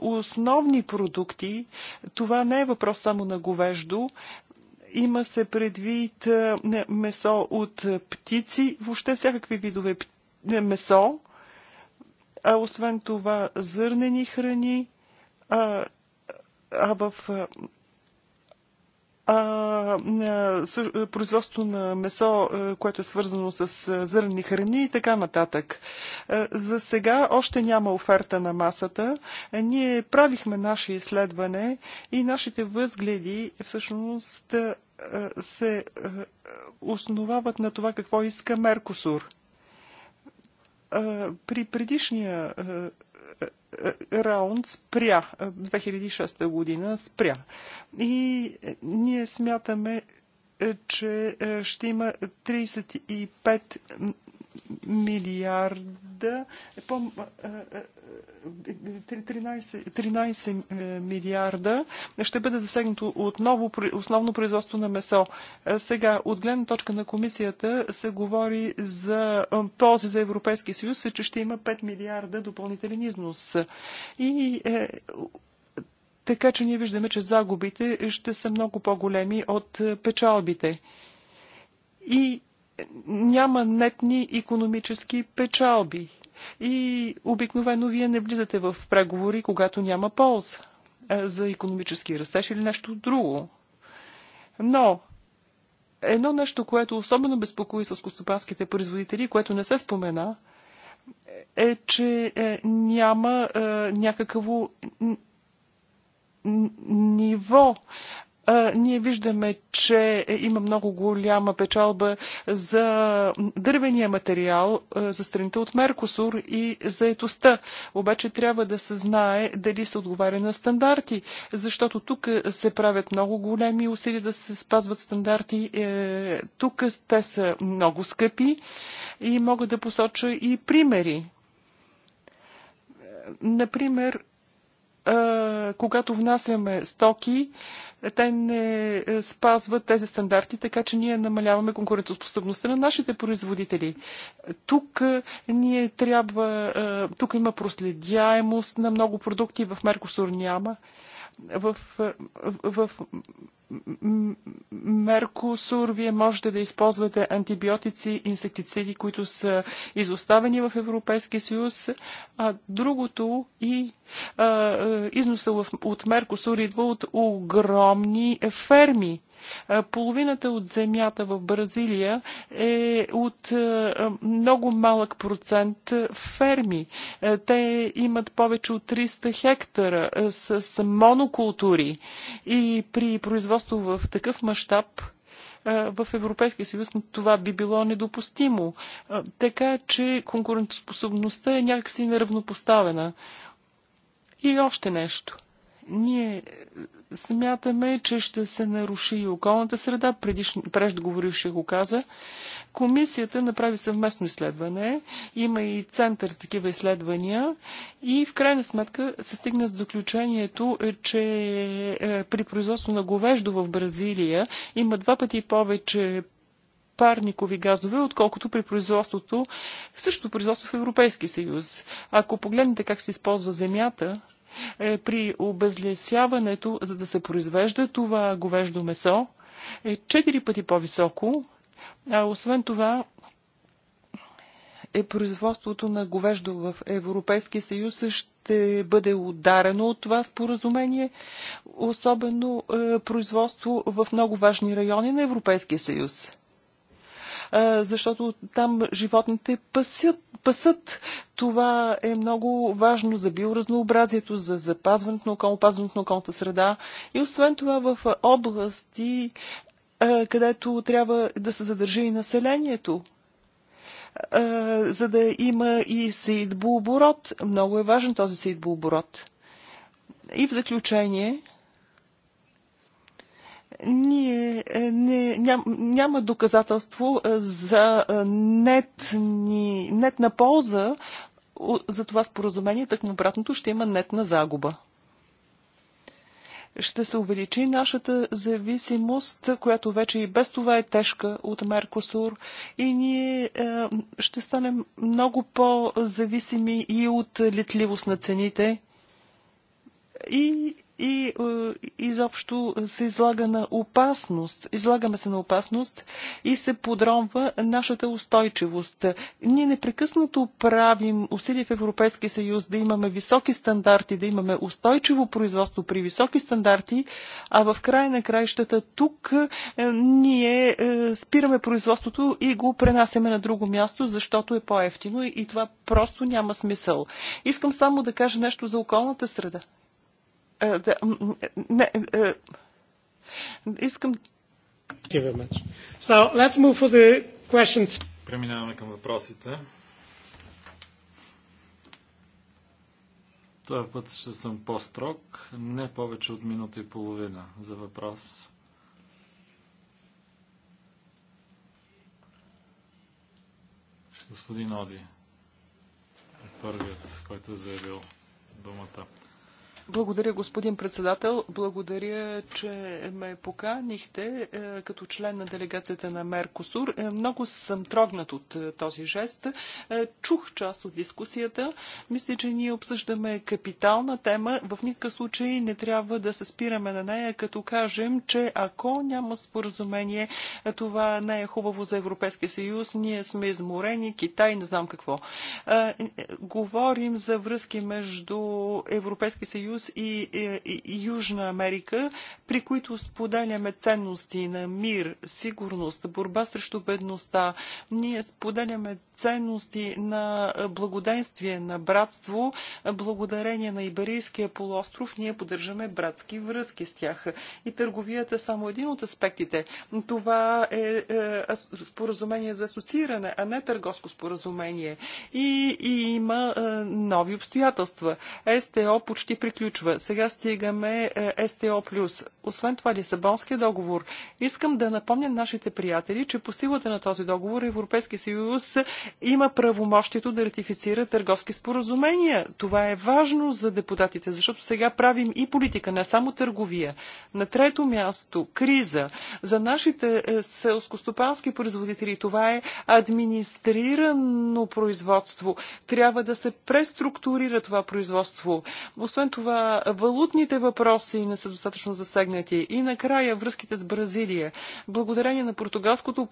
Speaker 1: основни продукти. Това не е въпрос само на говеждо. Има се предвид месо от птици, въобще всякакви видове месо. А освен това зърнени храни, а, а в производство на месо, което е свързано с зърни храни и така нататък. За сега още няма оферта на масата. Ние правихме наше изследване и нашите възгледи всъщност се основават на това какво иска Меркосур. При предишния раунд спря. 2006 е, година спря. И ние смятаме, е, че е, ще има 35 милиарда, по, 13, 13 е, милиарда ще бъде засегнато отново основно производство на месо. Е, сега, от гледна точка на комисията се говори за е, ползи за Европейския съюз, че ще има 5 милиарда допълнителен износ. И е, така че ние виждаме, че загубите ще са много по-големи от печалбите. И няма нетни економически печалби и обикновено вие не влизате в преговори, когато няма полза за економически растеж или нещо друго. Но едно нещо, което особено безпокои сълскостопанските производители, което не се спомена, е, че е, няма е, някакво ниво ние виждаме, че има много голяма печалба за дървения материал за страните от Меркосур и за етоста. Обаче трябва да се знае дали се отговаря на стандарти, защото тук се правят много големи усилия да се спазват стандарти. Е, тук те са много скъпи и мога да посоча и примери. Е, например, е, когато внасяме стоки, те не е, спазват тези стандарти, така че ние намаляваме конкурентоспособността на нашите производители. Тук е, ние трябва, е, тук има проследяемост на много продукти, в Меркосур няма. В, в, в Меркосур, вие можете да използвате антибиотици, инсектициди, които са изоставени в Европейския съюз. А другото и а, износа от Меркосур идва от огромни ферми. Е, половината от земята в Бразилия е от е, много малък процент ферми. Е, те имат повече от 300 хектара с монокултури и при производство в такъв мащаб в Европейския съюз това би било недопустимо. Така че конкурентоспособността е някакси неравнопоставена. И още нещо – ние смятаме, че ще се наруши и околната среда. Предишно, преждоговоривши го каза. Комисията направи съвместно изследване. Има и център за такива изследвания. И в крайна сметка се стигна с заключението, е, че е, при производство на говеждо в Бразилия има два пъти повече парникови газове, отколкото при производството, същото производство в Европейски съюз. Ако погледнете как се използва земята, е, при обезлесяването, за да се произвежда това говеждо месо, е четири пъти по-високо, а освен това е производството на говеждо в Европейския съюз ще бъде ударено от това споразумение, особено е, производство в много важни райони на Европейския съюз защото там животните пасят, пасат. Това е много важно за биоразнообразието, за запазването на околно, опазването на околната среда. И освен това в области, където трябва да се задържи и населението, за да има и сейдбооборот. Много е важен този сейдбооборот. И в заключение, ние е, не, ням, няма доказателство е, за е, нетни, нетна полза за това споразумение, так на обратното ще има нетна загуба ще се увеличи нашата зависимост, която вече и без това е тежка от Меркосур и ние е, ще станем много по-зависими и от летливост на цените и и е, изобщо се излага на опасност. Излагаме се на опасност и се подронва нашата устойчивост. Ние непрекъснато правим усилия в Европейския съюз да имаме високи стандарти, да имаме устойчиво производство при високи стандарти, а в край на краищата тук е, ние е, спираме производството и го пренасяме на друго място, защото е по-ефтино и това просто няма смисъл. Искам само да кажа нещо за околната среда. Е, да, не, е, е, искам.
Speaker 4: So,
Speaker 2: Преминаваме към въпросите. Този път ще съм по-строг, не повече от минута и половина за въпрос. Господин Оди е първият, който е заявил думата.
Speaker 1: Благодаря, господин председател. Благодаря, че ме поканихте е, като член на делегацията на Меркосур. Е, много съм трогнат от е, този жест. Чух част от дискусията. Мисля, че ние обсъждаме капитална тема. В никакъв случай не трябва да се спираме на нея, като кажем, че ако няма споразумение, това не е хубаво за Европейския съюз. Ние сме изморени, Китай, не знам какво. Говорим за връзки между Европейския съюз съюз и, и, и Южна Америка, при които споделяме ценности на мир, сигурност, борба срещу бедността. Ние споделяме ценности на благоденствие, на братство. Благодарение на Иберийския полуостров ние поддържаме братски връзки с тях. И търговията е само един от аспектите. Това е, е споразумение за асоцииране, а не търговско споразумение. И, и има е, нови обстоятелства. СТО почти приключи приключва. Сега стигаме е, СТО+. Освен това Лисабонския договор. Искам да напомня нашите приятели, че по силата на този договор Европейски съюз има правомощието да ратифицира търговски споразумения. Това е важно за депутатите, защото сега правим и политика, не само търговия. На трето място, криза. За нашите е, селскостопански производители това е администрирано производство. Трябва да се преструктурира това производство. Освен това, валутните въпроси не са достатъчно засегнати. И накрая връзките с Бразилия. Благодарение на португалското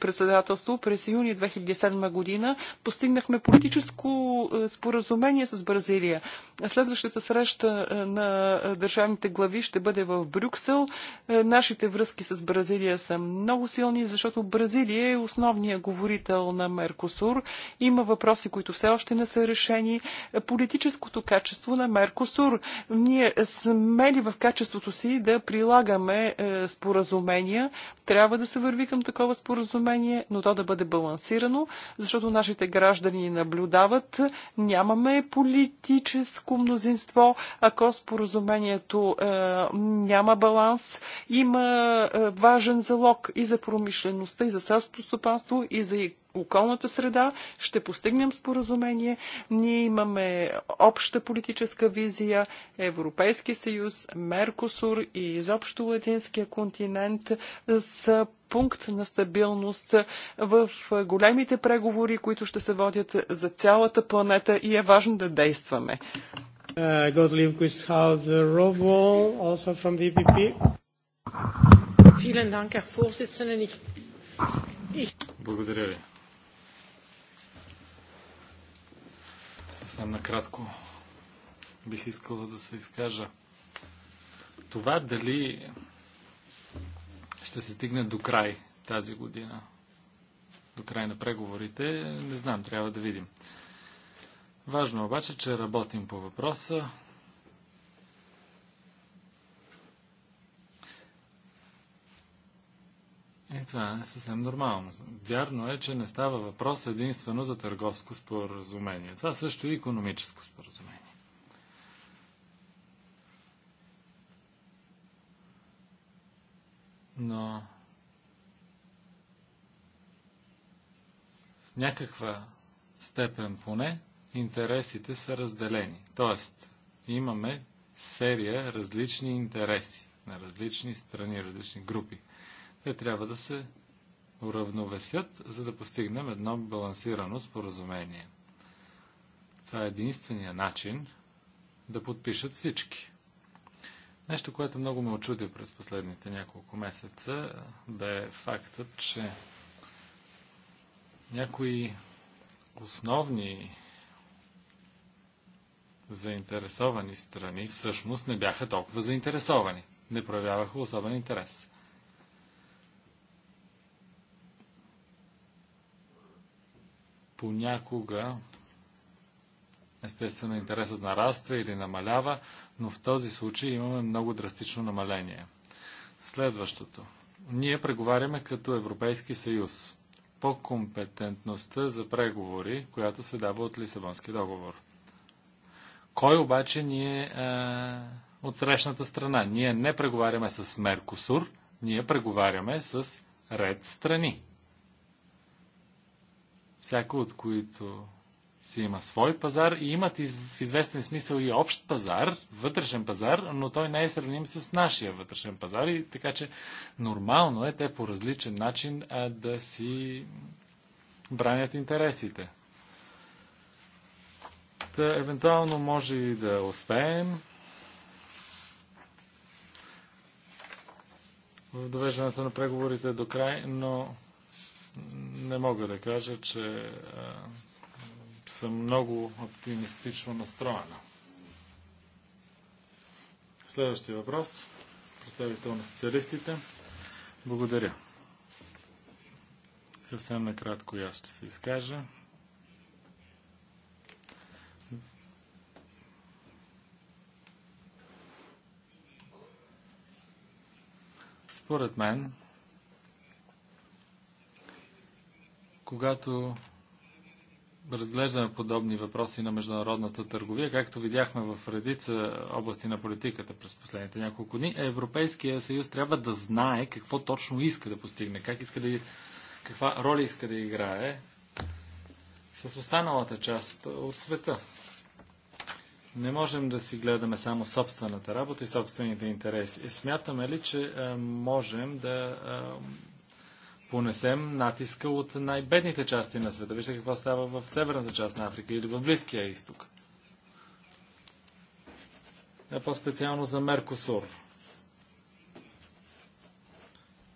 Speaker 1: председателство през юни 2007 година постигнахме политическо е, споразумение с Бразилия. Следващата среща е, на държавните глави ще бъде в Брюксел. Е, нашите връзки с Бразилия са много силни, защото Бразилия е основният говорител на Меркосур. Има въпроси, които все още не са решени. Политическото качество на Меркосур. Ние смели в качеството си да прилагаме е, споразумения. Трябва да се върви към такова споразумение, но то да бъде балансирано, защото нашите граждани наблюдават. Нямаме политическо мнозинство, ако споразумението е, няма баланс. Има е, важен залог и за промишлеността, и за селското стопанство, и за околната среда, ще постигнем споразумение. Ние имаме обща политическа визия, Европейски съюз, Меркосур и изобщо Латинския континент са пункт на стабилност в големите преговори, които ще се водят за цялата планета и е важно да действаме. Uh, e
Speaker 4: Vielen Dank, Herr Vorsitzender.
Speaker 2: Благодаря ви. съвсем накратко бих искала да се изкажа. Това дали ще се стигне до край тази година, до край на преговорите, не знам, трябва да видим. Важно е обаче, че работим по въпроса, И е, това е съвсем нормално. Вярно е, че не става въпрос единствено за търговско споразумение. Това също е економическо споразумение. Но в някаква степен поне интересите са разделени. Тоест, имаме серия различни интереси на различни страни, различни групи – те трябва да се уравновесят, за да постигнем едно балансирано споразумение. Това е единствения начин да подпишат всички. Нещо, което много ме очуди през последните няколко месеца, бе фактът, че някои основни заинтересовани страни всъщност не бяха толкова заинтересовани. Не проявяваха особен интерес. понякога естествено интересът нараства или намалява, но в този случай имаме много драстично намаление. Следващото. Ние преговаряме като Европейски съюз по компетентността за преговори, която се дава от Лисабонски договор. Кой обаче ни е, от срещната страна? Ние не преговаряме с Меркосур, ние преговаряме с ред страни всяко от които си има свой пазар и имат из, в известен смисъл и общ пазар, вътрешен пазар, но той не е сравним с нашия вътрешен пазар и така че нормално е те по различен начин а, да си бранят интересите. Та, евентуално може и да успеем в довеждането на преговорите до край, но не мога да кажа, че съм много оптимистично настроена. Следващия въпрос. Представител на социалистите. Благодаря. Съвсем накратко и аз ще се изкажа. Според мен, когато разглеждаме подобни въпроси на международната търговия, както видяхме в редица области на политиката през последните няколко дни, Европейския съюз трябва да знае какво точно иска да постигне, как иска да, каква роля иска да играе с останалата част от света. Не можем да си гледаме само собствената работа и собствените интереси. Смятаме ли, че можем да понесем натиска от най-бедните части на света. Вижте какво става в северната част на Африка или в Близкия изток. Е по-специално за Меркосур.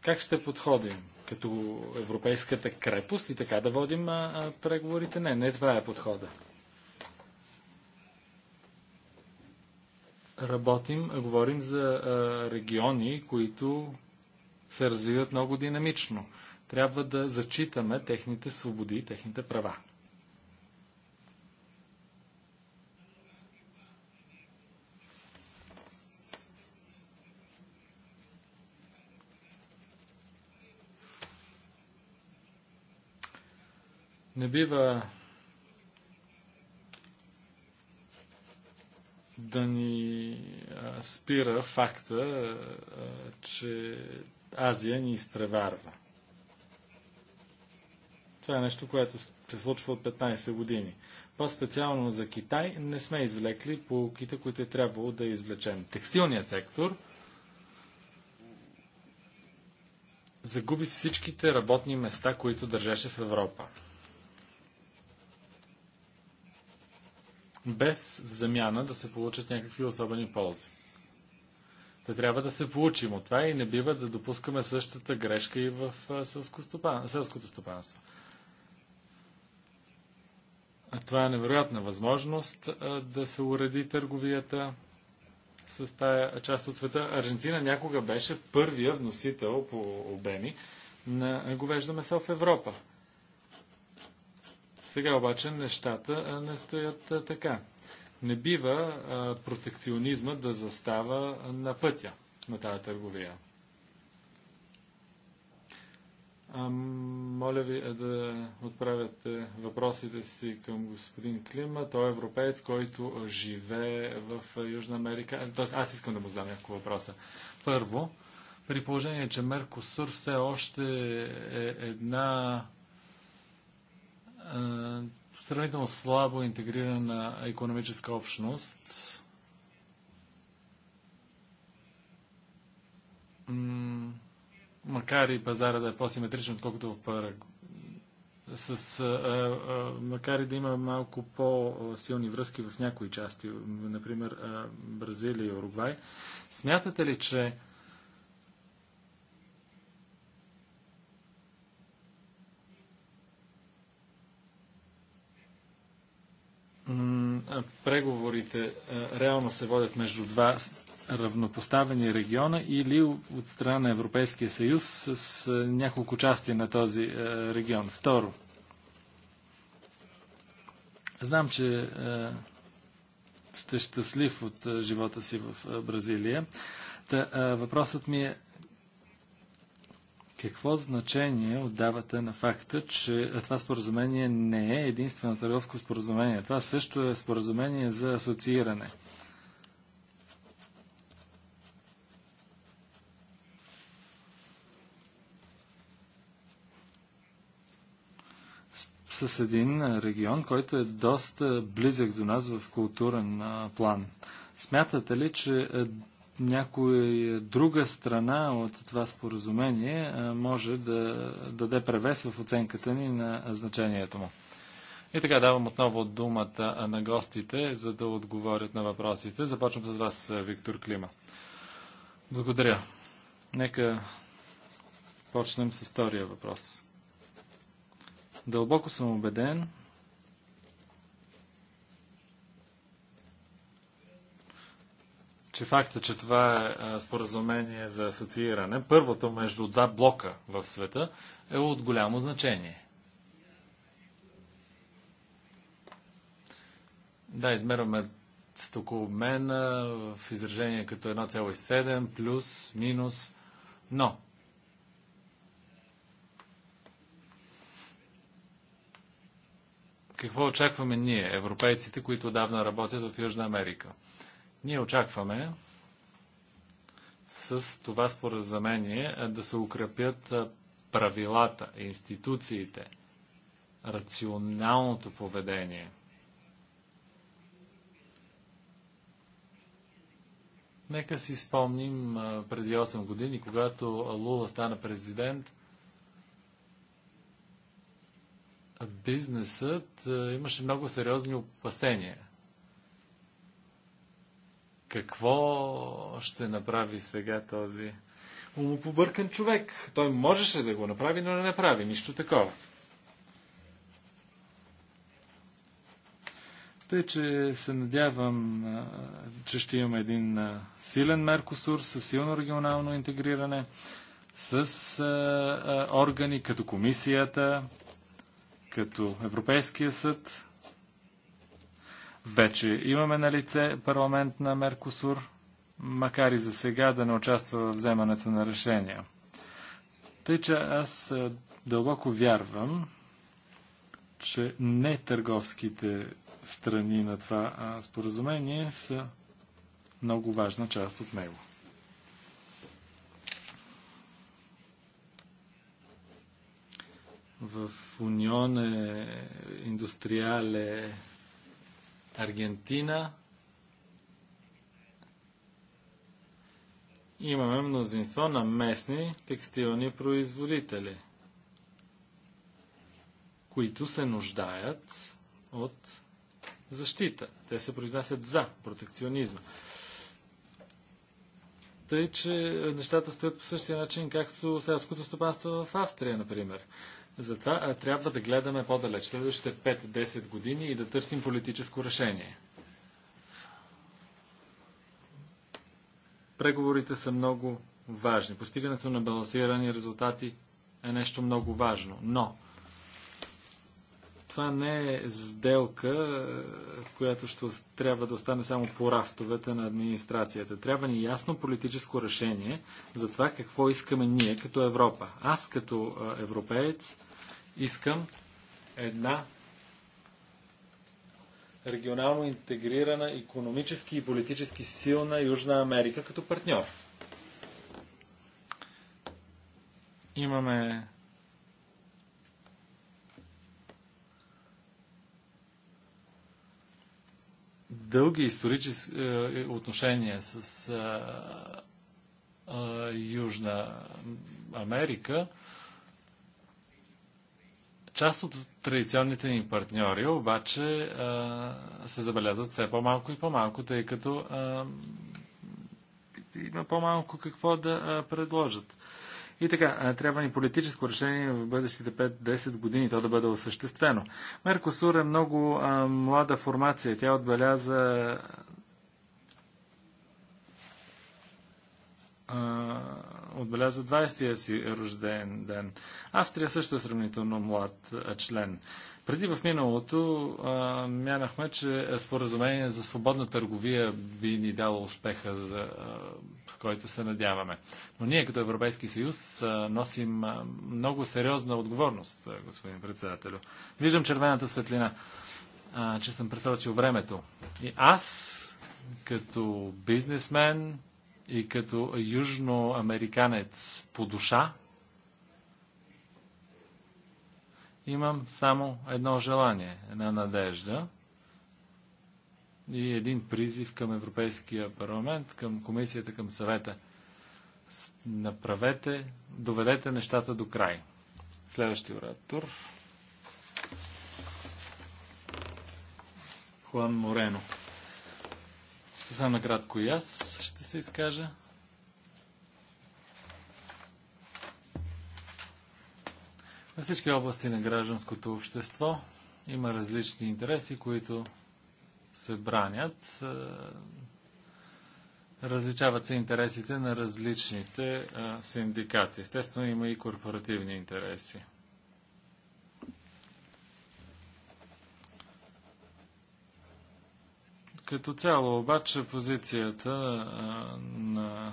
Speaker 2: Как ще подходим? Като европейската крепост и така да водим а, а, преговорите? Не, не това е подхода. Работим, говорим за а, региони, които се развиват много динамично трябва да зачитаме техните свободи и техните права. Не бива да ни спира факта, че Азия ни изпреварва. Това е нещо, което се случва от 15 години. По-специално за Китай не сме извлекли полуките, които е трябвало да извлечем. Текстилният сектор загуби всичките работни места, които държеше в Европа. Без замяна да се получат някакви особени ползи. Та трябва да се получим от това и не бива да допускаме същата грешка и в селското стопанство. Това е невероятна възможност да се уреди търговията с тая част от света. Аржентина някога беше първия вносител по обеми на говежда месо в Европа. Сега обаче нещата не стоят така. Не бива протекционизма да застава на пътя на тази търговия. моля ви е да отправяте въпросите си към господин Клима. Той е европеец, който живее в е, Южна Америка. Е, тоест, аз искам да му задам няколко въпроса. Първо, при положение, че Меркосур все още е една е, сравнително слабо интегрирана економическа общност, макар и пазара да е по-симетричен, отколкото в Парагвай, с, а, а, макар и да има малко по-силни връзки в някои части, например а, Бразилия и Уругвай, смятате ли, че преговорите а, реално се водят между два равнопоставени региона или от страна на Европейския съюз с няколко части на този регион. Второ, знам, че сте щастлив от живота си в Бразилия. Та, въпросът ми е какво значение отдавате на факта, че това споразумение не е единствено търговско споразумение? Това също е споразумение за асоцииране. с един регион, който е доста близък до нас в културен план. Смятате ли, че някоя друга страна от това споразумение може да даде превес в оценката ни на значението му? И така давам отново думата на гостите, за да отговорят на въпросите. Започвам с вас, Виктор Клима. Благодаря. Нека почнем с втория въпрос. Дълбоко съм убеден, че факта, че това е споразумение за асоцииране, първото между два блока в света, е от голямо значение. Да, измерваме стокообмена в изражение като 1,7 плюс, минус, но какво очакваме ние, европейците, които отдавна работят в Южна Америка? Ние очакваме с това споразумение да се укрепят правилата, институциите, рационалното поведение. Нека си спомним преди 8 години, когато Лула стана президент – бизнесът имаше много сериозни опасения. Какво ще направи сега този умопобъркан човек? Той можеше да го направи, но не направи нищо такова. Тъй, че се надявам, че ще имаме един силен Меркосур с силно регионално интегриране, с органи като комисията, като Европейския съд. Вече имаме на лице парламент на Меркосур, макар и за сега да не участва в вземането на решения. Тъй, че аз дълбоко вярвам, че не търговските страни на това споразумение са много важна част от него. в Unione Industriale Аргентина имаме мнозинство на местни текстилни производители, които се нуждаят от защита. Те се произнасят за протекционизма. Тъй, че нещата стоят по същия начин, както селското стопанство в Австрия, например. Затова а, трябва да гледаме по-далеч, следващите 5-10 години и да търсим политическо решение. Преговорите са много важни. Постигането на балансирани резултати е нещо много важно. Но това не е сделка, в която ще трябва да остане само по рафтовете на администрацията. Трябва ни ясно политическо решение за това какво искаме ние като Европа. Аз като европеец искам една регионално интегрирана, економически и политически силна Южна Америка като партньор. Имаме дълги исторически е, е, отношения с е, Южна Америка, Част от традиционните ни партньори обаче а, се забелязват все по-малко и по-малко, тъй като а, има по-малко какво да а, предложат. И така, трябва ни политическо решение в бъдещите 5-10 години то да бъде осъществено. Меркосур е много а, млада формация. Тя отбеляза а, отбеляза 20-я си рожден ден. Австрия също е сравнително млад член. Преди в миналото а, мянахме, че споразумение за свободна търговия би ни дало успеха, за а, който се надяваме. Но ние като Европейски съюз а, носим а, много сериозна отговорност, а, господин председателю. Виждам червената светлина, а, че съм пресрочил времето. И аз, като бизнесмен и като южноамериканец по душа, Имам само едно желание, една надежда и един призив към Европейския парламент, към комисията, към съвета. Направете, доведете нещата до край. Следващия оратор. Хуан Морено. Съвсем накратко и аз ще се изкажа. На всички области на гражданското общество има различни интереси, които се бранят. Е, различават се интересите на различните е, синдикати. Естествено, има и корпоративни интереси. Като цяло обаче позицията е, на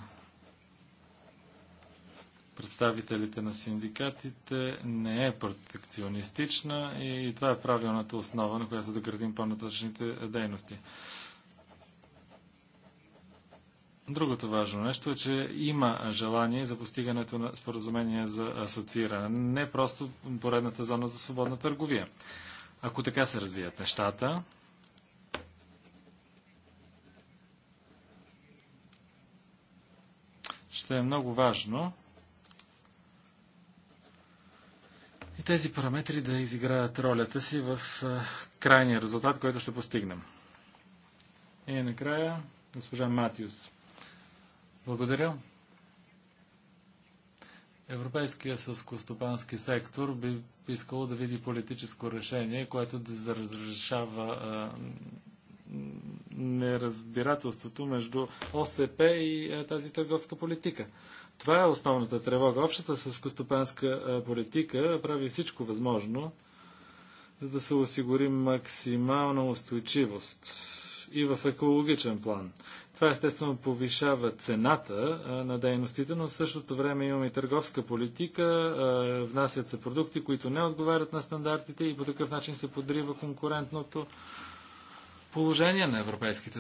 Speaker 2: представителите на синдикатите не е протекционистична и това е правилната основа, на която да градим по-нататъчните дейности. Другото важно нещо е, че има желание за постигането на споразумение за асоцииране, не просто поредната зона за свободна търговия. Ако така се развият нещата, ще е много важно и тези параметри да изиграят ролята си в крайния резултат, който ще постигнем. И накрая госпожа Матиус. Благодаря. Европейския сълскостопански сектор би искало да види политическо решение, което да разрешава неразбирателството между ОСП и тази търговска политика. Това е основната тревога. Общата съвскостопанска политика прави всичко възможно, за да се осигури максимална устойчивост и в екологичен план. Това естествено повишава цената на дейностите, но в същото време имаме и търговска политика, внасят се продукти, които не отговарят на стандартите и по такъв начин се подрива конкурентното положение на европейските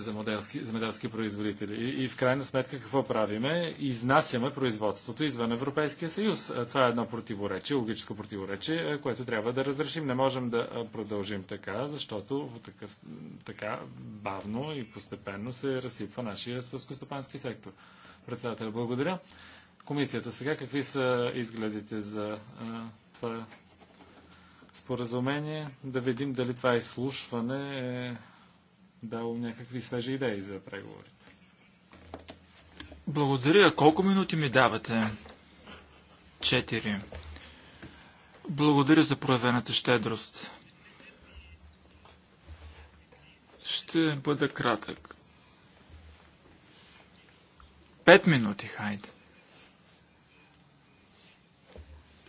Speaker 2: земеделски производители. И, и в крайна сметка какво правиме? Изнасяме производството извън Европейския съюз. Е, това е едно противоречие, логическо противоречие, е, което трябва да разрешим. Не можем да е, продължим така, защото такъв, така бавно и постепенно се разсипва нашия сълскостопански сектор. Председател, благодаря. Комисията сега, какви са изгледите за а, това споразумение? Да видим дали това изслушване е дало някакви свежи идеи за преговорите.
Speaker 3: Благодаря. Колко минути ми давате? Четири. Благодаря за проявената щедрост. Ще бъда кратък. Пет минути, хайде.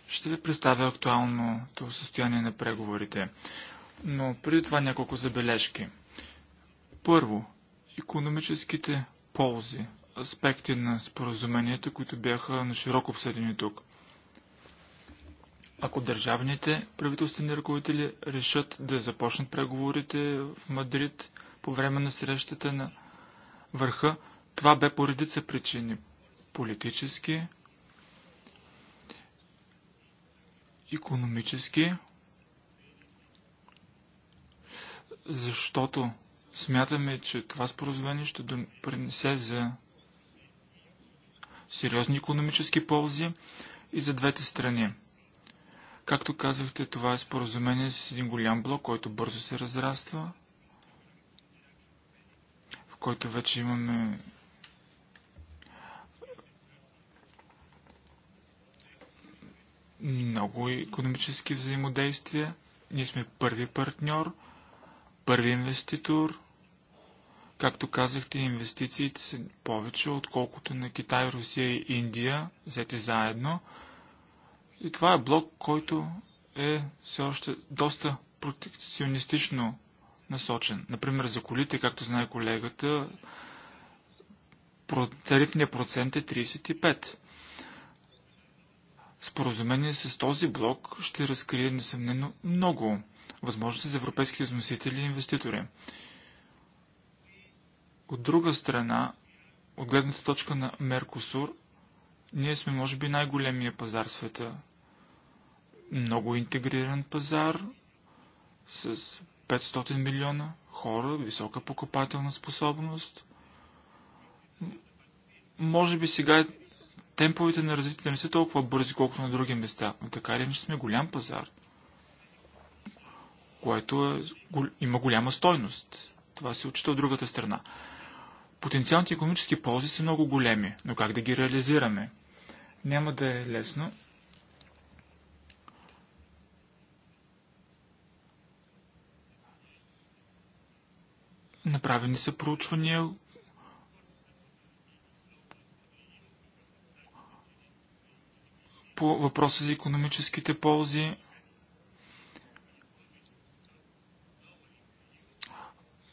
Speaker 3: Ще ви представя актуалното състояние на преговорите. Но преди това няколко забележки – първо, економическите ползи, аспекти на споразуменията, които бяха на широко обсъдени тук. Ако държавните правителствени ръководители решат да започнат преговорите в Мадрид по време на срещата на върха, това бе по редица причини. Политически, економически, защото Смятаме, че това споразумение ще принесе за сериозни економически ползи и за двете страни. Както казахте, това е споразумение с един голям блок, който бързо се разраства, в който вече имаме много економически взаимодействия. Ние сме първи партньор, първи инвеститор, Както казахте, инвестициите са повече, отколкото на Китай, Русия и Индия, взети заедно. И това е блок, който е все още доста протекционистично насочен. Например, за колите, както знае колегата, тарифният процент е 35. Споразумение с този блок ще разкрие несъмнено много възможности за европейските износители и инвеститори. От друга страна, от гледната точка на Меркосур, ние сме може би най-големия пазар в света. Много интегриран пазар с 500 милиона хора, висока покупателна способност. Може би сега темповете на развитие не са толкова бързи, колкото на други места, но така или че сме голям пазар, което е, има голяма стойност. Това се учи от другата страна. Потенциалните економически ползи са много големи, но как да ги реализираме? Няма да е лесно. Направени са проучвания, по въпроса за економическите ползи.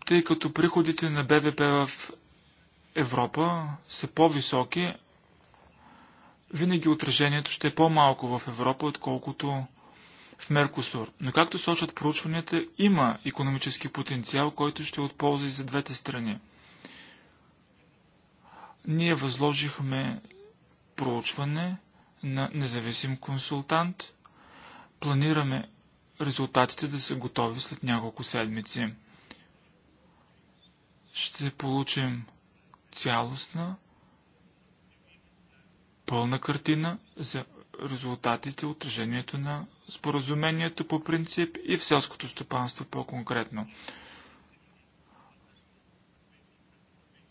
Speaker 3: Тъй като приходите на БВП в Европа са по-високи, винаги отражението ще е по-малко в Европа, отколкото в Меркосур. Но както сочат проучванията, има економически потенциал, който ще е отползва и за двете страни. Ние възложихме проучване на независим консултант. Планираме резултатите да са готови след няколко седмици. Ще получим цялостна, пълна картина за резултатите, отражението на споразумението по принцип и в селското стопанство по-конкретно.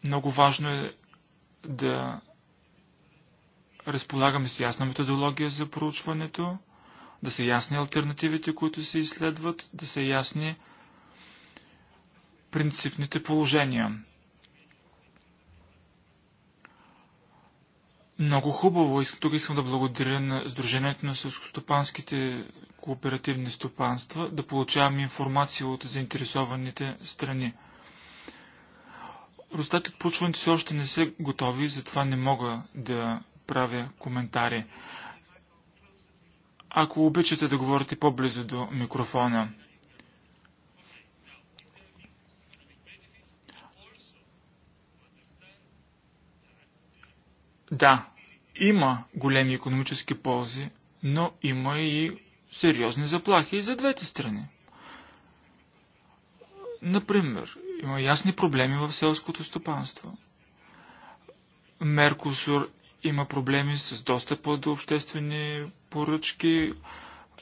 Speaker 3: Много важно е да разполагаме с ясна методология за проучването, да са ясни альтернативите, които се изследват, да са ясни принципните положения. Много хубаво. Тук искам да благодаря на Сдружението на сълскостопанските кооперативни стопанства, да получаваме информация от заинтересованите страни. Ростат от проучването си още не са готови, затова не мога да правя коментари. Ако обичате да говорите по-близо до микрофона. Да, има големи економически ползи, но има и сериозни заплахи и за двете страни. Например, има ясни проблеми в селското стопанство. Меркосур има проблеми с достъпа до обществени поръчки,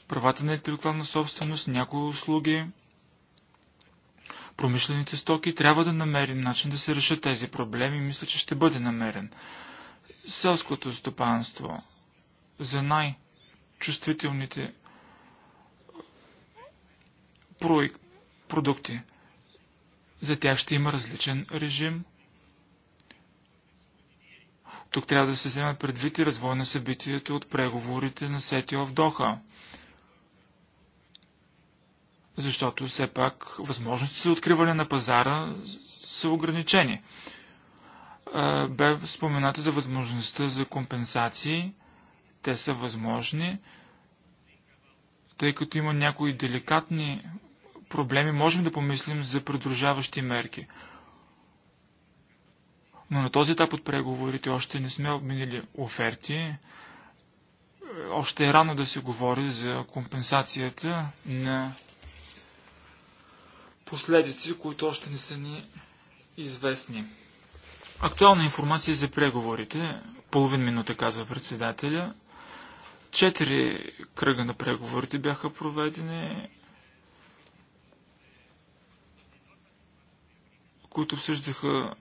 Speaker 3: правата на интелектуална собственост, някои услуги, промишлените стоки. Трябва да намерим начин да се решат тези проблеми и мисля, че ще бъде намерен селското стопанство, за най-чувствителните продукти. За тях ще има различен режим. Тук трябва да се вземе предвид и развой на събитията от преговорите на Сетио в Доха. Защото все пак възможностите за откриване на пазара са ограничени бе спомената за възможността за компенсации. Те са възможни, тъй като има някои деликатни проблеми, можем да помислим за придружаващи мерки. Но на този етап от преговорите още не сме обменили оферти. Още е рано да се говори за компенсацията на последици, които още не са ни известни. Актуална информация за преговорите. Половин минута, казва председателя. Четири кръга на преговорите бяха проведени, които обсъждаха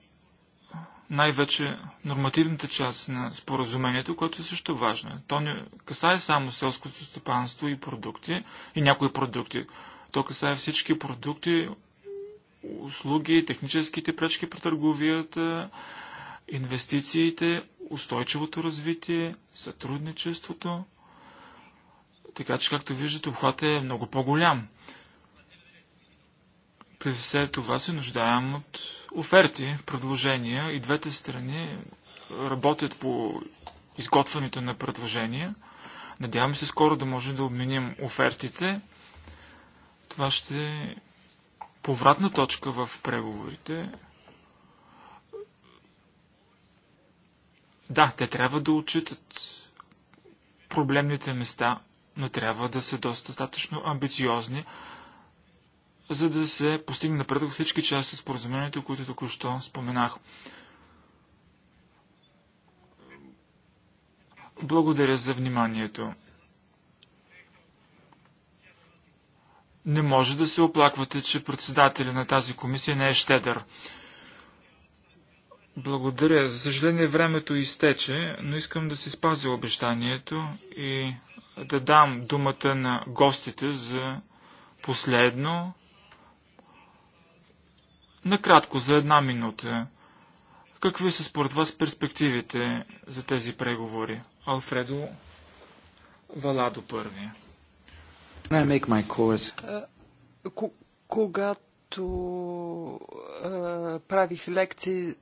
Speaker 3: най-вече нормативната част на споразумението, което е също важно. То не касае само селското стопанство и продукти и някои продукти. То касае всички продукти, услуги, техническите пречки при търговията, инвестициите, устойчивото развитие, сътрудничеството. Така че, както виждате, обхватът е много по-голям. При все това се нуждаем от оферти, предложения и двете страни работят по изготвянето на предложения. Надяваме се скоро да можем да обменим офертите. Това ще повратна точка в преговорите. Да, те трябва да отчитат проблемните места, но трябва да са достатъчно амбициозни, за да се постигне напредък всички части от споразумението, които току-що споменах. Благодаря за вниманието. не може да се оплаквате, че председателя на тази комисия не е щедър. Благодаря. За съжаление времето изтече, но искам да си спазя обещанието и да дам думата на гостите за последно. Накратко, за една минута. Какви са според вас перспективите за тези преговори? Алфредо Валадо първия. Е,
Speaker 1: когато е, правих лекции е,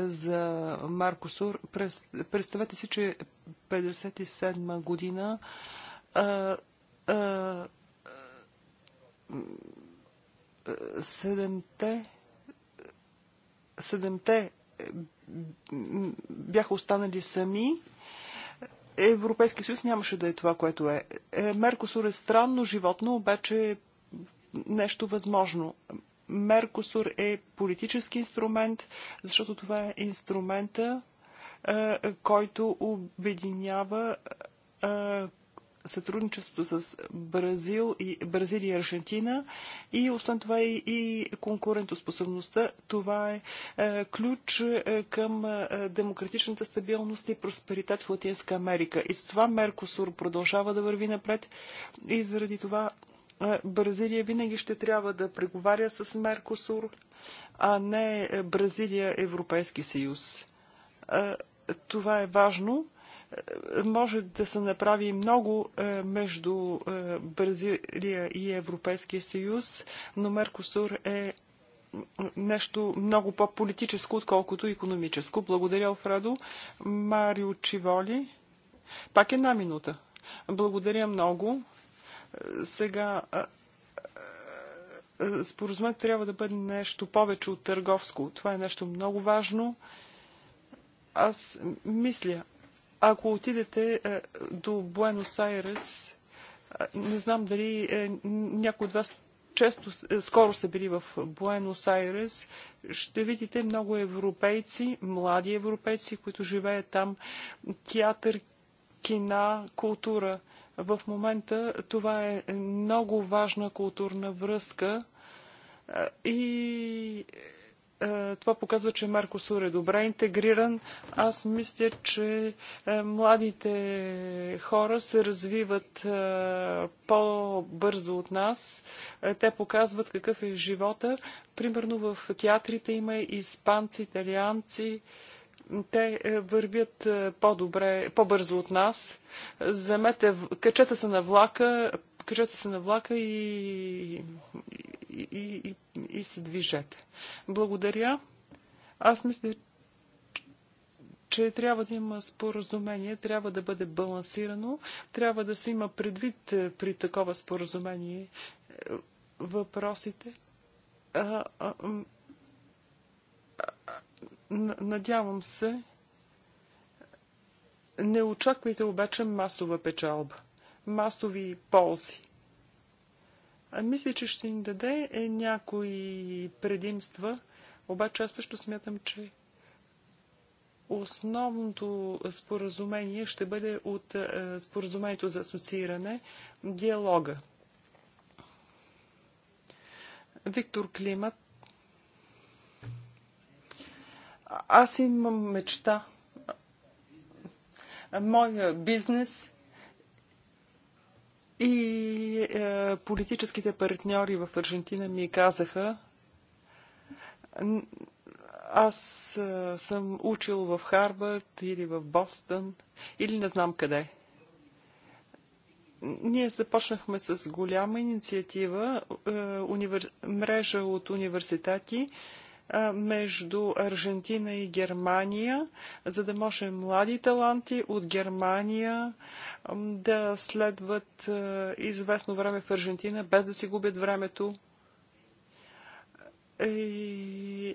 Speaker 1: за Маркосур, представете си, че 57 година седемте седемте бяха останали сами Европейски съюз нямаше да е това, което е. е. Меркосур е странно животно, обаче е нещо възможно. Меркосур е политически инструмент, защото това е инструмента, е, който обединява е, сътрудничеството с Бразил и, Бразилия и Аржентина и освен това и, и конкурентоспособността. Това е, е ключ е, към е, демократичната стабилност и просперитет в Латинска Америка. И за това Меркосур продължава да върви напред и заради това е, Бразилия винаги ще трябва да преговаря с Меркосур, а не е, Бразилия Европейски съюз. Е, това е важно може да се направи много е, между е, Бразилия и Европейския съюз, но Меркосур е нещо много по-политическо, отколкото економическо. Благодаря, Офредо. Марио Чиволи. Пак една минута. Благодаря много. Сега е, споразумението трябва да бъде нещо повече от търговско. Това е нещо много важно. Аз мисля, ако отидете е, до Буенос Айрес, е, не знам дали е, някой от вас често, скоро са били в Буенос Айрес, ще видите много европейци, млади европейци, които живеят там. Театър, кина, култура. В момента това е много важна културна връзка и е, това показва, че Марко Сур е добре интегриран. Аз мисля, че е, младите хора се развиват е, по-бързо от нас. Те показват какъв е живота. Примерно в театрите има испанци, италианци. Те вървят по-добре, по-бързо от нас. Замете, качете се на влака, качете се на влака и, и, и, и, се движете. Благодаря. Аз мисля, че трябва да има споразумение, трябва да бъде балансирано, трябва да се има предвид е, при такова споразумение е, въпросите. А, а, а, надявам се. Не очаквайте обаче масова печалба, масови ползи мисля, че ще ни даде е, някои предимства, обаче аз също смятам, че основното споразумение ще бъде от е, споразумението за асоцииране, диалога. Виктор Климат. Аз имам мечта. Моя бизнес и е, политическите партньори в Аржентина ми казаха, аз е, съм учил в Харвард или в Бостън или не знам къде. Ние започнахме с голяма инициатива, е, универ... мрежа от университети, е, между Аржентина и Германия, за да може млади таланти от Германия да следват известно време в Аржентина, без да си губят времето и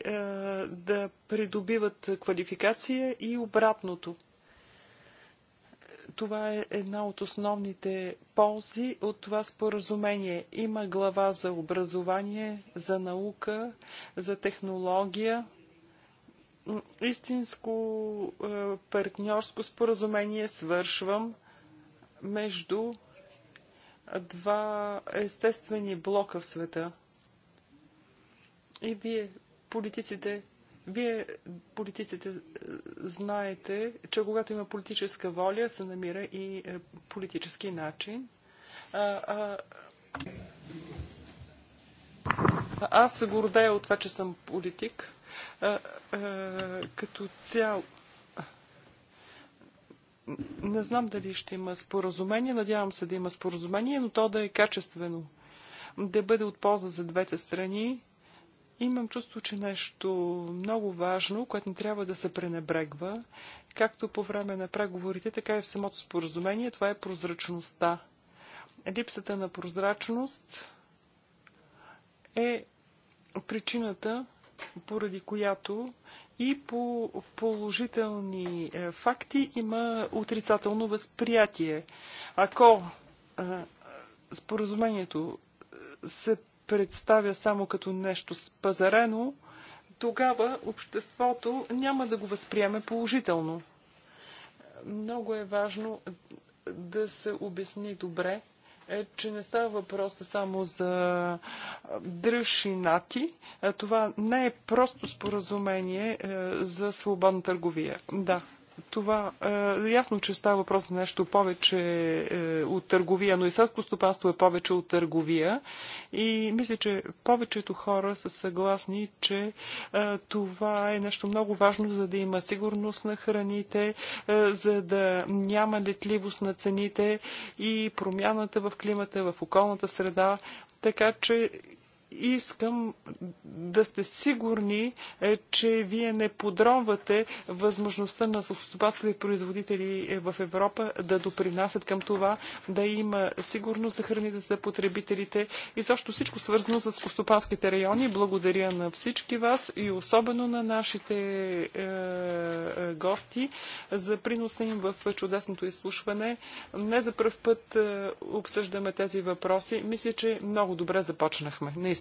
Speaker 1: да придобиват квалификация и обратното – това е една от основните ползи от това споразумение. Има глава за образование, за наука, за технология, истинско е, партньорско споразумение свършвам между два естествени блока в света. И вие, политиците, вие, политиците, е, знаете, че когато има политическа воля, се намира и е, политически начин. А, а... Аз се гордея от това, че съм политик. А, а, като цяло. Не знам дали ще има споразумение. Надявам се да има споразумение, но то да е качествено. Да бъде от полза за двете страни Имам чувство, че нещо много важно, което не трябва да се пренебрегва, както по време на преговорите, така и в самото споразумение, това е прозрачността. Липсата на прозрачност е причината, поради която и по положителни е, факти има отрицателно възприятие. Ако е, споразумението се представя само като нещо спазарено, тогава обществото няма да го възприеме положително. Много е важно да се обясни добре, е, че не става въпрос само за дръжинати. Това не е просто споразумение е, за свободна търговия. Да, това е ясно, че става въпрос за нещо повече е, от търговия, но и селско стопанство е повече от търговия. И мисля, че повечето хора са съгласни, че е, това е нещо много важно, за да има сигурност на храните, е, за да няма летливост на цените и промяната в климата, в околната среда. Така че искам да сте сигурни, е, че вие не подронвате възможността на селскостопанските производители е, в Европа да допринасят към това, да има сигурност за храните за потребителите и също всичко свързано с костопанските райони. Благодаря на всички вас и особено на нашите е, е, гости за приноса им в чудесното изслушване. Не за първ път обсъждаме тези въпроси. Мисля, че много добре започнахме. Наистина.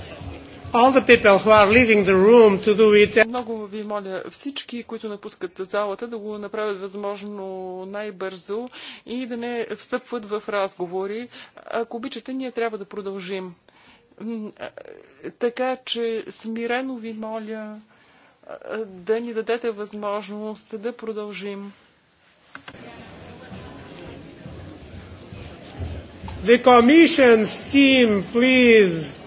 Speaker 4: Много ви моля
Speaker 1: всички, които напускат залата, да го направят възможно най-бързо и да не встъпват в разговори. Ако обичате, ние трябва да продължим. Така че смирено ви моля да ни дадете възможност да продължим.
Speaker 4: The commission's team, please.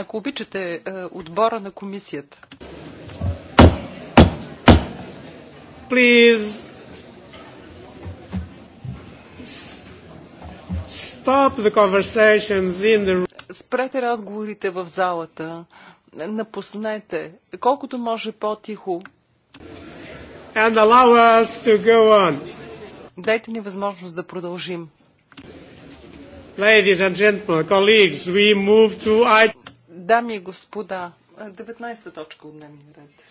Speaker 1: Ако обичате, е, отбора на комисията.
Speaker 4: Please stop the conversations in the...
Speaker 1: Спрете разговорите в залата. Напуснете. Колкото може по-тихо. And
Speaker 4: allow us to go on. Дайте ни възможност да продължим. Ladies and gentlemen, colleagues, we move to Дами и господа,
Speaker 1: 19-та
Speaker 4: точка от дневния ред.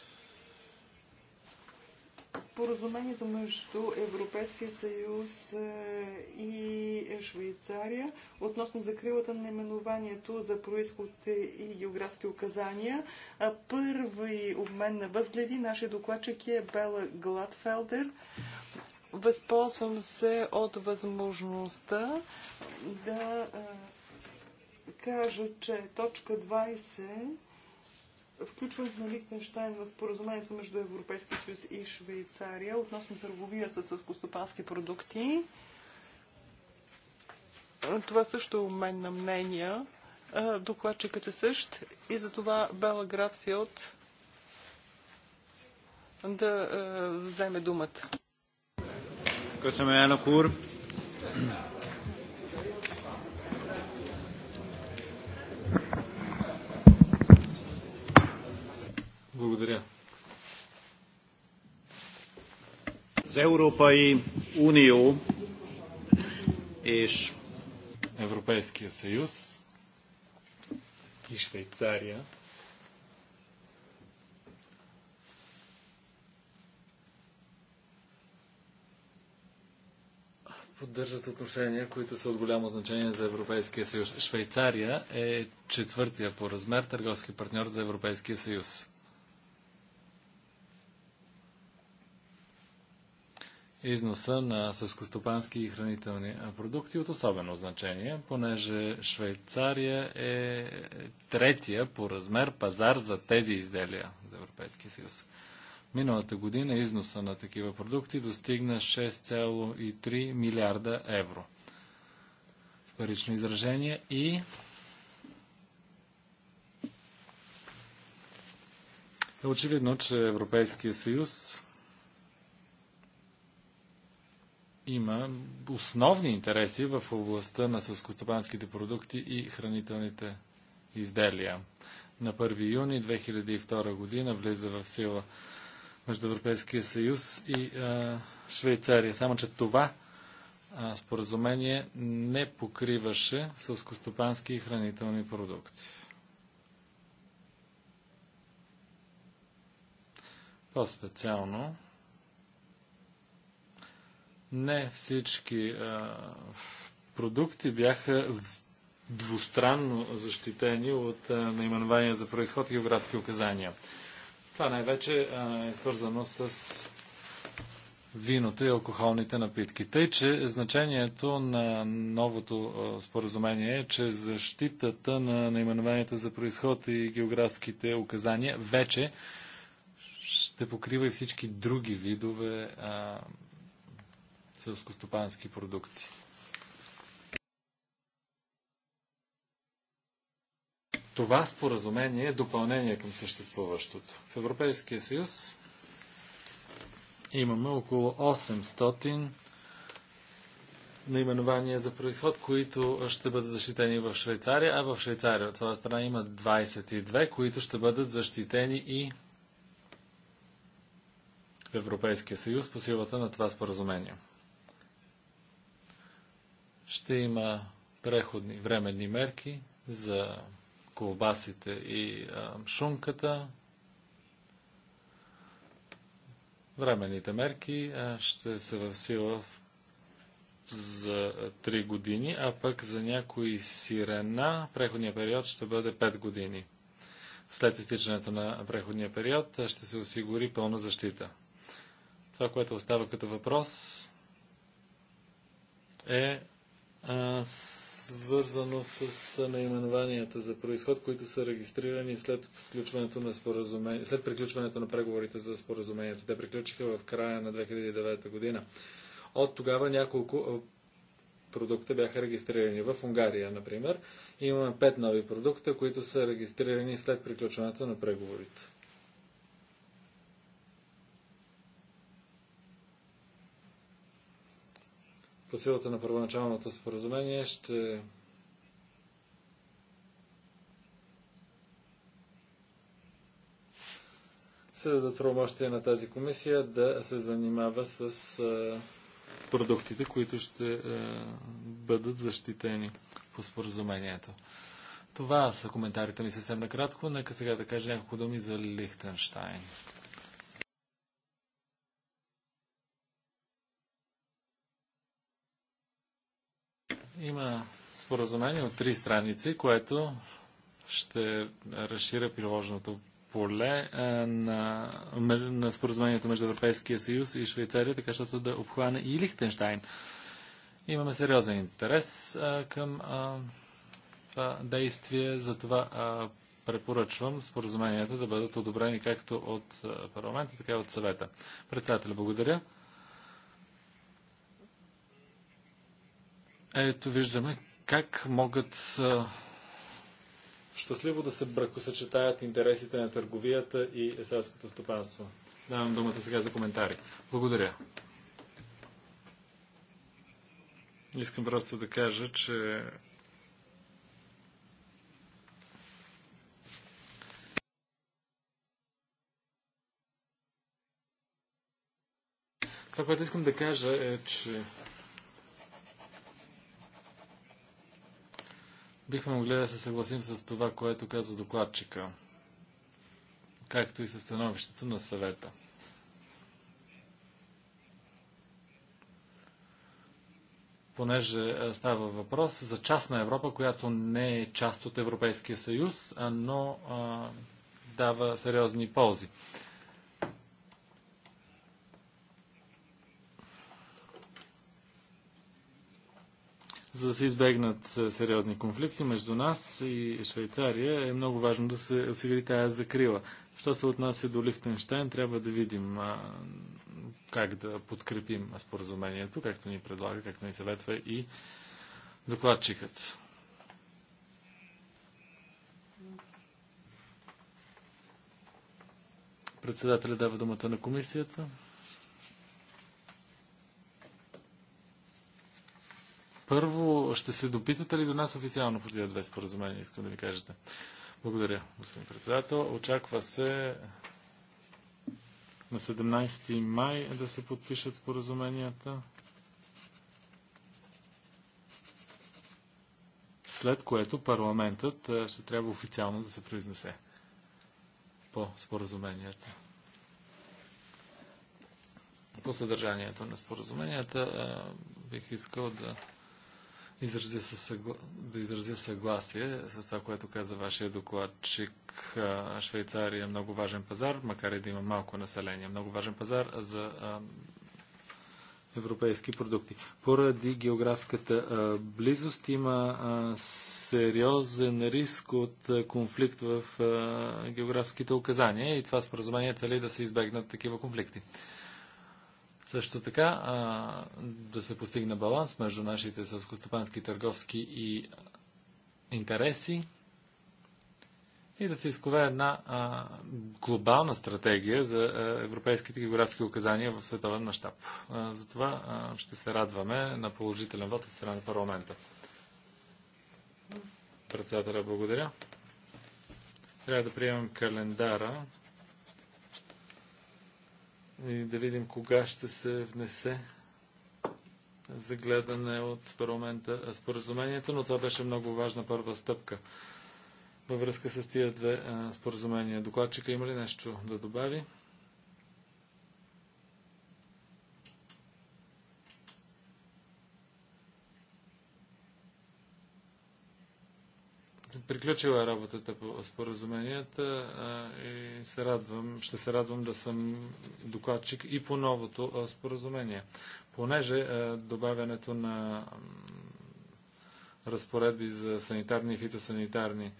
Speaker 1: Споразумението между Европейския съюз е, и Швейцария относно закрилата на наименованието за происход и географски указания. Първи обмен на възгледи. Нашия докладчик е Бела Гладфелдер. Възползвам се от възможността да кажа, че точка 20 включването на Лихтенштайн в споразумението между Европейския съюз и Швейцария относно търговия с съвкостопански продукти. Това също е обмен на мнения. Докладчикът е същ и затова Бела Градфилд да вземе думата.
Speaker 2: Късаме elnök кур. Благодаря. Az Európai Unió és Европейския съюз и Швейцария поддържат отношения, които са от голямо значение за Европейския съюз. Швейцария е четвъртия по размер търговски партньор за Европейския съюз. износа на съскостопански и хранителни продукти от особено значение, понеже Швейцария е третия по размер пазар за тези изделия за Европейския съюз. Миналата година износа на такива продукти достигна 6,3 милиарда евро. В парично изражение и е очевидно, че Европейския съюз има основни интереси в областта на селскостопанските продукти и хранителните изделия. На 1 юни 2002 година влиза в сила между Европейския съюз и а, Швейцария. Само, че това а, споразумение не покриваше селскостопански и хранителни продукти. По-специално не всички а, продукти бяха двустранно защитени от наименование наименования за происход и географски указания. Това най-вече е свързано с виното и алкохолните напитки. Тъй, че значението на новото споразумение е, че защитата на наименованията за происход и географските указания вече ще покрива и всички други видове а, селскостопански продукти. Това споразумение е допълнение към съществуващото. В Европейския съюз имаме около 800 наименования за происход, които ще бъдат защитени в Швейцария, а в Швейцария от своя страна има 22, които ще бъдат защитени и в Европейския съюз по силата на това споразумение ще има преходни временни мерки за колбасите и шунката. Временните мерки ще се в сила за 3 години, а пък за някои сирена преходния период ще бъде 5 години. След изтичането на преходния период ще се осигури пълна защита. Това, което остава като въпрос е свързано с наименованията за происход, които са регистрирани след, на след приключването на преговорите за споразумението. Те приключиха в края на 2009 година. От тогава няколко продукта бяха регистрирани. В Унгария, например, имаме пет нови продукта, които са регистрирани след приключването на преговорите. силата на първоначалното споразумение ще се дадат правомощия на тази комисия да се занимава с продуктите, които ще бъдат защитени по споразумението. Това са коментарите ми съвсем накратко. Нека сега да кажа няколко думи за Лихтенштайн. Има споразумение от три страници, което ще разширя приложеното поле на, на споразумението между Европейския съюз и Швейцария, така защото да обхване и Лихтенштайн. Имаме сериозен интерес а, към а, това действие, затова а, препоръчвам споразуменията да бъдат одобрени както от парламента, така и от съвета. Председателя, благодаря. Ето виждаме как могат щастливо да се бракосъчетаят интересите на търговията и селското стопанство. Давам думата сега за коментари. Благодаря. Искам просто да кажа, че Това, което искам да кажа е, че Бихме могли да се съгласим с това, което каза докладчика, както и с становището на съвета. понеже е, става въпрос за част на Европа, която не е част от Европейския съюз, но а, дава сериозни ползи. За да се избегнат е, сериозни конфликти между нас и Швейцария е много важно да се осигури тази закрила. Що се отнася до Лихтенштайн, трябва да видим а, как да подкрепим споразумението, както ни предлага, както ни съветва и докладчикът. Председателя дава думата на комисията. Първо, ще се допитате ли до нас официално по тия две споразумения, искам да ми кажете. Благодаря, господин председател. Очаква се на 17 май да се подпишат споразуменията. След което парламентът е, ще трябва официално да се произнесе по споразуменията. По съдържанието на споразуменията е, бих искал да изразя съгла... да изразя съгласие с това, което каза вашия докладчик. Швейцария е много важен пазар, макар и да има малко население. Много важен пазар за европейски продукти. Поради географската а, близост има а, сериозен риск от конфликт в географските указания и това споразумение цели да се избегнат такива конфликти. Също така а, да се постигне баланс между нашите селскостопански, търговски и интереси и да се изкове една а, глобална стратегия за а, европейските географски указания в световен мащаб. Затова а, ще се радваме на положителен вод от страна на парламента. Председателя, благодаря. Трябва да приемем календара и да видим кога ще се внесе за гледане от парламента споразумението, но това беше много важна първа стъпка във връзка с тия две споразумения. Докладчика има ли нещо да добави? приключила работата по споразуменията и се радвам, ще се радвам да съм докладчик и по новото споразумение. Понеже добавянето на разпоредби за санитарни и фитосанитарни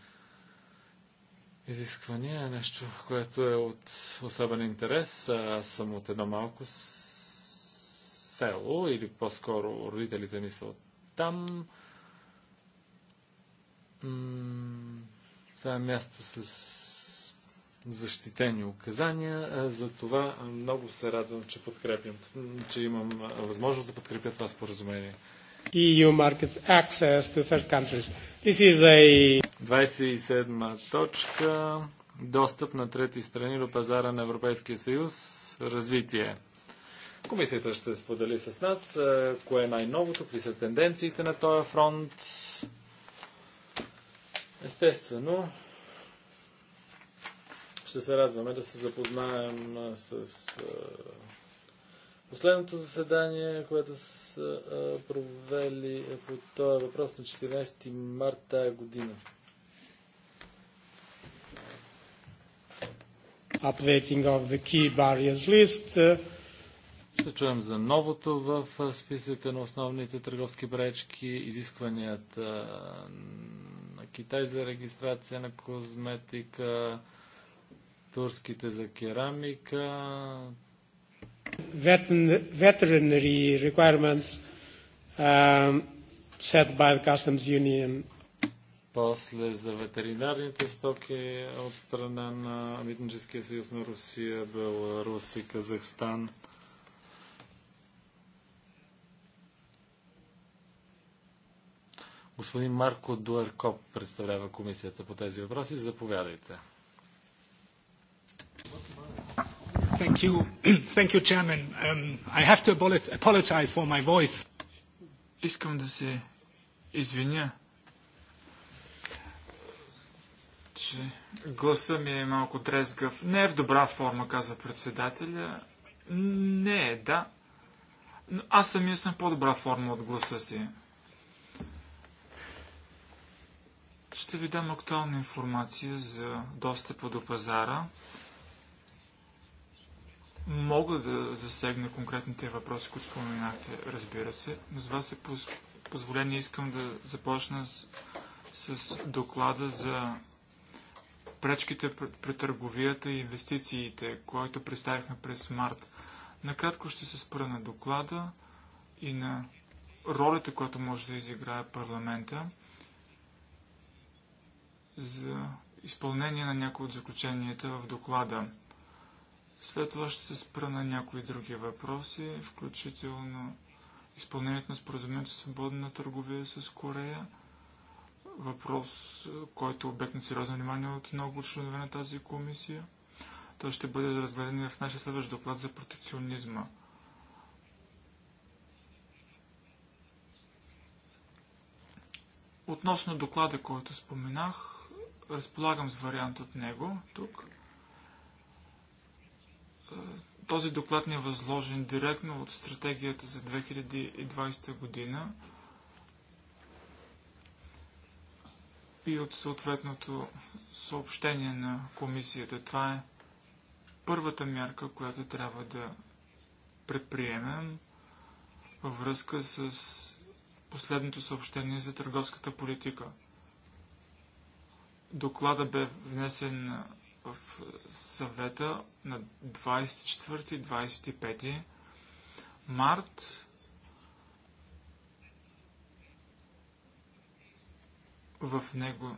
Speaker 2: изисквания е нещо, което е от особен интерес. Аз съм от едно малко село или по-скоро родителите ми са от там това е място с защитени указания. За това много се радвам, че подкрепям, че имам възможност да подкрепя това споразумение.
Speaker 4: EU market access to third countries.
Speaker 2: This is a... 27 точка. Достъп на трети страни до пазара на Европейския съюз. Развитие. Комисията ще сподели с нас кое е най-новото, какви са тенденциите на този фронт. Естествено, ще се радваме да се запознаем с последното заседание, което са провели е, по този въпрос на 14 марта тая година.
Speaker 4: Updating of the key barriers list. Ще
Speaker 2: чуем за новото в списъка на основните търговски пречки, изискванията Китай за регистрация на козметика, турските за керамика.
Speaker 4: Veterinary requirements uh, set by the customs union.
Speaker 2: После за ветеринарните стоки от страна на Митническия съюз на Русия, Беларус и Казахстан. Господин Марко Дуаркоп представлява комисията по тези въпроси. Заповядайте.
Speaker 4: Thank you. Thank you, Chairman. Um, I
Speaker 3: have to apologize for my voice. Искам да се извиня, че гласа ми е малко дрезгав. Не е в добра форма, казва председателя. Не е, да. Но аз самия съм в по-добра форма от гласа си. Ще ви дам актуална информация за достъпа до пазара. Мога да засегна конкретните въпроси, които споменахте, разбира се, но с вас е позволение искам да започна с, с доклада за пречките при търговията и инвестициите, който представихме през март. Накратко ще се спра на доклада и на ролята, която може да изиграе парламента за изпълнение на някои от заключенията в доклада. След това ще се спра на някои други въпроси, включително изпълнението на споразумението за свободна търговия с Корея. Въпрос, който е обект на сериозно внимание от много членове на тази комисия. Той ще бъде разгледан в нашия следващ доклад за протекционизма. Относно доклада, който споменах, разполагам с вариант от него тук. Е, този доклад ни е възложен директно от стратегията за 2020 година и от съответното съобщение на комисията. Това е първата мярка, която трябва да предприемем във връзка с последното съобщение за търговската политика – Доклада бе внесен в съвета на 24-25 март. В него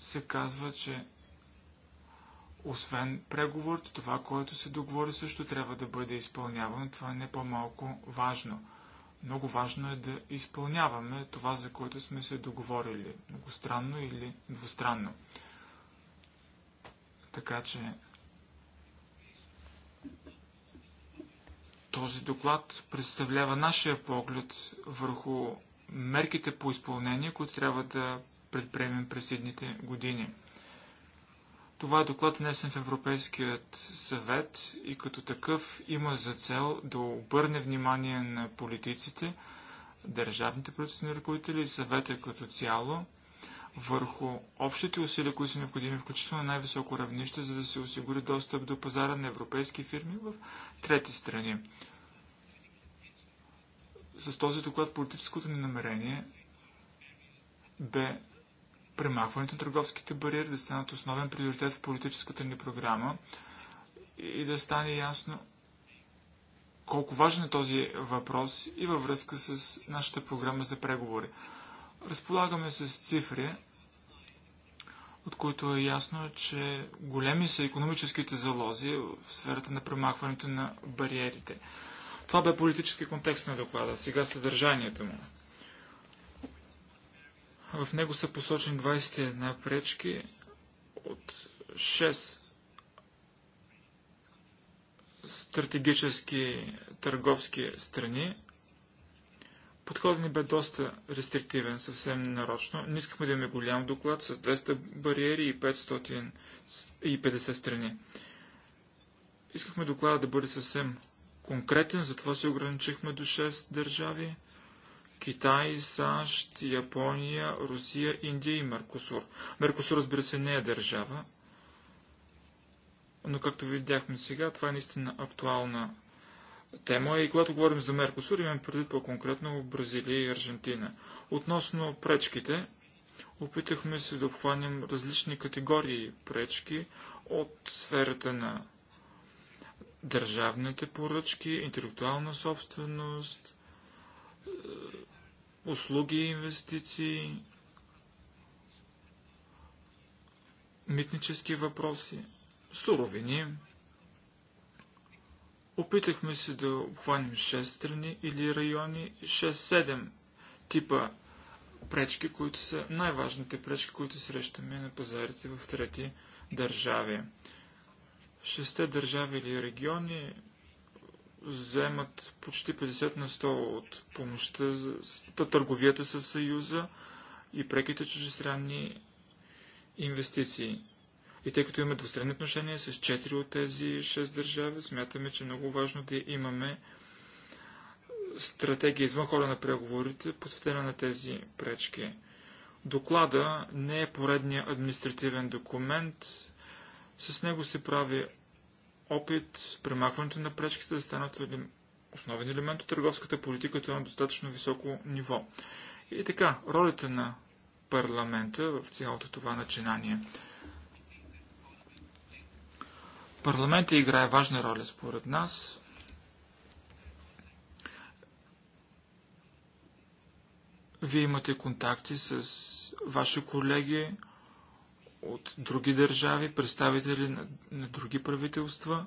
Speaker 3: се казва, че освен преговорите, това, което се договори, също трябва да бъде изпълнявано. Това не е по-малко важно. Много важно е да изпълняваме това, за което сме се договорили, многостранно или двустранно. Така че този доклад представлява нашия поглед върху мерките по изпълнение, които трябва да предприемем през едните години. Това е доклад внесен в Европейският съвет и като такъв има за цел да обърне внимание на политиците, държавните правителствени ръководители и съвета като цяло върху общите усилия, които са необходими, включително на най-високо равнище, за да се осигури достъп до пазара на европейски фирми в трети страни. С този доклад политическото ни намерение бе премахването на търговските бариери да станат основен приоритет в политическата ни програма и да стане ясно колко важен е този въпрос и във връзка с нашата програма за преговори. Разполагаме с цифри, от които е ясно, че големи са економическите залози в сферата на премахването на бариерите. Това бе политически контекст на доклада, сега съдържанието му. В него са посочени 21 пречки от 6 стратегически търговски страни. Подходът ни бе доста рестриктивен, съвсем нарочно. Не искахме да имаме голям доклад с 200 бариери и 550 страни. Искахме доклада да бъде съвсем конкретен, затова се ограничихме до 6 държави. Китай, САЩ, Япония, Русия, Индия и Меркосур. Меркосур, разбира се, не е държава, но както видяхме сега, това е наистина актуална тема и когато говорим за Меркосур, имам предвид по-конкретно Бразилия и Аржентина. Относно пречките, опитахме се да обхванем различни категории пречки от сферата на държавните поръчки, интелектуална собственост, е, услуги и инвестиции, митнически въпроси, суровини. Опитахме се да обхванем 6 страни или райони, 6-7 типа пречки, които са най-важните пречки, които срещаме на пазарите в трети държави. Шесте държави или региони Вземат почти 50 на 100 от помощта за търговията с Съюза и преките чужестранни инвестиции. И тъй като имаме двустранни отношения с 4 от тези 6 държави, смятаме, че е много важно да имаме стратегия извън хора на преговорите, посветена на тези пречки. Доклада не е поредния административен документ, с него се прави опит, премахването на пречките да станат основен елемент от търговската политика, то е на достатъчно високо ниво. И така, ролята на парламента в цялото това начинание. Парламентът играе важна роля според нас. Вие имате контакти с ваши колеги от други държави, представители на, на други правителства.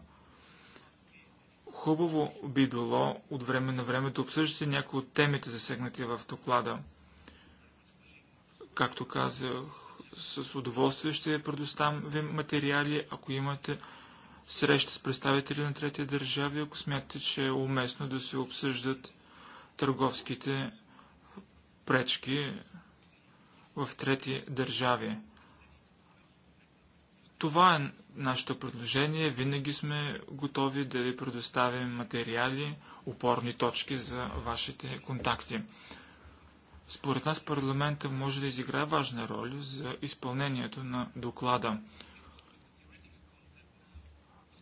Speaker 3: Хубаво би било от време на време да обсъждате някои от темите, засегнати в доклада. Както казах, с удоволствие ще ви предоставим материали, ако имате среща с представители на трети държави, ако смятате, че е уместно да се обсъждат търговските пречки в трети държави. Това е нашето предложение. Винаги сме готови да ви предоставим материали, опорни точки за вашите контакти. Според нас парламента може да изиграе важна роля за изпълнението на доклада.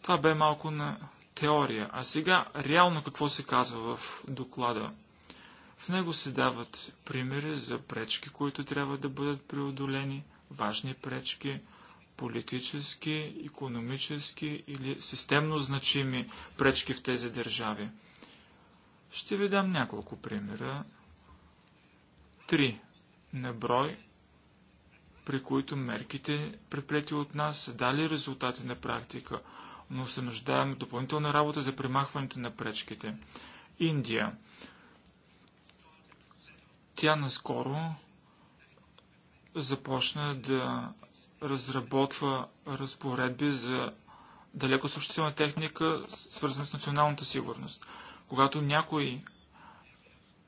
Speaker 3: Това бе малко на теория. А сега реално какво се казва в доклада? В него се дават примери за пречки, които трябва да бъдат преодолени, важни пречки – политически, економически или системно значими пречки в тези държави. Ще ви дам няколко примера. Три на брой, при които мерките, предприяти от нас, са дали резултати на практика, но се нуждаем от допълнителна работа за примахването на пречките. Индия. Тя наскоро започна да разработва разпоредби за далеко съобщителна техника, свързана с националната сигурност. Когато някой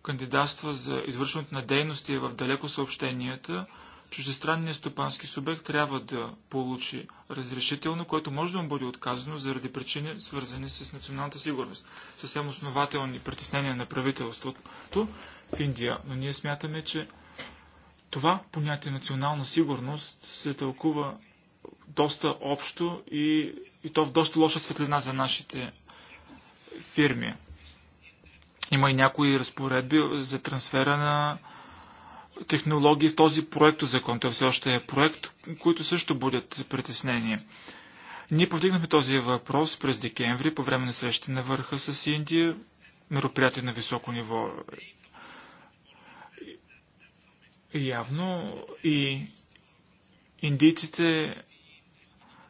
Speaker 3: кандидатства за извършването на дейности в далеко съобщенията, чуждестранният стопански субект трябва да получи разрешително, което може да му бъде отказано заради причини, свързани с националната сигурност. Съвсем основателни притеснения на правителството в Индия. Но ние смятаме, че това понятие национална сигурност се тълкува доста общо и, и то в доста лоша светлина за нашите фирми. Има и някои разпоредби за трансфера на технологии в този проект закон. Той все още е проект, които също будят притеснение. Ние повдигнахме този въпрос през декември по време на среща на върха с Индия, мероприятие на високо ниво Явно и индийците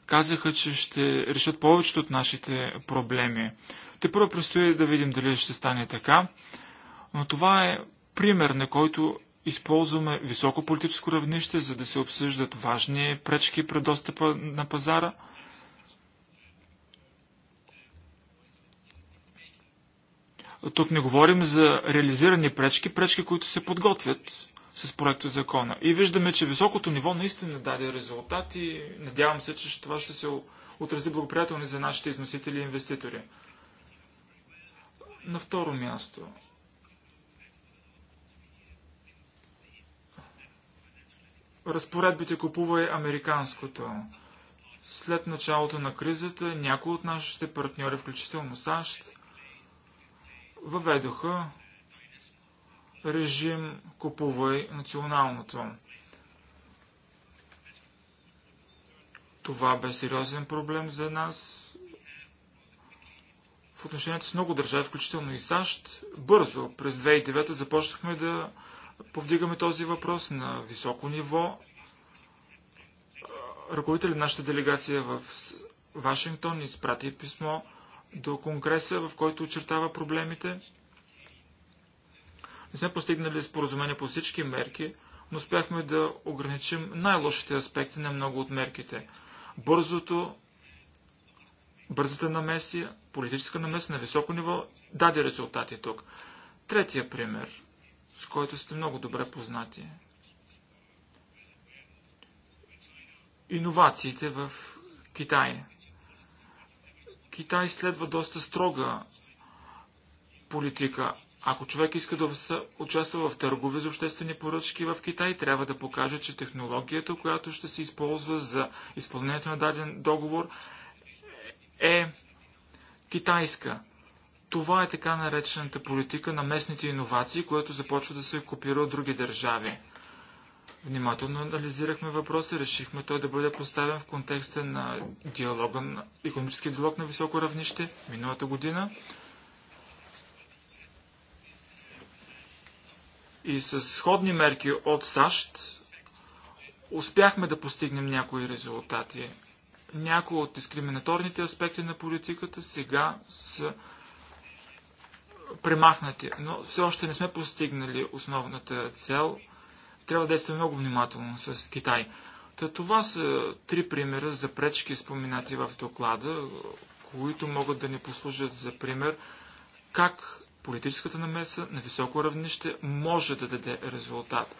Speaker 3: казаха, че ще решат повечето от нашите проблеми. Те първо предстои да видим дали ще стане така, но това е пример, на който използваме високо политическо равнище, за да се обсъждат важни пречки пред достъпа на пазара. Тук не говорим за реализирани пречки, пречки, които се подготвят с проекта закона. И виждаме, че високото ниво наистина даде резултат и надявам се, че това ще се отрази благоприятелно за нашите износители и инвеститори. На второ място. Разпоредбите купува и американското. След началото на кризата някои от нашите партньори, включително САЩ, въведоха режим купувай националното. Това бе сериозен проблем за нас в отношението с много държави, включително и САЩ. Бързо, през 2009 започнахме да повдигаме този въпрос на високо ниво. Ръководителят на нашата делегация в Вашингтон изпрати писмо до Конгреса, в който очертава проблемите. Не сме постигнали споразумение по всички мерки, но успяхме да ограничим най-лошите аспекти на много от мерките. Бързото, бързата намеси, политическа намеси на високо ниво даде резултати тук. Третия пример, с който сте много добре познати. Иновациите в Китай. Китай следва доста строга политика. Ако човек иска да участва в търгове за обществени поръчки в Китай, трябва да покаже, че технологията, която ще се използва за изпълнението на даден договор, е китайска. Това е така наречената политика на местните иновации, което започва да се копира от други държави. Внимателно анализирахме въпроса, решихме той да бъде поставен в контекста на диалога, на економически диалог на високо равнище миналата година. и с сходни мерки от САЩ успяхме да постигнем някои резултати. Някои от дискриминаторните аспекти на политиката сега са премахнати, но все още не сме постигнали основната цел. Трябва да действаме много внимателно с Китай. Та това са три примера за пречки, споменати в доклада, които могат да ни послужат за пример как Политическата намеса на високо равнище може да даде резултат.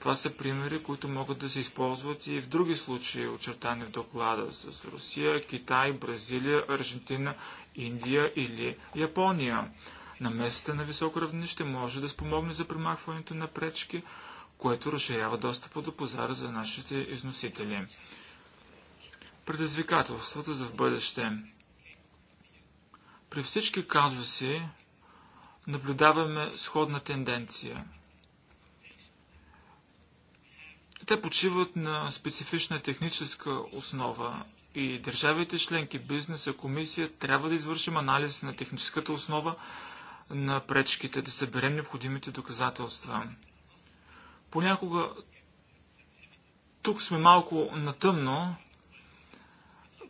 Speaker 3: Това са примери, които могат да се използват и в други случаи, очертани в доклада с Русия, Китай, Бразилия, Аржентина, Индия или Япония. Намесата на високо равнище може да спомогне за примахването на пречки, което разширява достъпа до пазара за нашите износители. Предизвикателствата за в бъдеще. При всички казуси наблюдаваме сходна тенденция. Те почиват на специфична техническа основа и държавите членки, бизнеса, комисия трябва да извършим анализ на техническата основа на пречките, да съберем необходимите доказателства. Понякога тук сме малко натъмно,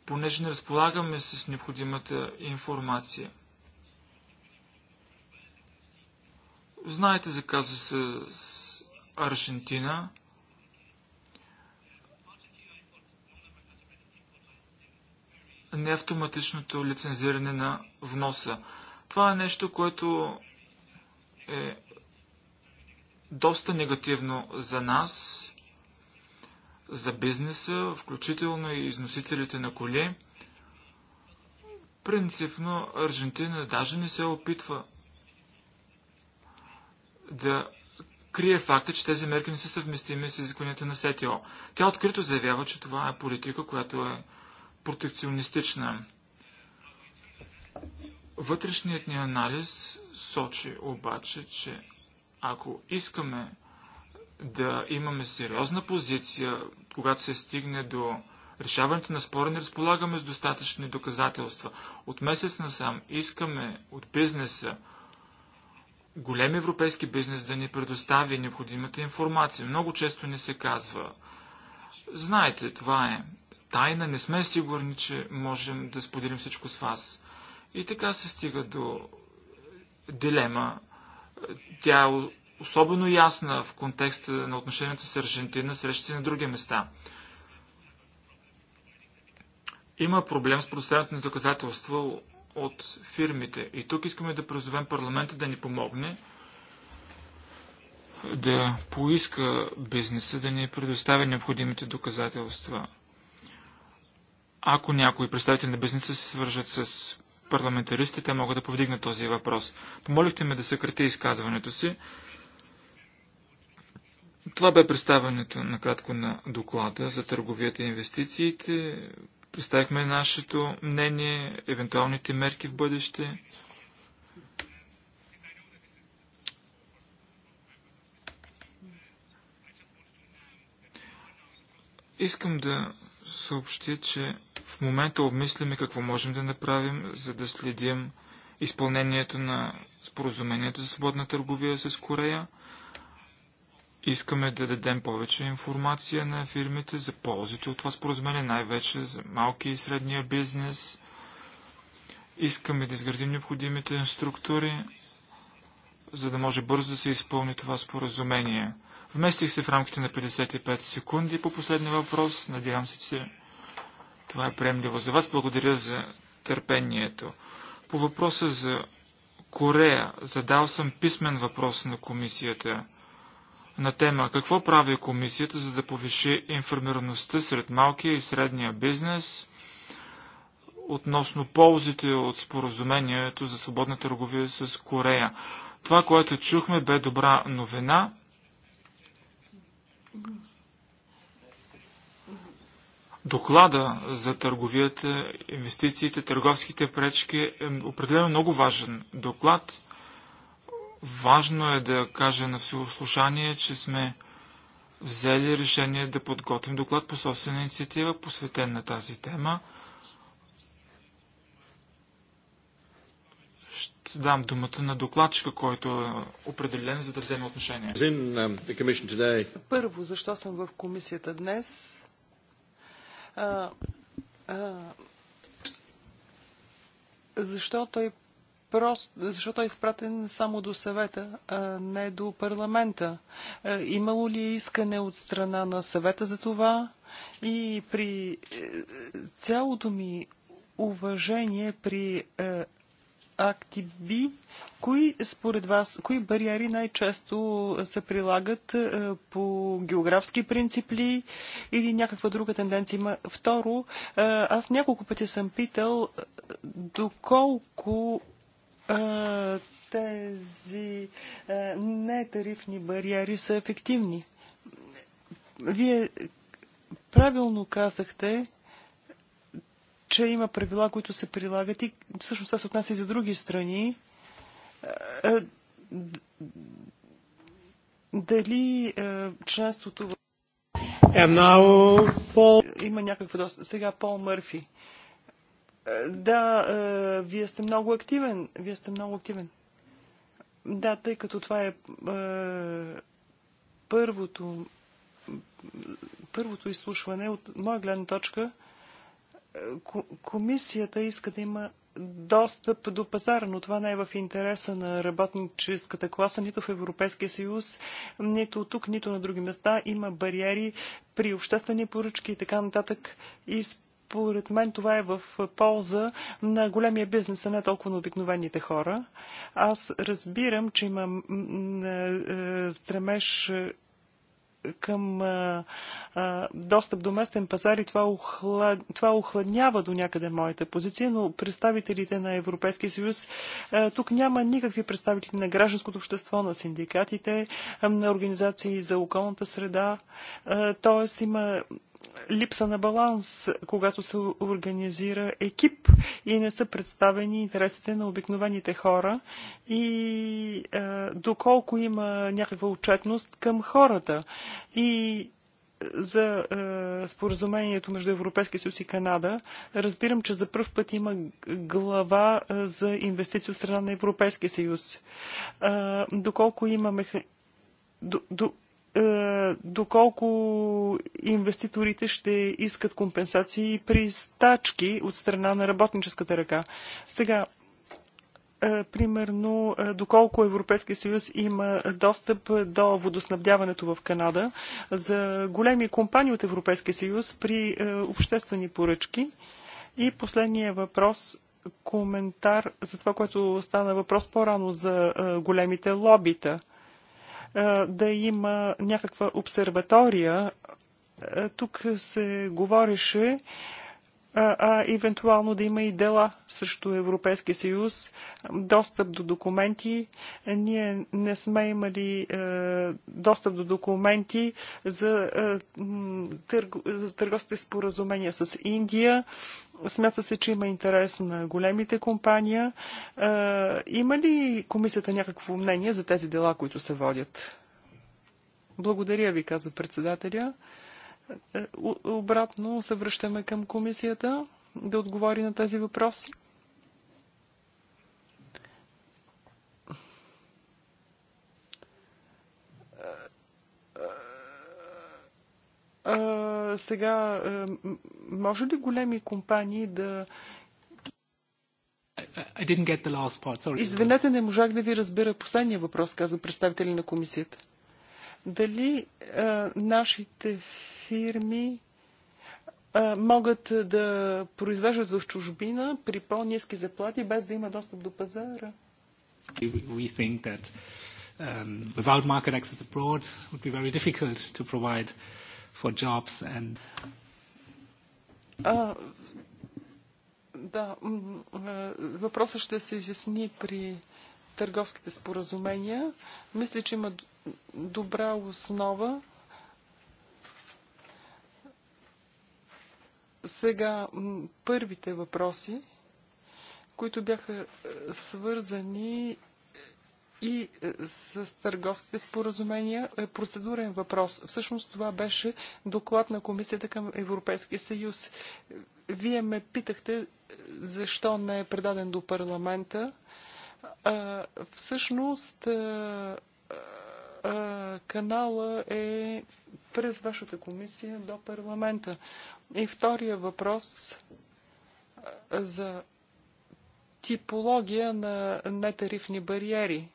Speaker 3: понеже не разполагаме с необходимата информация. Знаете за каза с Аржентина. Неавтоматичното лицензиране на вноса. Това е нещо, което е доста негативно за нас, за бизнеса, включително и износителите на коли. Принципно Аржентина даже не се опитва да крие факта, че тези мерки не са съвместими с изискванията на СТО. Тя открито заявява, че това е политика, която е протекционистична. Вътрешният ни анализ сочи обаче, че ако искаме да имаме сериозна позиция, когато се стигне до решаването на спора, не разполагаме с достатъчни доказателства. От месец насам искаме от бизнеса голем европейски бизнес да ни предостави необходимата информация. Много често ни се казва, знаете, това е тайна, не сме сигурни, че можем да споделим всичко с вас. И така се стига до дилема. Тя е особено ясна в контекста на отношенията с Аржентина, срещи на други места. Има проблем с предоставянето на доказателства от фирмите. И тук искаме да призовем парламента да ни помогне да поиска бизнеса да ни предоставя необходимите доказателства. Ако някои представители на бизнеса се свържат с парламентаристите, те могат да повдигнат този въпрос. Помолихте ме да съкрати изказването си. Това бе представянето накратко на доклада за търговията и инвестициите. Представихме нашето мнение, евентуалните мерки в бъдеще. Искам да съобщи, че в момента обмисляме какво можем да направим, за да следим изпълнението на споразумението за свободна търговия с Корея. Искаме да дадем повече информация на фирмите за ползите от това споразумение, най-вече за малки и средния бизнес. Искаме да изградим необходимите структури, за да може бързо да се изпълни това споразумение. Вместих се в рамките на 55 секунди по последния въпрос. Надявам се, че това е приемливо за вас. Благодаря за търпението. По въпроса за Корея задал съм писмен въпрос на комисията на тема Какво прави комисията, за да повиши информираността сред малкия и средния бизнес относно ползите от споразумението за свободна търговия с Корея? Това, което чухме, бе добра новина. Доклада за търговията, инвестициите, търговските пречки е определено много важен доклад. Важно е да кажа на всеослушание, че сме взели решение да подготвим доклад по собствена инициатива, посветен на тази тема. Ще дам думата на докладчика, който е определен, за да вземе отношение.
Speaker 4: Um,
Speaker 1: Първо, защо съм в комисията днес? А, а, защо той Просто, защото е изпратен само до съвета, а не до парламента. Е, имало ли е искане от страна на съвета за това? И при е, цялото ми уважение при е, акти B, кои според вас, кои бариери най-често се прилагат по географски принципи или някаква друга тенденция има? Второ, аз няколко пъти съм питал доколко тези нетарифни бариери са ефективни. Вие правилно казахте, че има правила, които се прилагат и всъщност това се отнася и за други страни. Дали членството в... Now, Paul... Има някаква доста... Сега Пол Мърфи. Да, е, вие сте много активен. Вие сте много активен. Да, тъй като това е, е първото, първото изслушване от моя гледна точка, е, комисията иска да има достъп до пазара, но това не е в интереса на работническата класа, нито в Европейския съюз, нито тук, нито на други места. Има бариери при обществени поръчки и така нататък. И Поред мен това е в полза на големия бизнес, а не толкова на обикновените хора. Аз разбирам, че имам е, е, стремеж е, към а, а, достъп до местен пазар и това, охлад... това охладнява до някъде моята позиция, но представителите на Европейския съюз, а, тук няма никакви представители на гражданското общество, на синдикатите, а, на организации за околната среда. Тоест има липса на баланс, когато се организира екип и не са представени интересите на обикновените хора и е, доколко има някаква отчетност към хората. И е, за е, споразумението между Европейския съюз и Канада. Разбирам, че за първ път има глава е, за инвестиции от страна на Европейския съюз. Е, доколко има меха... до, до, е, доколко инвеститорите ще искат компенсации при стачки от страна на работническата ръка. Сега, е, примерно, е, доколко Европейския съюз има достъп до водоснабдяването в Канада за големи компании от Европейския съюз при обществени поръчки. И последния въпрос коментар за това, което стана въпрос по-рано за големите лобита – да има някаква обсерватория. Тук се говореше а евентуално да има и дела срещу Европейския съюз, достъп до документи. Ние не сме имали достъп до документи за, търговските споразумения с Индия. Смята се, че има интерес на големите компания. Има ли комисията някакво мнение за тези дела, които се водят? Благодаря ви, каза председателя. Е, обратно се връщаме към комисията да отговори на тези въпроси. сега, може ли големи компании да
Speaker 4: I didn't get the last part, sorry. Извинете,
Speaker 1: не можах да ви разбера последния въпрос, казва представители на комисията. Дали а, нашите фирми а, могат да произвеждат в чужбина при по-низки заплати, без да има достъп до пазара?
Speaker 4: We think that um, without market access abroad would be very difficult to provide uh, for jobs and
Speaker 1: да, въпросът ще се изясни при търговските споразумения. Мисля, че има добра основа. Сега първите въпроси, които бяха свързани и е, с търговските споразумения е процедурен въпрос. Всъщност това беше доклад на комисията към Европейския съюз. Вие ме питахте е, защо не е предаден до парламента. Всъщност е, канала е през вашата комисия до парламента. И втория въпрос за типология на нетарифни бариери.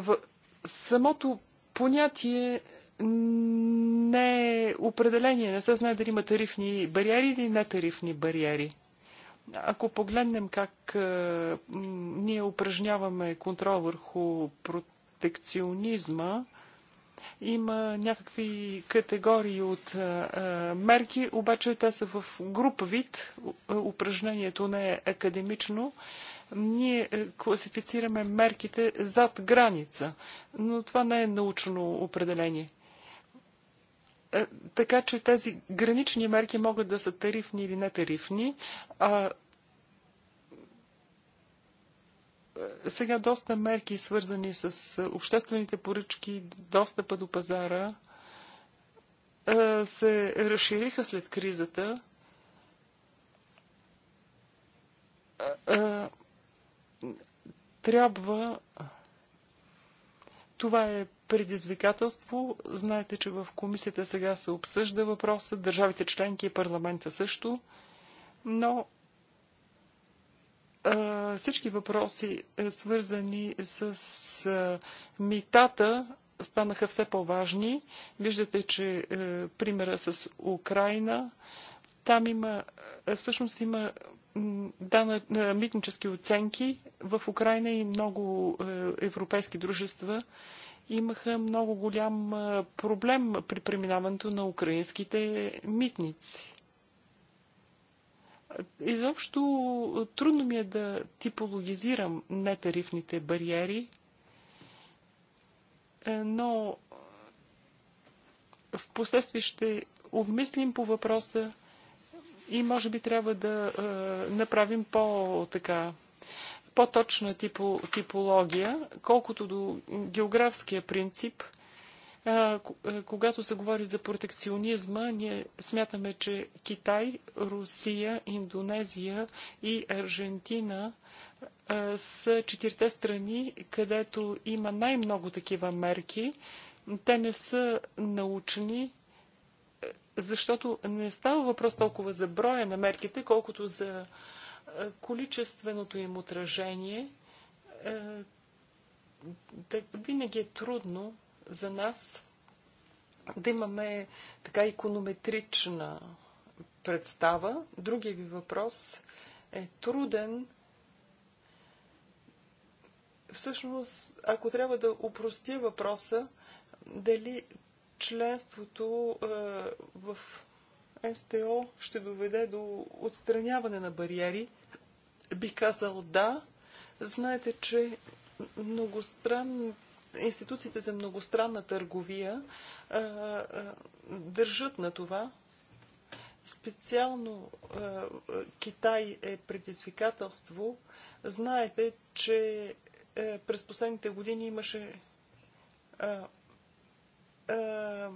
Speaker 1: В самото понятие не е определение. Не се знае дали има тарифни бариери или нетарифни бариери. Ако погледнем как е, ние упражняваме контрол върху протекционизма, има някакви категории от е, е мерки, обаче те са в груп вид. Е, упражнението не е академично. Е, ние е, класифицираме мерките зад граница, но това не е научно определение. Е, така че тези гранични мерки могат да са тарифни или нетарифни. А... Е, сега доста мерки, свързани с обществените поръчки, достъпа до пазара, се разшириха след кризата трябва. Това е предизвикателство. Знаете, че в комисията сега се обсъжда въпроса, държавите членки и парламента също, но а, всички въпроси, е, свързани с а, митата, станаха все по-важни. Виждате, че а, е, примера с Украина, там има, е, всъщност има дана, митнически оценки. В Украина и много е, европейски дружества имаха много голям е, проблем при преминаването на украинските митници. Изобщо е, трудно ми е да типологизирам нетарифните бариери, но в последствие ще обмислим по въпроса и може би трябва да е, направим по-така по-точна типо, типология, колкото до географския принцип. Е, когато се говори за протекционизма, ние смятаме, че Китай, Русия, Индонезия и Аржентина е, са четирите страни, където има най-много такива мерки. Те не са научни, защото не става въпрос толкова за броя на мерките, колкото за е, количественото им отражение. Е, винаги е трудно за нас да имаме така иконометрична представа. Другия ви въпрос е труден. Всъщност, ако трябва да упростя въпроса, дали членството е, в СТО ще доведе до отстраняване на бариери. Би казал да. Знаете, че многостран... институциите за многостранна търговия е, е, държат на това. Специално е, Китай е предизвикателство. Знаете, че е, през последните години имаше е, е,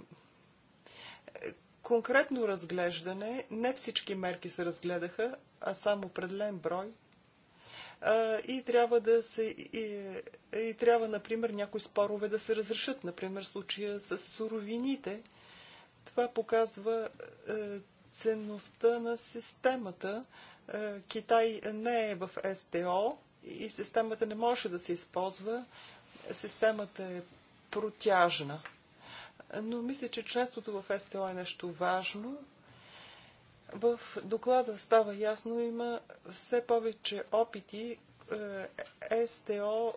Speaker 1: конкретно разглеждане. Не всички мерки се разгледаха, а само определен брой. Е, и трябва да се. И, и трябва, например, някои спорове да се разрешат. Например, случая с суровините. Това показва е, ценността на системата. Китай не е в СТО и системата не може да се използва. Системата е протяжна но мисля, че членството в СТО е нещо важно. В доклада става ясно, има все повече опити е, СТО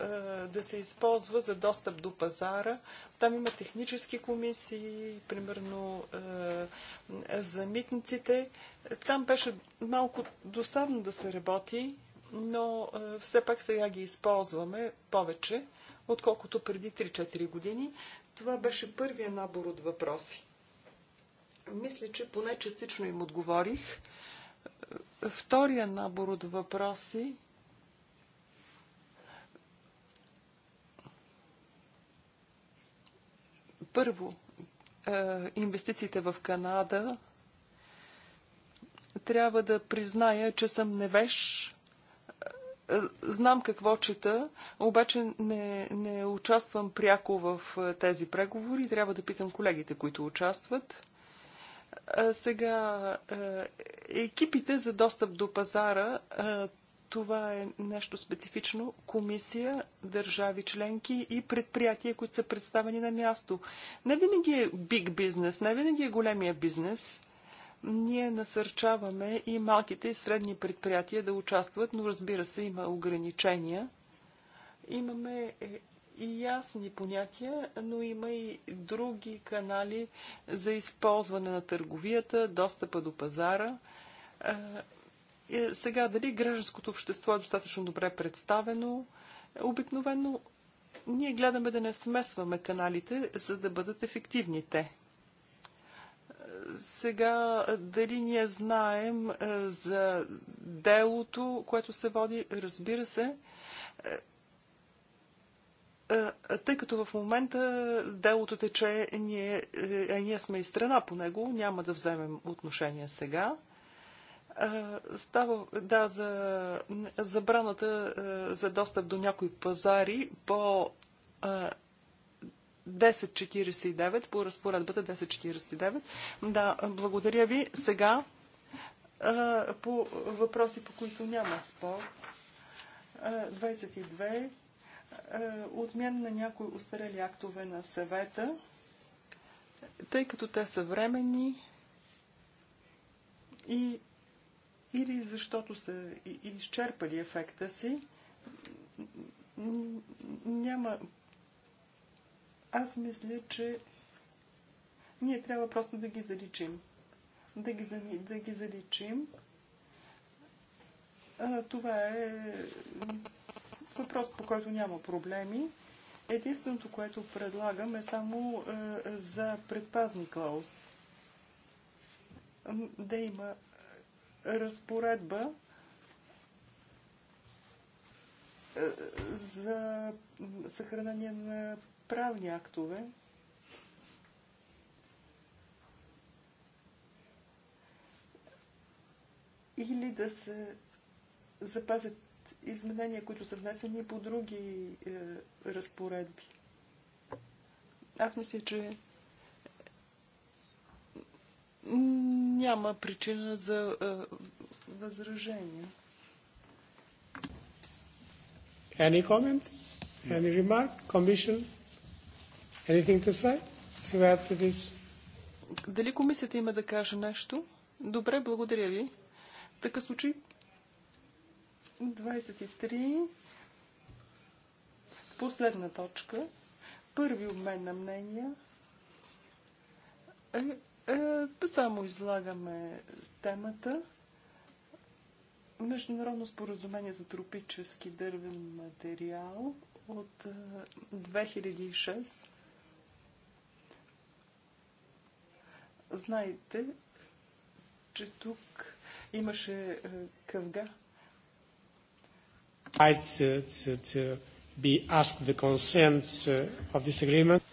Speaker 1: е, да се използва за достъп до пазара. Там има технически комисии, примерно е, за митниците. Там беше малко досадно да се работи, но все пак сега ги използваме повече, отколкото преди 3-4 години. Това беше първия набор от въпроси. Мисля, че поне частично им отговорих. Втория набор от въпроси първо, е, инвестициите в Канада, трябва да призная, че съм невеж е, знам какво чета, обаче не, не участвам пряко в е, тези преговори. Трябва да питам колегите, които участват. Е, сега, екипите за достъп до пазара, това е нещо специфично. Комисия, държави членки и предприятия, които са представени на място. Не винаги е биг бизнес, не винаги е големия бизнес ние насърчаваме и малките и средни предприятия да участват, но разбира се, има ограничения. Имаме е, и ясни понятия, но има и други канали за използване на търговията, достъпа до пазара. Е, е, сега, дали гражданското общество е достатъчно добре представено? Обикновено ние гледаме да не смесваме каналите, за да бъдат ефективни те. Сега, дали ние знаем за делото, което се води, разбира се, тъй като в момента делото тече, ние, е, а ние сме и страна по него, няма да вземем отношение сега. Става да, за забраната за достъп до някои пазари по 1049 по разпоредбата 1049. Да, благодаря ви. Сега по въпроси, по които няма спор. 22. Отмен на някои устарели актове на съвета, тъй като те са временни и или защото са изчерпали ефекта си, няма аз мисля, че ние трябва просто да ги заличим. Да ги, да ги заличим. А, това е въпрос, по който няма проблеми. Единственото, което предлагам е само а, за предпазни клауз. Да има разпоредба
Speaker 3: за
Speaker 1: съхранение на правни актове, или да се запазят изменения, които са внесени по други е, разпоредби. Аз мисля, че няма причина за е, възражение.
Speaker 4: Any comments? Any remark? Commission? Anything to say? To this? Дали комисията има да каже нещо?
Speaker 1: Добре, благодаря ви. В такъв случай 23. Последна точка. Първи обмен на мнения. Е, е, само излагаме темата. Международно споразумение за тропически дървен материал от 2006 е, Знаете, че тук имаше е, къвга.
Speaker 4: Uh,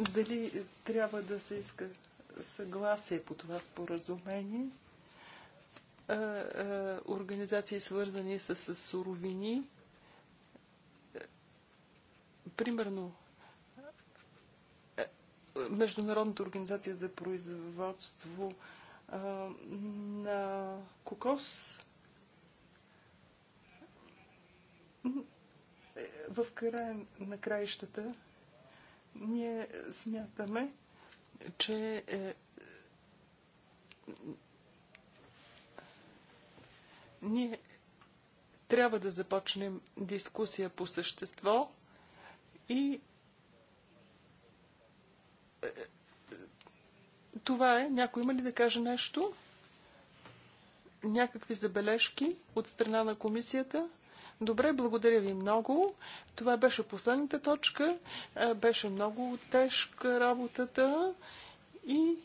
Speaker 1: Дали трябва да се иска съгласие по това споразумение? Е, е, организации свързани с суровини. Примерно Международната организация за производство а, на кокос. Е, в края на краищата ние смятаме, че е, ние трябва да започнем дискусия по същество и това е. Някой има ли да каже нещо? Някакви забележки от страна на комисията? Добре, благодаря ви много. Това беше последната точка. Е, беше много тежка работата и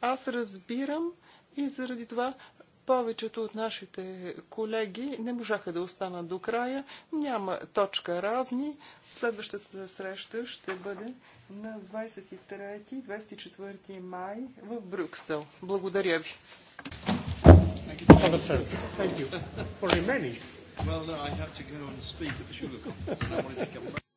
Speaker 1: аз разбирам и заради това повечето от нашите колеги не можаха да останат до края. Няма точка разни. Следващата среща ще бъде на 23-24 май в Брюксел. Благодаря ви. Well, no, I have to go and speak at the sugar conference, and I wanted to come back.